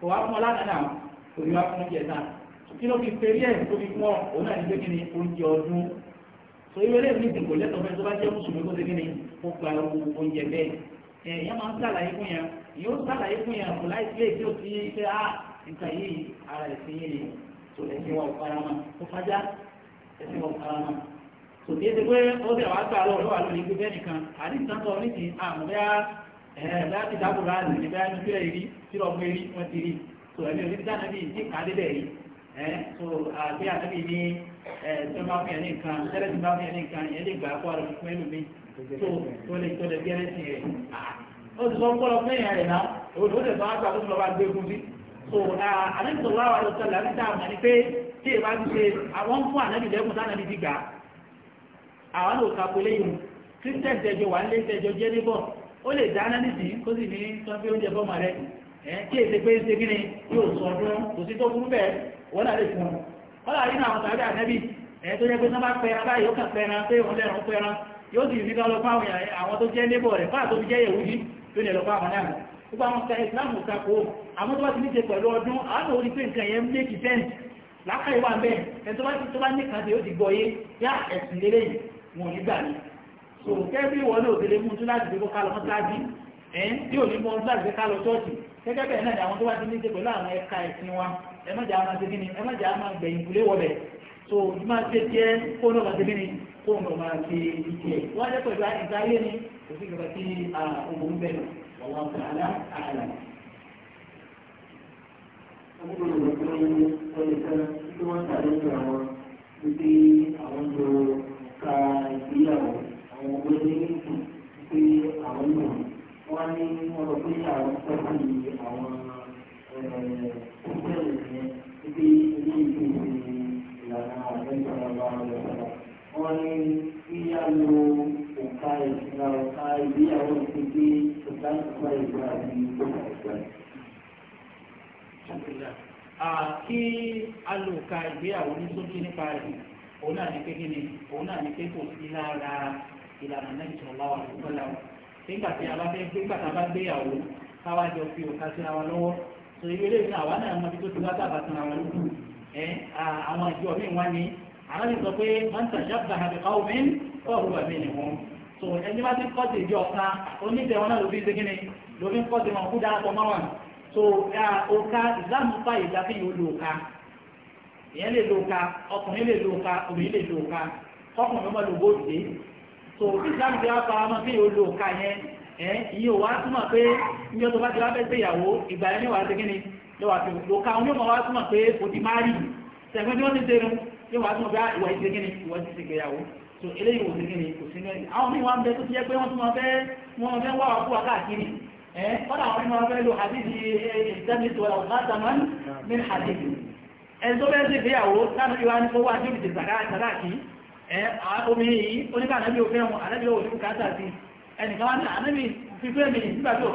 kò wá fún ọ lánàá náà kò ní wá fún oúnjẹ náà kí ló fi fẹ́rí ẹ̀ tó fi mọ́ òun náà ní pé kíni oúnjẹ ọdún tó ìwé lè ní ìdìbò lẹ́tọ̀ọ́ fẹ́ tó bá jẹ́ mùsùlùmí kó ṣe kíni kó gba oúnjẹ bẹ́ẹ̀ èèyàn máa ń sàlàyé fún yẹn yóò sàlàyé fún yẹn kò láì sílé tí ó ti ṣe á ah, nǹkan yìí ara rẹ̀ sí yìí ni tó ẹ̀sìn wa ò fara mọ́ tó fajá ẹ̀sìn wa ò fara mọ́ kò tí ẹ ti pé ó tẹ̀ wá gbà lọ́wọ́ lọ́wọ́ lórí gbígbẹ́ nìkan àti ìtàkùn oníṣì àmúyá láti dábòrò àlè ní bá ní kílẹ̀ rí tí lọ́ọ́ gbé rí wọ́n ti rí tó ẹ̀mí òní dáná bíi tí kàá débẹ̀ rí ẹ̀ tó àgbé àtẹ́bí ní ẹ̀ tó máa fi ẹ̀ ní nǹkan tẹ́lẹ̀ tí máa fi ẹ̀ ní nǹkan ìyẹn lè gbà kó àlọ́ fún ẹlòmíì tó tó lè tó lè gẹ́rẹ́ sí rẹ̀ ó ti sọ fún ìyá lè àgbà tó ti lọ bá gbé fún sí so àlejò wa wà lọ́sọ̀ làbí tá a mọ̀ ní pé tí èèbá ti ṣe àwọn fún ànábì lẹ́kùn ànábì ti gà àwọn ló ka christian tẹjọ wà nílé tẹjọ ó lè kó sì ní oúnjẹ èsè pé ṣe kí ni yóò sọ ọdún kò sí tó burú bẹ́ẹ̀ wọ́n náà yóò sì rí lọ fáwọn àwọn tó jẹ́ lébọ̀ rẹ̀ fáà tó fi jẹ́ yẹ̀wúdí tó lè lọ fáwọn náà gbogbo àwọn ka islam tako àwọn tó bá ti ní ṣe pẹ̀lú ọdún àwọn orí pé nǹkan yẹn méjì sẹ́ǹtì lákàyè wà bẹ́ẹ̀ ẹni tó bá ti tí ó ti gbọ́ yá ẹ̀sìn lélẹ̀ so kẹ́bí ìwọ náà òdele mú tún láti gbogbo kálọ̀ mọ́sáájì ẹ̀ẹ́n tí ò ní mọ́ láti gbé kálọ̀ ṣọ́ọ̀ṣì gẹ́gẹ́ bẹ́ẹ̀ náà ni àwọn so ìdí máa ṣe tiẹ́ kó náà máa kó ń lọ máa ṣe ìṣe wọ́n jẹ́ pẹ̀lú ìdáyé ni kò sí kankan tí ògùn ń bẹ̀rẹ̀ ọ̀wọ́ àlá àlà. Àwọn olùdókòwò ní ọ̀yẹ̀kan tí wọ́n tàbí ní àwọn títí àwọn lò ka ìgbéyàwó àwọn ọgbẹ́ ní ìlú títí àwọn lò wọ́n ní wọ́n lọ pé àwọn tọ́jú àwọn ọ̀gbẹ́ yẹn títí ilé ìgbésí ìlànà àgbẹ̀ńtàn ọ̀gá ọ̀gá ọ̀gá wọ́n ní yíyá lo òǹkà ìṣúná òǹkà ìgbéyàwó ìpèké òǹkà ìṣúná ìgbà àti òǹkà ìgbà. kí a lo òǹkà ìgbéyàwó ní sókè nípa rẹ̀ òun náà ní kékeré ni òun náà ní kékeré kò sí lára ìlànà náà ìṣọ̀lá wà lọ́wọ́ làwọn. nígbà tí a bá fẹ́ nígbà tá a bá gbéyàwó káwá jọ fi òǹkà síra wa lọ́wọ́ sọ ìwé lè ní àwa náà mọ àwọn ìsọ pé wọ́n tàṣà bá àbí káwọ́mí fọ́ọ̀rù wà mí nìkan so ẹni bá ti kọ́ ti ìjọ kan oníṣẹ́ wọn náà ló fi ṣe kí ni ló fi kọ́ ti wọn kú dáa pọ̀mọ́ so òka ìsìlámù fa ìdáfihàn olóòka ìyẹn lè lóòka ọkùnrin lè lóòka obìnrin lè lóòka ọkùnrin ọmọ lògbó dé so ìsìlámù ti wá pa ọmọ fi olóòka yẹn ẹ ìyẹn ò wá túmọ̀ pé níjọ́ tó bá ti wá fẹ́ ṣèyàwó ìgbà yẹn ni wàá ṣe kí ni lọ́wọ́ àti lóòka onímọ̀ wá túmọ̀ pé òdì má rí sẹ̀gbẹ́ wọ́n ti ṣe yóò wá tún bá ìwà ìṣe kíni ìwà ìṣe ìgbéyàwó so eléyìí wò sí kíni kò sí mẹ́rin àwọn míì wọn bẹ tó ti jẹ́ pé wọ́n tún máa fẹ́ wọ́n fẹ́ wá wà fún wa káàkiri ẹ̀ kọ́dà àwọn míì wọn fẹ́ lo hadithi eh, eh, ìdánisí wàlá ọ̀gá tamán ní hadithi ẹni tó fẹ́ sí ìgbéyàwó láti fi wá ní kó wá sí òbí ti sàkáàkì ẹ̀ omi yìí oníkà ànábì òfin wọn ànábì òfin bùkátà sí ẹnìkan wá ní ànábì fífẹ́ mi nígbà tí ò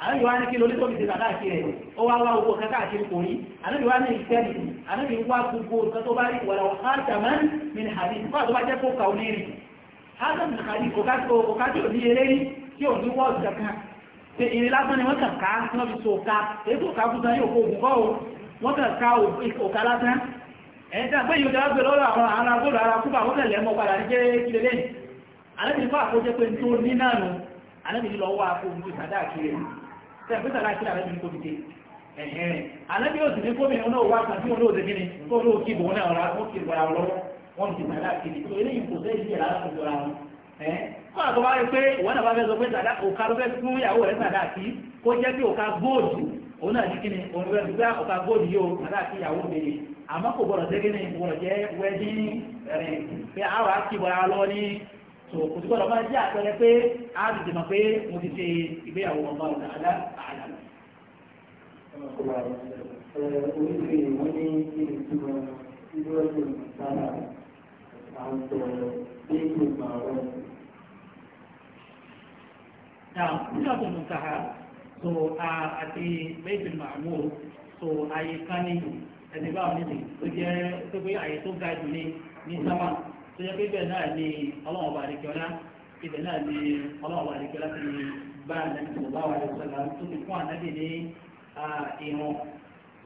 ànábì wá ní kí lórí tó fi ṣe bàbá àti rẹ̀ ó wá wá owó kẹta àti kò rí ànábì wá ní ìfẹ́ni ànábì wá gbogbo nǹkan tó bá rí wàrà wà á jàmá mi ní hadith nípa tó bá jẹ́ kó kàó ní rí adam ní hadith kò ká tí ò ní eré rí tí ò ní wọ́ọ̀dù kankan ṣe ìrìn lásán ni wọ́n kàn ká tí wọ́n fi so ká èyí tó ká fún san yóò kó ògùn kọ́ o wọ́n kàn ká òkà lásán ẹ̀yìn tí a gbé yóò dára gbé lọ́rọ̀ àwọn ará gbọ́dọ̀ ara kúbà wọ́n kàn lẹ́mọ́ padà ní jẹ́ kílẹ̀ lẹ́yìn ànábì ní fún tó ní náà tẹ̀gbẹ́sà láti rà lẹ́nu kò dìde ẹ̀hẹ́n anábí ó sì ní kómi ọ̀nà òwà kan tí olóòdè gíní tó olóò kí ìbòwò náà ó kí ìbòwò àwọn lọ́wọ́ wọn ti sàdá kiri tó eléyìí kò sẹ́yìn sí ẹ̀rá láti jọra wọn ẹ̀hẹ́n fún àtọ́wá rẹ pé ìwọ náà bá fẹ́ sọ pé sàdá òka ló fẹ́ fún ìyàwó rẹ sàdá kí kó jẹ́ pé òka góòdù òun náà ní kíni òun fẹ́ gbá òka góòdù yóò sàdá kí ìyàwó mèrè àmọ́ kò gbọ́dọ̀ sẹ́gẹ́ni gbọ́dọ̀ jẹ́ wẹ́dín rẹ̀ eh, pé àwọn àti ìbọ̀ra lọ ní tó kò sí gbọ́dọ̀ máa jẹ́ àpẹẹrẹ pé a ti dìmọ̀ pé mo ti ṣe ìgbéyàwó ọba ọ̀dà alá àlà. oríṣiríṣi wọn ní ìtumọ̀ ìgbọ́dọ̀ sára àwọn tọ̀rọ̀ bí kò máa rọ̀. so àti bẹ́ẹ̀bì màmú so àyè ni ní ẹ̀dẹ̀gbà òní tó jẹ́ tó pé àyè tó ga tó yẹ pé bẹ́ẹ̀ náà ni ọlọ́run ọba àdìkẹ́ọ́lá ibẹ̀ náà ni ọlọ́run ọba àdìkẹ́ọ́lá ti bá ànábì tó bá wà lọ́sọ̀lá tó ti fún ànábì ní ìrun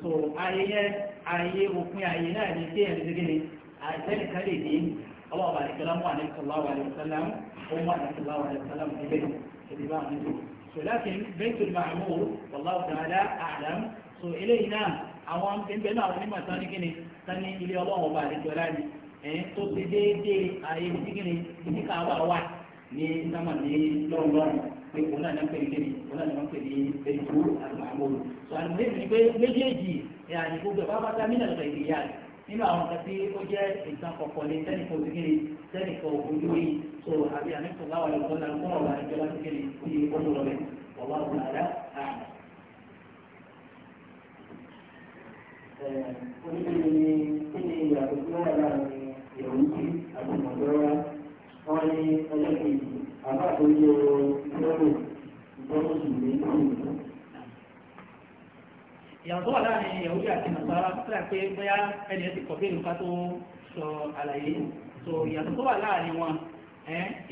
tó ayé yẹn ayé òpin ayé náà ni bí ẹ̀rí gẹ́gẹ́ ni àìsẹ́ni kan lè ní ọlọ́run ọba àdìkẹ́ọ́lá mú ànábì tó bá wà lọ́sọ̀lá ó mú ànábì tó bá wà lọ́sọ̀lá níbẹ̀ ìdí bá ànábì tó ولكن بيت المعمور والله تعالى أعلم سو إلينا أوام إن بنا ونما ثاني كني ثاني إلي الله وبارك ولاني ẹ̀ tó ti déédéé ààyè sígìrì ní káwá wà ní sámà ní lọ́rùn pé òun náà ní pèrè kéde òun náà ní wọ́n pèrè ètò àgbàmọ́lù tó àlùmọ́ èmi ni pé méjèèjì ẹ̀ àyè gbogbo ẹ̀fọ́ abáta mí nàlọ́ ìgbéyà nínú àwọn kan tí ó jẹ́ ìtàn kọ̀ọ̀kan ní sẹ́nìkan òsìkiri sẹ́nìkan òfojú yìí tó àbí àníkùn láwọn ẹ̀kọ́ náà kọ́ ọ̀rọ̀ àìjọba síkiri tí ó ń lọ bẹ̀ ọ̀wá òun àdá àmì. oníbẹ̀rẹ̀ ni kí ni ìròyìn tí àti ìmọ̀lẹ́wà wọ́n ní ọjọ́ kejì àbá àtòjọ ìjọ́rò ìjọ́rò sì ní ìlú. ìyàtọ̀ wà láàrin ìyàwó àti nàṣàrà sílẹ̀ pé bóyá ẹni ẹ ti kọ̀ bẹ́ẹ̀ nípa tó sọ àlàyé so ìyàtọ̀ tó wà láàrin wọn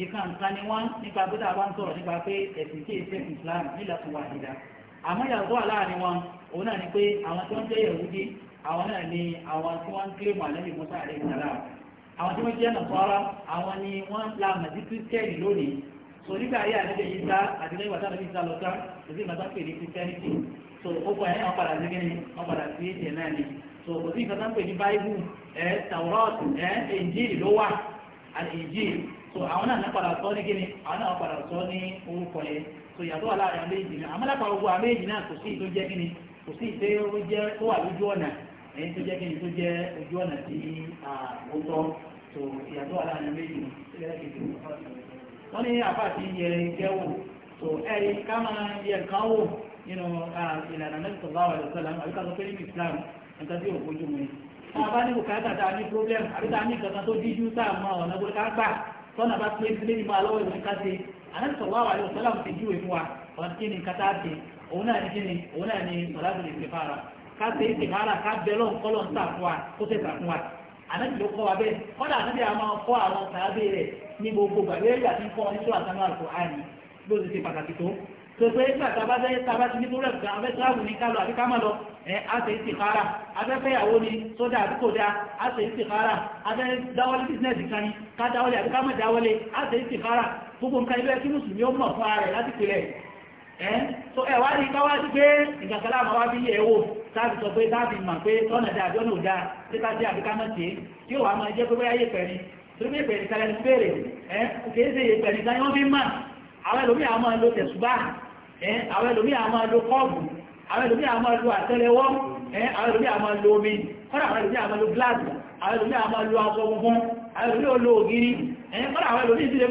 ìkàǹkà ni wọ́n nípa bí dáa bá ń sọ̀rọ̀ nípa pé ẹ̀sìn kí èsì Islam nílẹ̀ tó wà nílà àmọ́ ìyàtọ̀ wà láàrin wọn òun náà ni pé àwọn tí wọ́n jẹ́ Yẹhudi àwọn náà ni àwọn tí wọ́n ń kílèmù àlẹ́ ìmúta àlẹ́ àwọn tí wọ́n jẹ́ nàfọ́ra àwọn ni wọ́n la màdí kírísítẹ́nì lónìí so nígbà ayé àdébẹ̀ yìí sá àdébẹ̀ ìwà sáà níbi sá lọ sá èsì ìgbà sáà pèlè kírísítẹ́nìtì so ó kọ ẹ̀yìn ọ̀padà sí kíni ọ̀padà sí ètè náà ni so kò sí ìfọ̀sán pè ní báíbù ẹ̀ tàwọ́rọ́ọ̀tì ẹ̀ èjìlì ló wà èjìlì so àwọn náà náà padà sọ ní kíni àwọn náà padà sọ ní orúkọ yẹn so ìyàtọ̀ wà láàrin àwọn méjì náà àmọ́lápá ogun àwọn méjì náà kò sí ìtó jẹ́ kíni kò sí ìtó jẹ́ tó wà lójú ọ̀nà èyí tó jẹ́ kíni tó jẹ́ ojú ọ̀nà tí ó tọ́ tó ìyàtọ̀ aláàánú méjì lẹ́ẹ̀kejì wọ́n ní àfáàtì yẹrẹ ìjẹ́wò tó ẹ̀rí ká máa yẹ nǹkan wò nínú ìlànà mẹ́sàn-án báwa lè sọ́la àbí ká sọ pé nínú Islam nǹkan tí yóò fojú mu ni. bá ní bùkátà tá ní problem àbí tá a ní nǹkan tó díjú tá a mọ ọ̀nà gbọ́dọ̀ ká gbà tọ́nà bá pé ilé ìmọ̀ alọ́wọ́ ìwé ká ṣe àmẹ́sàn-án báwa lè sọ́la ti júwe fún wa ọ̀nà kí ni kátà ṣe òun náà ní kí ànábì ló kọ́ wa bẹ́ẹ̀ kọ́dà ànábì a máa kọ́ àwọn sàábé rẹ̀ ní gbogbo gbàgbé ìgbà tí ń kọ́ ní sọ́ra sanu àlùkò àní bí ó ti ṣe pàtàkì tó tó pé nígbà tá a bá fẹ́ tá a bá ti ní búrẹ́ kan a fẹ́ tíráàbù ní kálọ̀ àbí ká lọ ẹ á ṣe é tìkára a fẹ́ fẹ́ ìyàwó ni sódà àbí kò dáa á ṣe é tìkára a fẹ́ dáwọ́lé bísínẹ́sì ni ká dáwọ́lé àbí ká má dáwọ́lé á ṣe é tìkára gbogbo nǹkan ibẹ̀ so ẹ wá ní ká wá sí pé ìgbàgbọ́ láàmú táàbì sọ pé táàbì mà pé lọ́nà dáa àbí ọ̀nà ò dáa tí ká sí àbí ká mọ̀ sí tí ó wà máa jẹ́ pé bóyá yèpẹ̀ ni torí pé ìpẹ̀lẹ̀ kalẹ̀ ń bèèrè ẹ́ kìí ṣe ìpẹ̀lẹ̀ nìkan yọ́n fi mà àwọn ẹlòmí àwọn máa lo tẹ̀sùbá ẹ́ àwọn ẹlòmí àwọn máa lo kọ́ọ̀bù àwọn ẹlòmí àwọn máa lo àtẹ́lẹwọ́ ẹ́ àwọn ẹlòmí àwọn máa lo omi kọ́dà àwọn ẹlòmí àwọn máa lo gíláàsì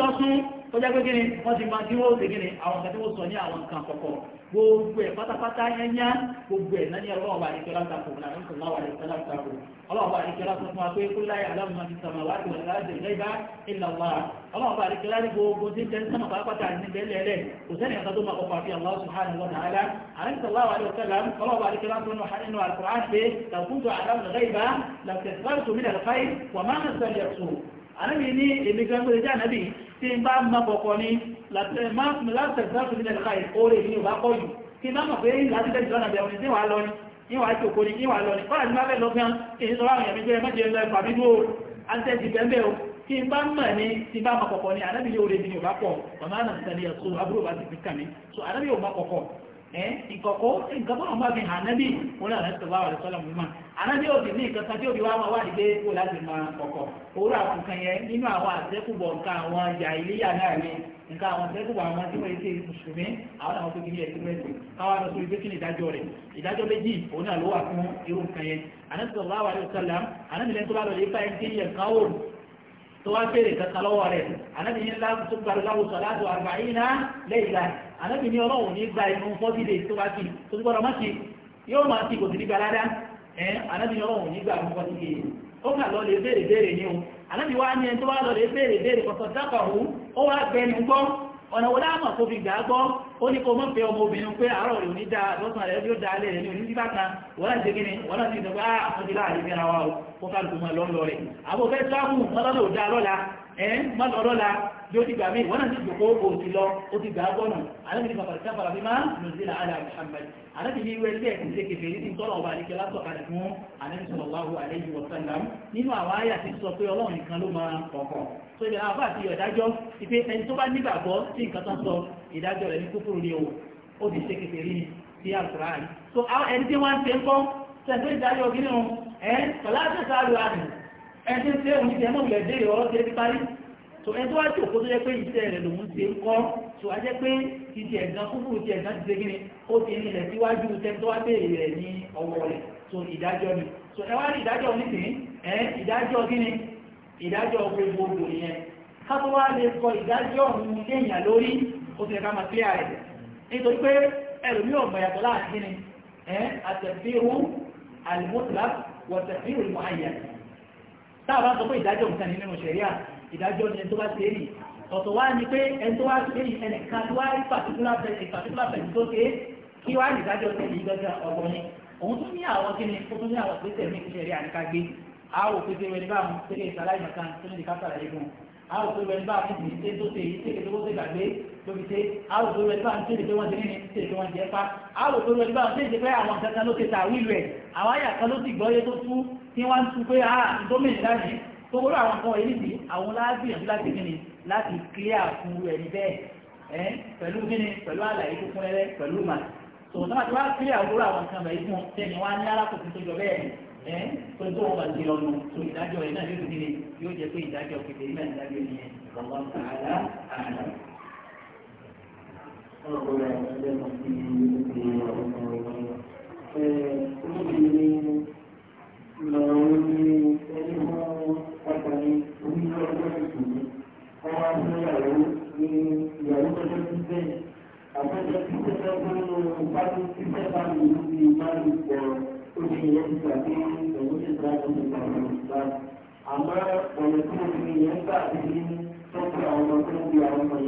àwọn ó jẹ́ pé kí ni wọ́n ti máa tí wọ́n ti kí ni àwọn nǹkan tí wọ́n sọ ní àwọn nǹkan kọ̀kọ̀ gbogbo ẹ̀ pátápátá yányá gbogbo ẹ̀ náà ní ọlọ́wọ́ bá àdìkẹ́ látàkù láàrin sọ̀rọ̀ àwọn àdìkẹ́ látàkù ọlọ́wọ́ bá àdìkẹ́ látàkù fún wa pé kó láyé aláwọ̀ máa ti sàmà wá sí wàlá àdìkẹ́ lẹ́gbà ìlà wà ọlọ́wọ́ bá àdìkẹ́ láti gbogbo tí ń tẹ́ sọ́mà pátápátá ní bẹ́ẹ̀lẹ́lẹ́ kò sẹ́ni ọ̀tá tó máa kọ́ pàfi àwọn wọ́n pé làkúntò àlàmù ànábì ní èmi gan gbé jẹ́ ànábì tí n bá mọ kọ̀kọ̀ ni látẹ̀síwájú nílẹ̀ ká ìkórè ní ìwà kọ́ jù kí n bá mọ̀ pé láti tẹ́jú lọ́nà bẹ̀rù ní wàá lọ ni ní wàá tó kórè ní wàá lọ ni kọ́lá ní bá fẹ́ lọ gan kí n sọ láwọn èèyàn mi gbé mẹ́jẹ lọ ẹ̀fà bíbú o ni ànábì ní òde ní so ànábì ò mọ̀ kọ̀kọ̀ Eh, ìkọ̀kọ́ nǹkan bọ́n bá fi hàn nábì wọn náà láti tọ́wọ́ àwọn ìṣọ́lá mọ́ ànábì òbí ní nǹkan kan tí òbí wa máa wà nígbé kó láti máa kọ̀kọ̀ òwúrọ̀ àkùnkan yẹn nínú àwọn àtẹ́kùbọ̀ nǹkan àwọn ìyá iléyà náà ni nǹkan àwọn àtẹ́kùbọ̀ àwọn tí wọ́n yẹ kí mùsùlùmí àwọn àwọn tó kiri ẹ̀ sílẹ̀ sí káwọn lọ sórí pé kí ni ìdájọ́ rẹ̀ ìdájọ́ méjì òun náà ló wà fún irú nǹkan yẹn tó wá bèrè kankan lọ́wọ́ rẹ̀ anábì ní ńlá tó gba ìlàwọ̀ sọ̀láàtò àrùbáyínà lẹ́yìnlá anábì ní ọlọ́run ní gba ìmú fọ́tí lè tó bá ti tó ti gbọ́dọ̀ má ti yóò máa ti kò sí ní gbalada ẹ̀ anábì ní ọlọ́run ní gba ìmú fọ́tí lè ó kà lọ lè bèrè bèrè ni o anábì wá ní ẹni tó wá lọ lè bèrè bèrè kọ̀sọ̀ dákàwó ó wá bẹni gbọ́ ọ̀nà wo láàmà tó fi gbàgbọ́ ó ní kó mọ́ pé ọmọ obìnrin pé àárọ̀ rẹ̀ ní dáa lọ́sàn rẹ̀ yóò dáa lẹ́rẹ̀ ní onídìí bá kan wọ́n láti gbé ní wọ́n láti sọ pé á ah, wọ́n ti láàrin bí ara wa o kó mọ́ lọ́lọ́ rẹ̀ àbò sáàmù mọ́lọ́lọ́ ò lọ́la bí ó ti gbà mí wọn náà ti jòkó òun ti lọ ó ti gbà gbọ́nà àlejò ní bàbá ìsáfàrà bí máa ń lòdì náà àlà Muhammad àlejò ní ìwé ilé ẹ̀kọ́ ìṣèké fèrè ní tọ́lọ̀ ọba àdìkẹ́ látọ̀ kalẹ̀ fún àlejò sallallahu alaihi wa sallam nínú àwọn àyà ti sọ pé ọlọ́run nìkan ló máa kọ̀ọ̀kọ̀ tó ìdá àbá àti ìdájọ́ ìpè ẹni tó bá nígbàgbọ́ sí nǹkan tán sọ ìdájọ́ rẹ̀ ní kúkúrú so ẹni tí wọ́n ń ṣe ń kọ́ sẹ́ńtẹ́ ìdájọ́ gírí wọn ẹ̀ pẹ̀lú àtẹ̀sáàlù àdùn ẹni tó ẹni tó wá sí òkú tó jẹ́ pé iṣẹ́ rẹ̀ lòún ṣe ń kọ́ tó wá jẹ́ pé iṣẹ́ ẹ̀gán kúkúrú ti ẹ̀gán ti ṣe kí ni ó ti ní ilẹ̀ síwájú tẹ́ni tó wá béèrè rẹ̀ ní ọwọ́ rẹ̀ tó ìdájọ́ ni tó ẹ wá rí ìdájọ́ nísìnyí ẹ ìdájọ́ kí ni ìdájọ́ gbogbogbò yẹn kápẹ́ wá lè sọ ìdájọ́ òun léèyàn lórí ó ti ẹ̀ka máa clear rẹ̀ nítorí pé ẹlòmíì ọ̀gbà yàtọ̀ láàrin ẹ àtẹ̀fíru àlùmọ́tìlá wọ̀tẹ̀fíru ìmọ̀ àyà táà bá sọ pé ìdájọ́ nǹkan nínú ṣẹ̀ríà ìdájọ́ ni ẹni tó bá ṣe rí ọ̀tọ̀ wá ní pé ẹni tó wá ṣe rí ẹnìkan tó wá rí particular person particular person tó ṣe kí wá ní ìdájọ́ tẹ̀lé ìgbẹ́jọ́ ọ̀gbọ́n ni òun tún ní àwọn kí ni ó tún ní àwọn ìgbésẹ̀ mi ìṣẹ̀rí àníká gbé àwọn òpèsè wẹni bá mú sílé ìsàlàyé nìkan tó ní ìkápá àlàyé fún àwọn òpèsè wẹni lóbi ṣe àwọn òpèsè wẹni bá mú tèkè tó ti nínú tèkè tó wọn jẹ pa àwọn òpèsè wẹni bá mú pé àwọn kankan ló ṣe tàwílù ẹ àwọn àyà kan ló sì gbọ́ yé tó tú tí wọ́n tu pé ah gómìnà dání tó gbọ́dọ̀ àwọn kan èyí sí àwọn lágbìyànjú láti gíní láti clear fún ẹni bẹ́ẹ̀ ẹ́ pẹ̀lú gíní pẹ̀lú àlàyé tó kún ẹrẹ́ pẹ̀lú mà tòun náà ti wá clear gbọ́dọ̀ àwọn kan bẹ̀rẹ̀ fún tẹ́ni wá ní alákòókò tó jọ bẹ́ẹ̀ ẹ́ tó tó wọn bá ti lọ́nu tó ìdájọ́ rẹ̀ náà yóò gíní yóò jẹ́ pé ìdájọ́ kékeré náà ìdájọ́ ìyẹn ọ̀gbọ́n ọkùnrin onílé ọjọ́ tuntun ni wọ́n wá sí ìyàwó ní ìyàwó tọ́jọ́ títẹ̀ àtọ́jọ́ títẹ̀ lọ́gbọ́n pátó títẹ̀ bá mi lórí ìbálòpọ̀ oṣù yẹn ti gbà pé ìyàwó ti gbà tó ti gbà tó ti gbà. àmọ́ ọmọ tó ń ọmọ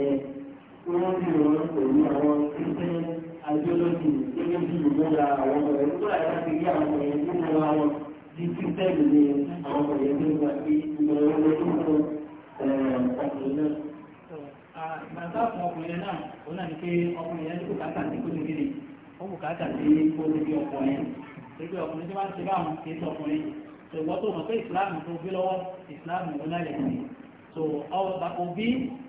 yẹn tí ọmọ yẹn bí kírísítẹ́nì ni àwọn ọmọ yẹn ní wà sí ìmọ̀ ẹ̀rọ lójú fún eh, ọkùnrin náà. Bàbá fún òun náà ni pé ọkùnrin yẹn kò káàkà sí kó níbi rè, ó kò káàkà sí kó níbi ọkùnrin yẹn. Gbogbo ọkùnrin tí wọ́n ti bá àwọn kì í sọ ọkùnrin. Ṣùgbọ́n tó mọ̀ pé ìsìláàmù tó gbé lọ́wọ́ ìsìláàmù òun náà lẹ̀ sí. So òbí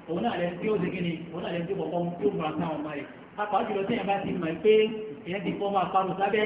òun náà lẹ̀ tí ó ṣe kíni, òun náà lẹ̀ tí ó kọ̀ọ̀kan tí ó múra sáwọn ọmọ rẹ̀. Apá jùlọ tí èèyàn bá ti mọ̀ pé èèyàn ti fọ́ máa parun sábẹ́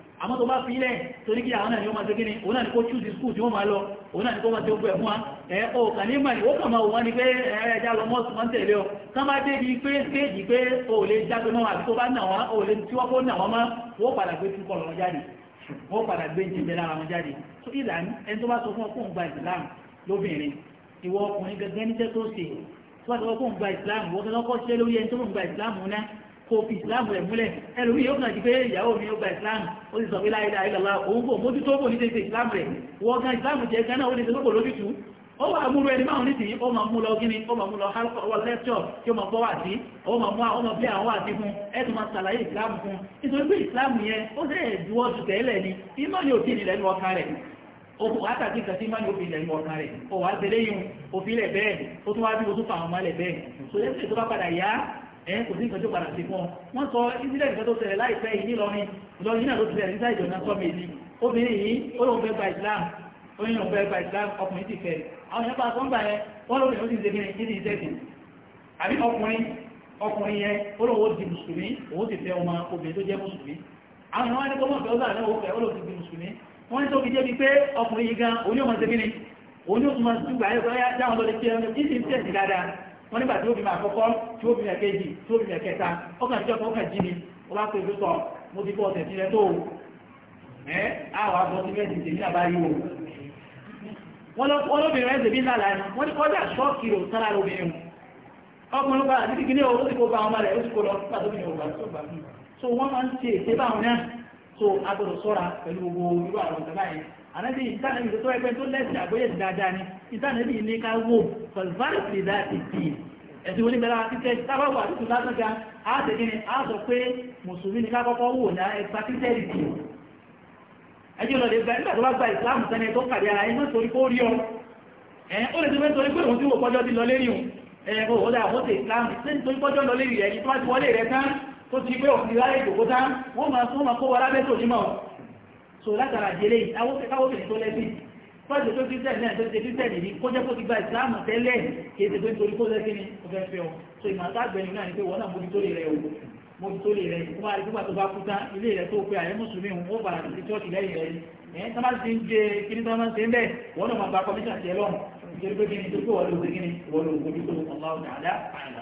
àmọ́ tó bá fi ilẹ̀ torí kí àwọn ènìyàn máa ṣe kíni òun náà ni kó choose the school tí wọ́n máa lọ òun náà ni kó máa ṣe ogun ẹ̀fún wa ẹ̀ ò kà ní mọ̀ ní ni pé ẹja lọ mọ́sùn máa ń tẹ̀lé ọ ká máa dé di pé stéèjì pé o ò lè jáde mọ́ àti tó bá nà wọ́n o ò lè tí wọ́n kó nà wọ́n mọ́ wọ́n padà gbé túkọ̀ lọ́wọ́ jáde wọ́n padà gbé jìnjẹ lára wọn jáde tó ìlà ẹni tó bá sọ fún ọkùnrin gba ìsìlámù lóbìnrin ìwọ ọkùnrin gẹ́gẹ́ níṣẹ́ tó ṣe tó bá sọ fún kò fi ìsìláàmù rẹ̀ múlẹ̀ ẹlòmíì yóò kàn jí pé ìyàwó mi ó gba ìsìláàmù ó sì sọ pé láyé láyé lọ́la òun kò mójú tó kò ní tẹ̀sí ìsìláàmù rẹ̀ wọ́n gan ìsìláàmù jẹ́ gánà ó lè ṣe lóko lójútu ó wà múrú ẹni máa ní tìí ó ma mú lọ gíní ó ma mú lọ hálfọwọ́ lẹ́tọ̀ tí ó ma bọ́ wà sí ó ma mú àwọn bí àwọn àti fún ẹ̀tù ma sàlàyé ìsìláàmù fún nítorí pé ìsìláàmù yẹn ó sẹ́ẹ̀ juwọ́ ju tẹ́lẹ̀ ni ìmọ̀ ni òfin ilẹ̀ ní ọkà rẹ̀ òkú àtàkì kàtí máa ní òfin ilẹ̀ ní ọkà rẹ̀ ó wà á ẹ̀ kò sí nǹkan tó padà sí fún ọ wọ́n sọ ìsílẹ̀ nǹkan tó ṣẹlẹ̀ láìpẹ́ yìí nílọrin ìlọrin náà ló ti ṣẹlẹ̀ nígbà ìjọba sọ méjì obìnrin yìí ó lóun fẹ́ gba Islam oyin lóun fẹ́ gba Islam ọkùnrin ti fẹ́ àwọn yẹn bá a sọ́ngbà yẹn wọ́n lóun ló ti ṣe kíni kí ni iṣẹ́ sí àbí ọkùnrin ọkùnrin yẹn ó lóun ó di mùsùlùmí òun ti fẹ́ ọmọ obìnrin tó jẹ́ mùsùlùmí àwọn yẹn wọ́n ní kó mọ̀ fẹ́ ó sàn náà ó fẹ́ ó lóun ti di mùsùlùmí wọ́n tó fi jẹ́ bí pé ọkùnrin yìí gan oní ọmọ ṣe kíni oní ọmọ ṣùgbọ́n ayé wọ́n nígbà tí ó àkọ́kọ́ tí ó bímọ tí ó bímọ ọkàn tí ọkọ̀ ọkàn jí ni ó bá pè sọ mo ti bọ́ ọ̀sẹ̀ sílẹ̀ tó o ẹ́ àwọn àbọ̀ ti mẹ́sì tèmi náà bá yí o. wọ́n lóbìnrin ẹ̀sẹ̀ bí ńlá lánàá wọ́n ní kọ́jà ṣọ́ọ̀kì rò sára lóbìnrin ọkùnrin bá àti kíní ọ̀rọ̀ ti kó bá ọmọ rẹ̀ ó sì kó lọ nígbà tó ní ọgbà tó gbà ànábì ìtànàbì tó ẹgbẹ́ tó lẹ́sìn àgbóyè sí dáadáa ni ìtànàbì ní ká wò pẹ̀lúfàrìsì láti fi ẹ̀sìn wọlé bẹ̀rẹ̀ àti tẹ́ tábàbù àtúntò lásán kan á ṣe kí ni á sọ pé mùsùlùmí ni ká kọ́kọ́ wò ní ẹgbà títẹ́rì tì ẹjọ́ lọ lè gba nígbà tó bá gba ìsìláàmù sẹ́ni tó kàdé ara ẹgbẹ́ torí kó rí ọ ó lè ti fẹ́ torí pé òun tí wò kọjọ́ ti lọ lérí òun ẹ̀yẹ kò wọ́n dà wọ́n ti ìsìláàmù sẹ́ni torí kọjọ́ lọ lérí rẹ̀ ẹni tó bá ti wọlé rẹ̀ tán kó so látara jẹlé káwọ́bìnrin tó lẹ́sìn fọ́ọ̀sì tó kírísítẹ̀n náà tó ti kírísítẹ̀n yìí kó jẹ́ kó ti gba ìsìláàmù tẹ́lẹ̀ kì í ṣe pé nítorí kó lẹ́sìn ni kò fẹ́ fẹ́ ọ so ìmọ̀ta àgbẹ̀yìn náà ni pé wọ́n náà mójútó lè rẹ̀ o mójútó lè rẹ̀ o máa rí nígbà tó bá kú tán ilé rẹ̀ tó pe àyẹ́ mùsùlùmí òun ó bàrà sí chọ́ọ̀tì lẹ́yìn rẹ̀ ẹ̀yìn tá máa ti ń jẹ kíní tá máa ń ṣe ń bẹ̀ wọ́n náà máa gba kọmíṣà tiẹ̀ lọ́rùn nítorí pé kíní tó pé wọ́n lè gbé kíní wọ́n lè gbójú tó ọlọ́run àdá àìlá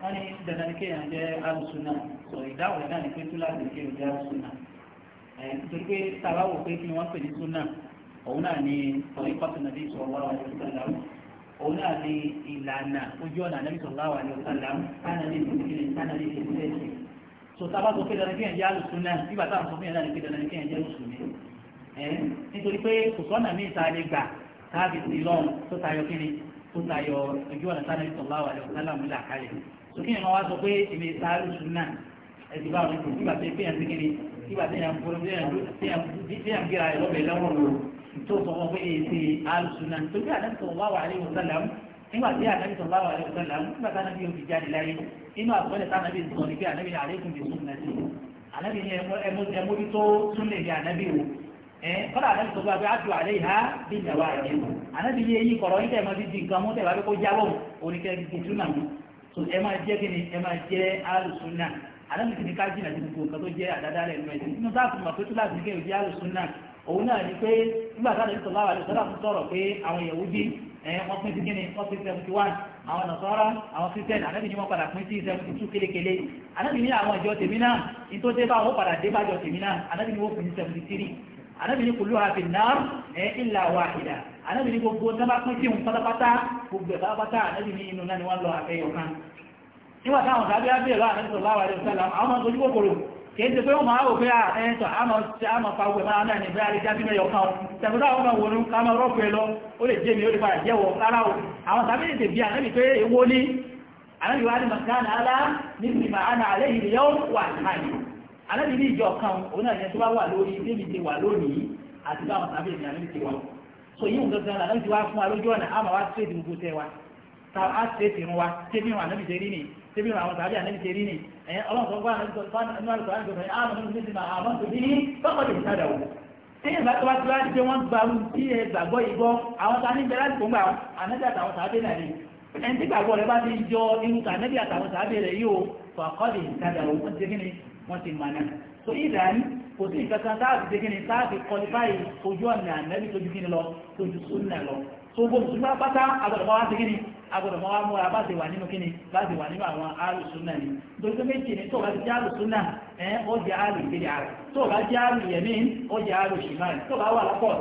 wọ́n ní dandan kéèyàn jẹ́ alùsùnà sọ ìdáhùn náà ni pé túláàsì kéèyàn jẹ́ alùsùnà nítorí pé tàbá wò pé kí wọ́n pè ní súnà òun náà ni sọ̀rọ̀ ìpàtó nàbí sọ̀rọ̀ wọ́n wà ní ìsàlá òun náà ni ìlànà ojú ọ̀nà nàbí sọ̀rọ̀ wà ní ìsàlá kánàlì ìsìnkiri kánàlì ìsìnkiri sọ tàbá sọ pé dandan kéèyàn jẹ́ alùsùnà nígbà táwọn sọ tó tayọ ojú ọ̀nà sáà nàbí sọ̀lá wà lẹ́wọ̀n sálàmù là kalẹ̀ sókè yẹn wá sọ pé èmi sáré sunna ẹ̀sìn báwọn ẹ̀sìn nígbà tó pé yẹn ti kiri nígbà tó yẹn fọlọ́ tó yẹn gbéra ẹ̀ lọ́bẹ̀ lẹ́wọ̀n lò tó sọ wọn pé èsì alùsùnà tó bí àdàbí sọ̀lá wà lẹ́wọ̀n sálàmù nígbà tí àdàbí sọ̀lá wà lẹ́wọ̀n sálàmù nígbà tí àdàbí yóò fi jáde láyé inú àgbẹ̀lẹ̀ sànàbí sọ̀rọ̀ pé àdàbí ni àlékún fi sún kọ́dà àdẹ́bí tó gbàgbé àjò àlẹ́ ìhá bí ìjàwá àjẹ́ ànábì yé eyín kọ̀rọ̀ yín tẹ̀mọ́ dídì nǹkan mú tẹ̀wá pé kó jáwọ́ oníkẹ́ tuntun náà mú so ẹ máa jẹ́ kíni ẹ máa jẹ́ alùsùn náà ànábì kìíní ká jìnà sí gbogbo nǹkan tó jẹ́ àdáda rẹ̀ nù ẹ̀sìn nínú táàkùn mọ̀ pé tó láti nígbà ìjẹ́ alùsùn náà òun náà ni pé nígbà tá àdẹ́bí sọ̀rọ̀ àwọn sọ̀rọ̀ sọ̀rọ̀ pé àwọn yẹ̀wò bí wọ́n pín sí kíni wọ́n pín seventy one àwọn nàṣọ́rọ́ àwọn christian ànábì ni wọ́n padà pín sí seventy two kélékélé ànábì ní àwọn ìjọ tèmi náà anábì ní kùlú àfi náà ẹ̀ ìlà wàhídà anábì ní gbogbo tábà pín sí òun pátápátá gbogbo ẹ̀ pátápátá anábì ní inú náà ni wọ́n lọ àfẹ́yọ̀ kan nígbà táwọn tàbí abẹ́rẹ́ lọ́wọ́ àti sọ̀lá wà lẹ́sọ̀ láwọn àwọn ọmọ ojú kòkòrò kìí ṣe pé wọ́n máa wò pé ẹ̀ẹ́tọ̀ àmọ̀ pàwọ̀ máa náà ní ìbẹ́rẹ́ jábí mẹ́yọ̀ kan tẹ̀kùtà àwọn ọmọ wòrú ká máa rọ́pù alábi ní ìjọ kan òun náà yẹn tó bá wà lórí débi ti wà lónìí àti bá àwọn sábẹ́ ìrìn àlẹ́ ti wà so yíyí ń gbọ́dọ̀ alábi ti wá fún wa lójú ọ̀nà àmà wá tírèdì gbogbo tẹ wa ta á tírèdì rún wa tébí rún ànábì tẹ́rí ni tébí rún àwọn sábẹ́ ànábì tẹ́rí ni ẹ̀yẹn ọlọ́run tó ń gbọ́ àwọn ẹni tí gbàgbọ́ rẹ bá ti jọ irú tànẹ́bí àtàwọn sàábẹ̀ rẹ̀ yìí o fàkọ́lì ìtajà òun ti kí ni wọ́n ti mànà so ìdáni kò sí ìkankan táàbì dégé ni táàbì kọlifáì ojú ọ̀nà ànábì tójú kí ni lọ tójú súnà lọ so gbogbo súnà pátá agbọ̀dọ̀ máa wá dégé ni agbọ̀dọ̀ máa wá múra bá ti wà nínú kí ni bá ti wà nínú àwọn àlù súnà ni nítorí pé méjì ni tó o bá ti jẹ́ àlù súnà ẹ̀ ó jẹ́ àlù ìgbéde àrà tó o bá jẹ́ àlù yẹ̀mí ó jẹ́ àlù ṣìmáì tó o bá wà lápọ̀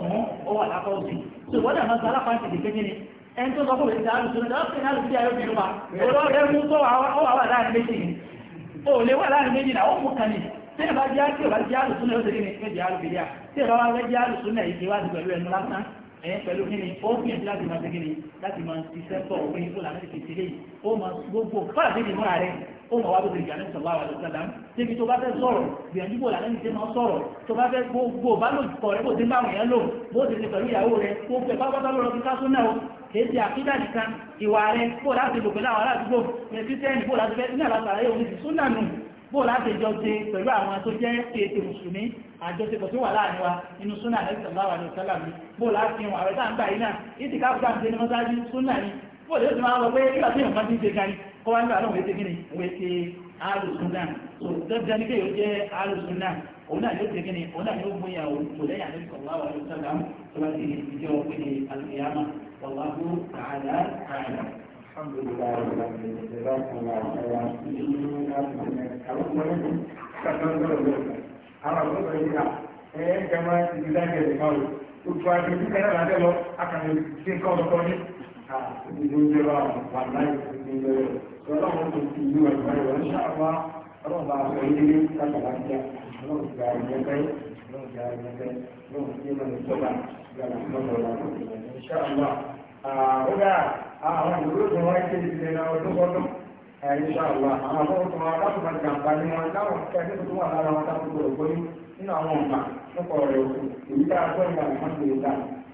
so gbọ́dọ̀ máa sọ alápáǹtì dé kékeré ẹni tó sọ fún mi ti àlù súnà lọ́sìn àlù ìgbéde àrà ó ti rú wa olóòrè o lè wà láàrin méjì náà ó mú kan ní tí ẹ bá jẹ́ àti ọ̀rá jẹ́ àlùsùn náà ó ti rí ní méjì àlùbìlíà tí ẹ bá wá jẹ́ àlùsùn náà ìṣe wá sí pẹ̀lú ẹnu lásán ẹ̀yẹn pẹ̀lú kíni ó gbìyànjú láti máa ṣe kíni láti máa ṣiṣẹ́ tọ̀ òpin ìfúnlá láti fi ó máa gbogbo fọ́lá ó mọ̀ wá tó ti gbà ní sọ̀rọ̀ àwọn àdìsọ́lá débi tó bá fẹ́ sọ̀rọ̀ gbìyànjú bò lànà ìṣe máa sọ̀rọ̀ tó bá fẹ́ gbogbo bá lò kọ̀ rẹ bó ti ń bá wọ̀nyẹn lò bó ti ti pẹ̀lú ìyàwó rẹ kó fẹ́ pápátá lọ́rọ̀ fi kásún náà kì í ti àkídà nìkan ìwà rẹ bó láti lò pẹ̀lú àwọn aládùúgbò ní kírísítẹ́nì bó láti fẹ́ ní àlàkàrà yóò ní ti sún náà nù bó láti jọ ṣe pẹ̀lú àwọn tó jẹ́ ètò mùsùlùmí àjọṣepọ̀ tó wà láàrin wa inú súnà sallallahu alaihi wasallam ni bó láti wọn àwẹ̀ tá à ń gbà yìí náà ìtìkáfù tá ń ṣe mọ́sáájú súnà ni bó lè ó máa lọ pé nígbà tí èèyàn bá ti ń ṣe gan kọ́ wá nígbà aláwọ̀ ètè gíní wọ́n ètè alùsùn náà tó dandan ní pé yóò jẹ́ alùsùn náà òun náà yóò tẹ̀gẹ́ ni òun náà yóò gbóyà òun tó lẹ́yìn àti sọ̀rọ̀ àwọn ọ̀rọ̀ sọ̀rọ̀ àwọn tó bá ti di ìjọ òfin ní alùpùpù wàláhù àlá àlá. Àwọn ọ̀dọ́ yìí ká ẹ̀ ẹ́ jẹ́ máa ti di láti ẹ̀dẹ̀ máa lò. Oṣù àti ojú kẹrẹ́ là ń tẹ̀ lọ, a kàn lè ṣe nǹkan ọ̀dọ́kọ́ ní. Àwọn ìdílé ń jẹ́ wà láì ìdílé ń jẹ́ ọlọ́run tó fi ìlú ẹ̀gbọ́n rẹ̀ wọ́n ṣàwá ọlọ́run bá sọ ilé kákàlá ń jẹ ọlọ́run ti gba ẹ̀yẹ bẹ́ẹ̀ ọlọ́run ti gba ẹ̀yẹ bẹ́ẹ̀ ọlọ́run ti mọ̀ ní sọ́gbà gbàgbà lọ́dọ̀ ọ̀làkùn ìṣàlá ọ̀gá àwọn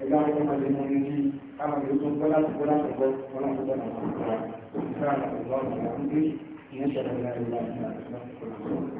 ẹ̀dá ọ̀rọ̀ máa lè ní kí káwọn yóò tún bọ́lá tó bọ́lá tó bọ́ bọ́lá tó bọ́lá tó bọ́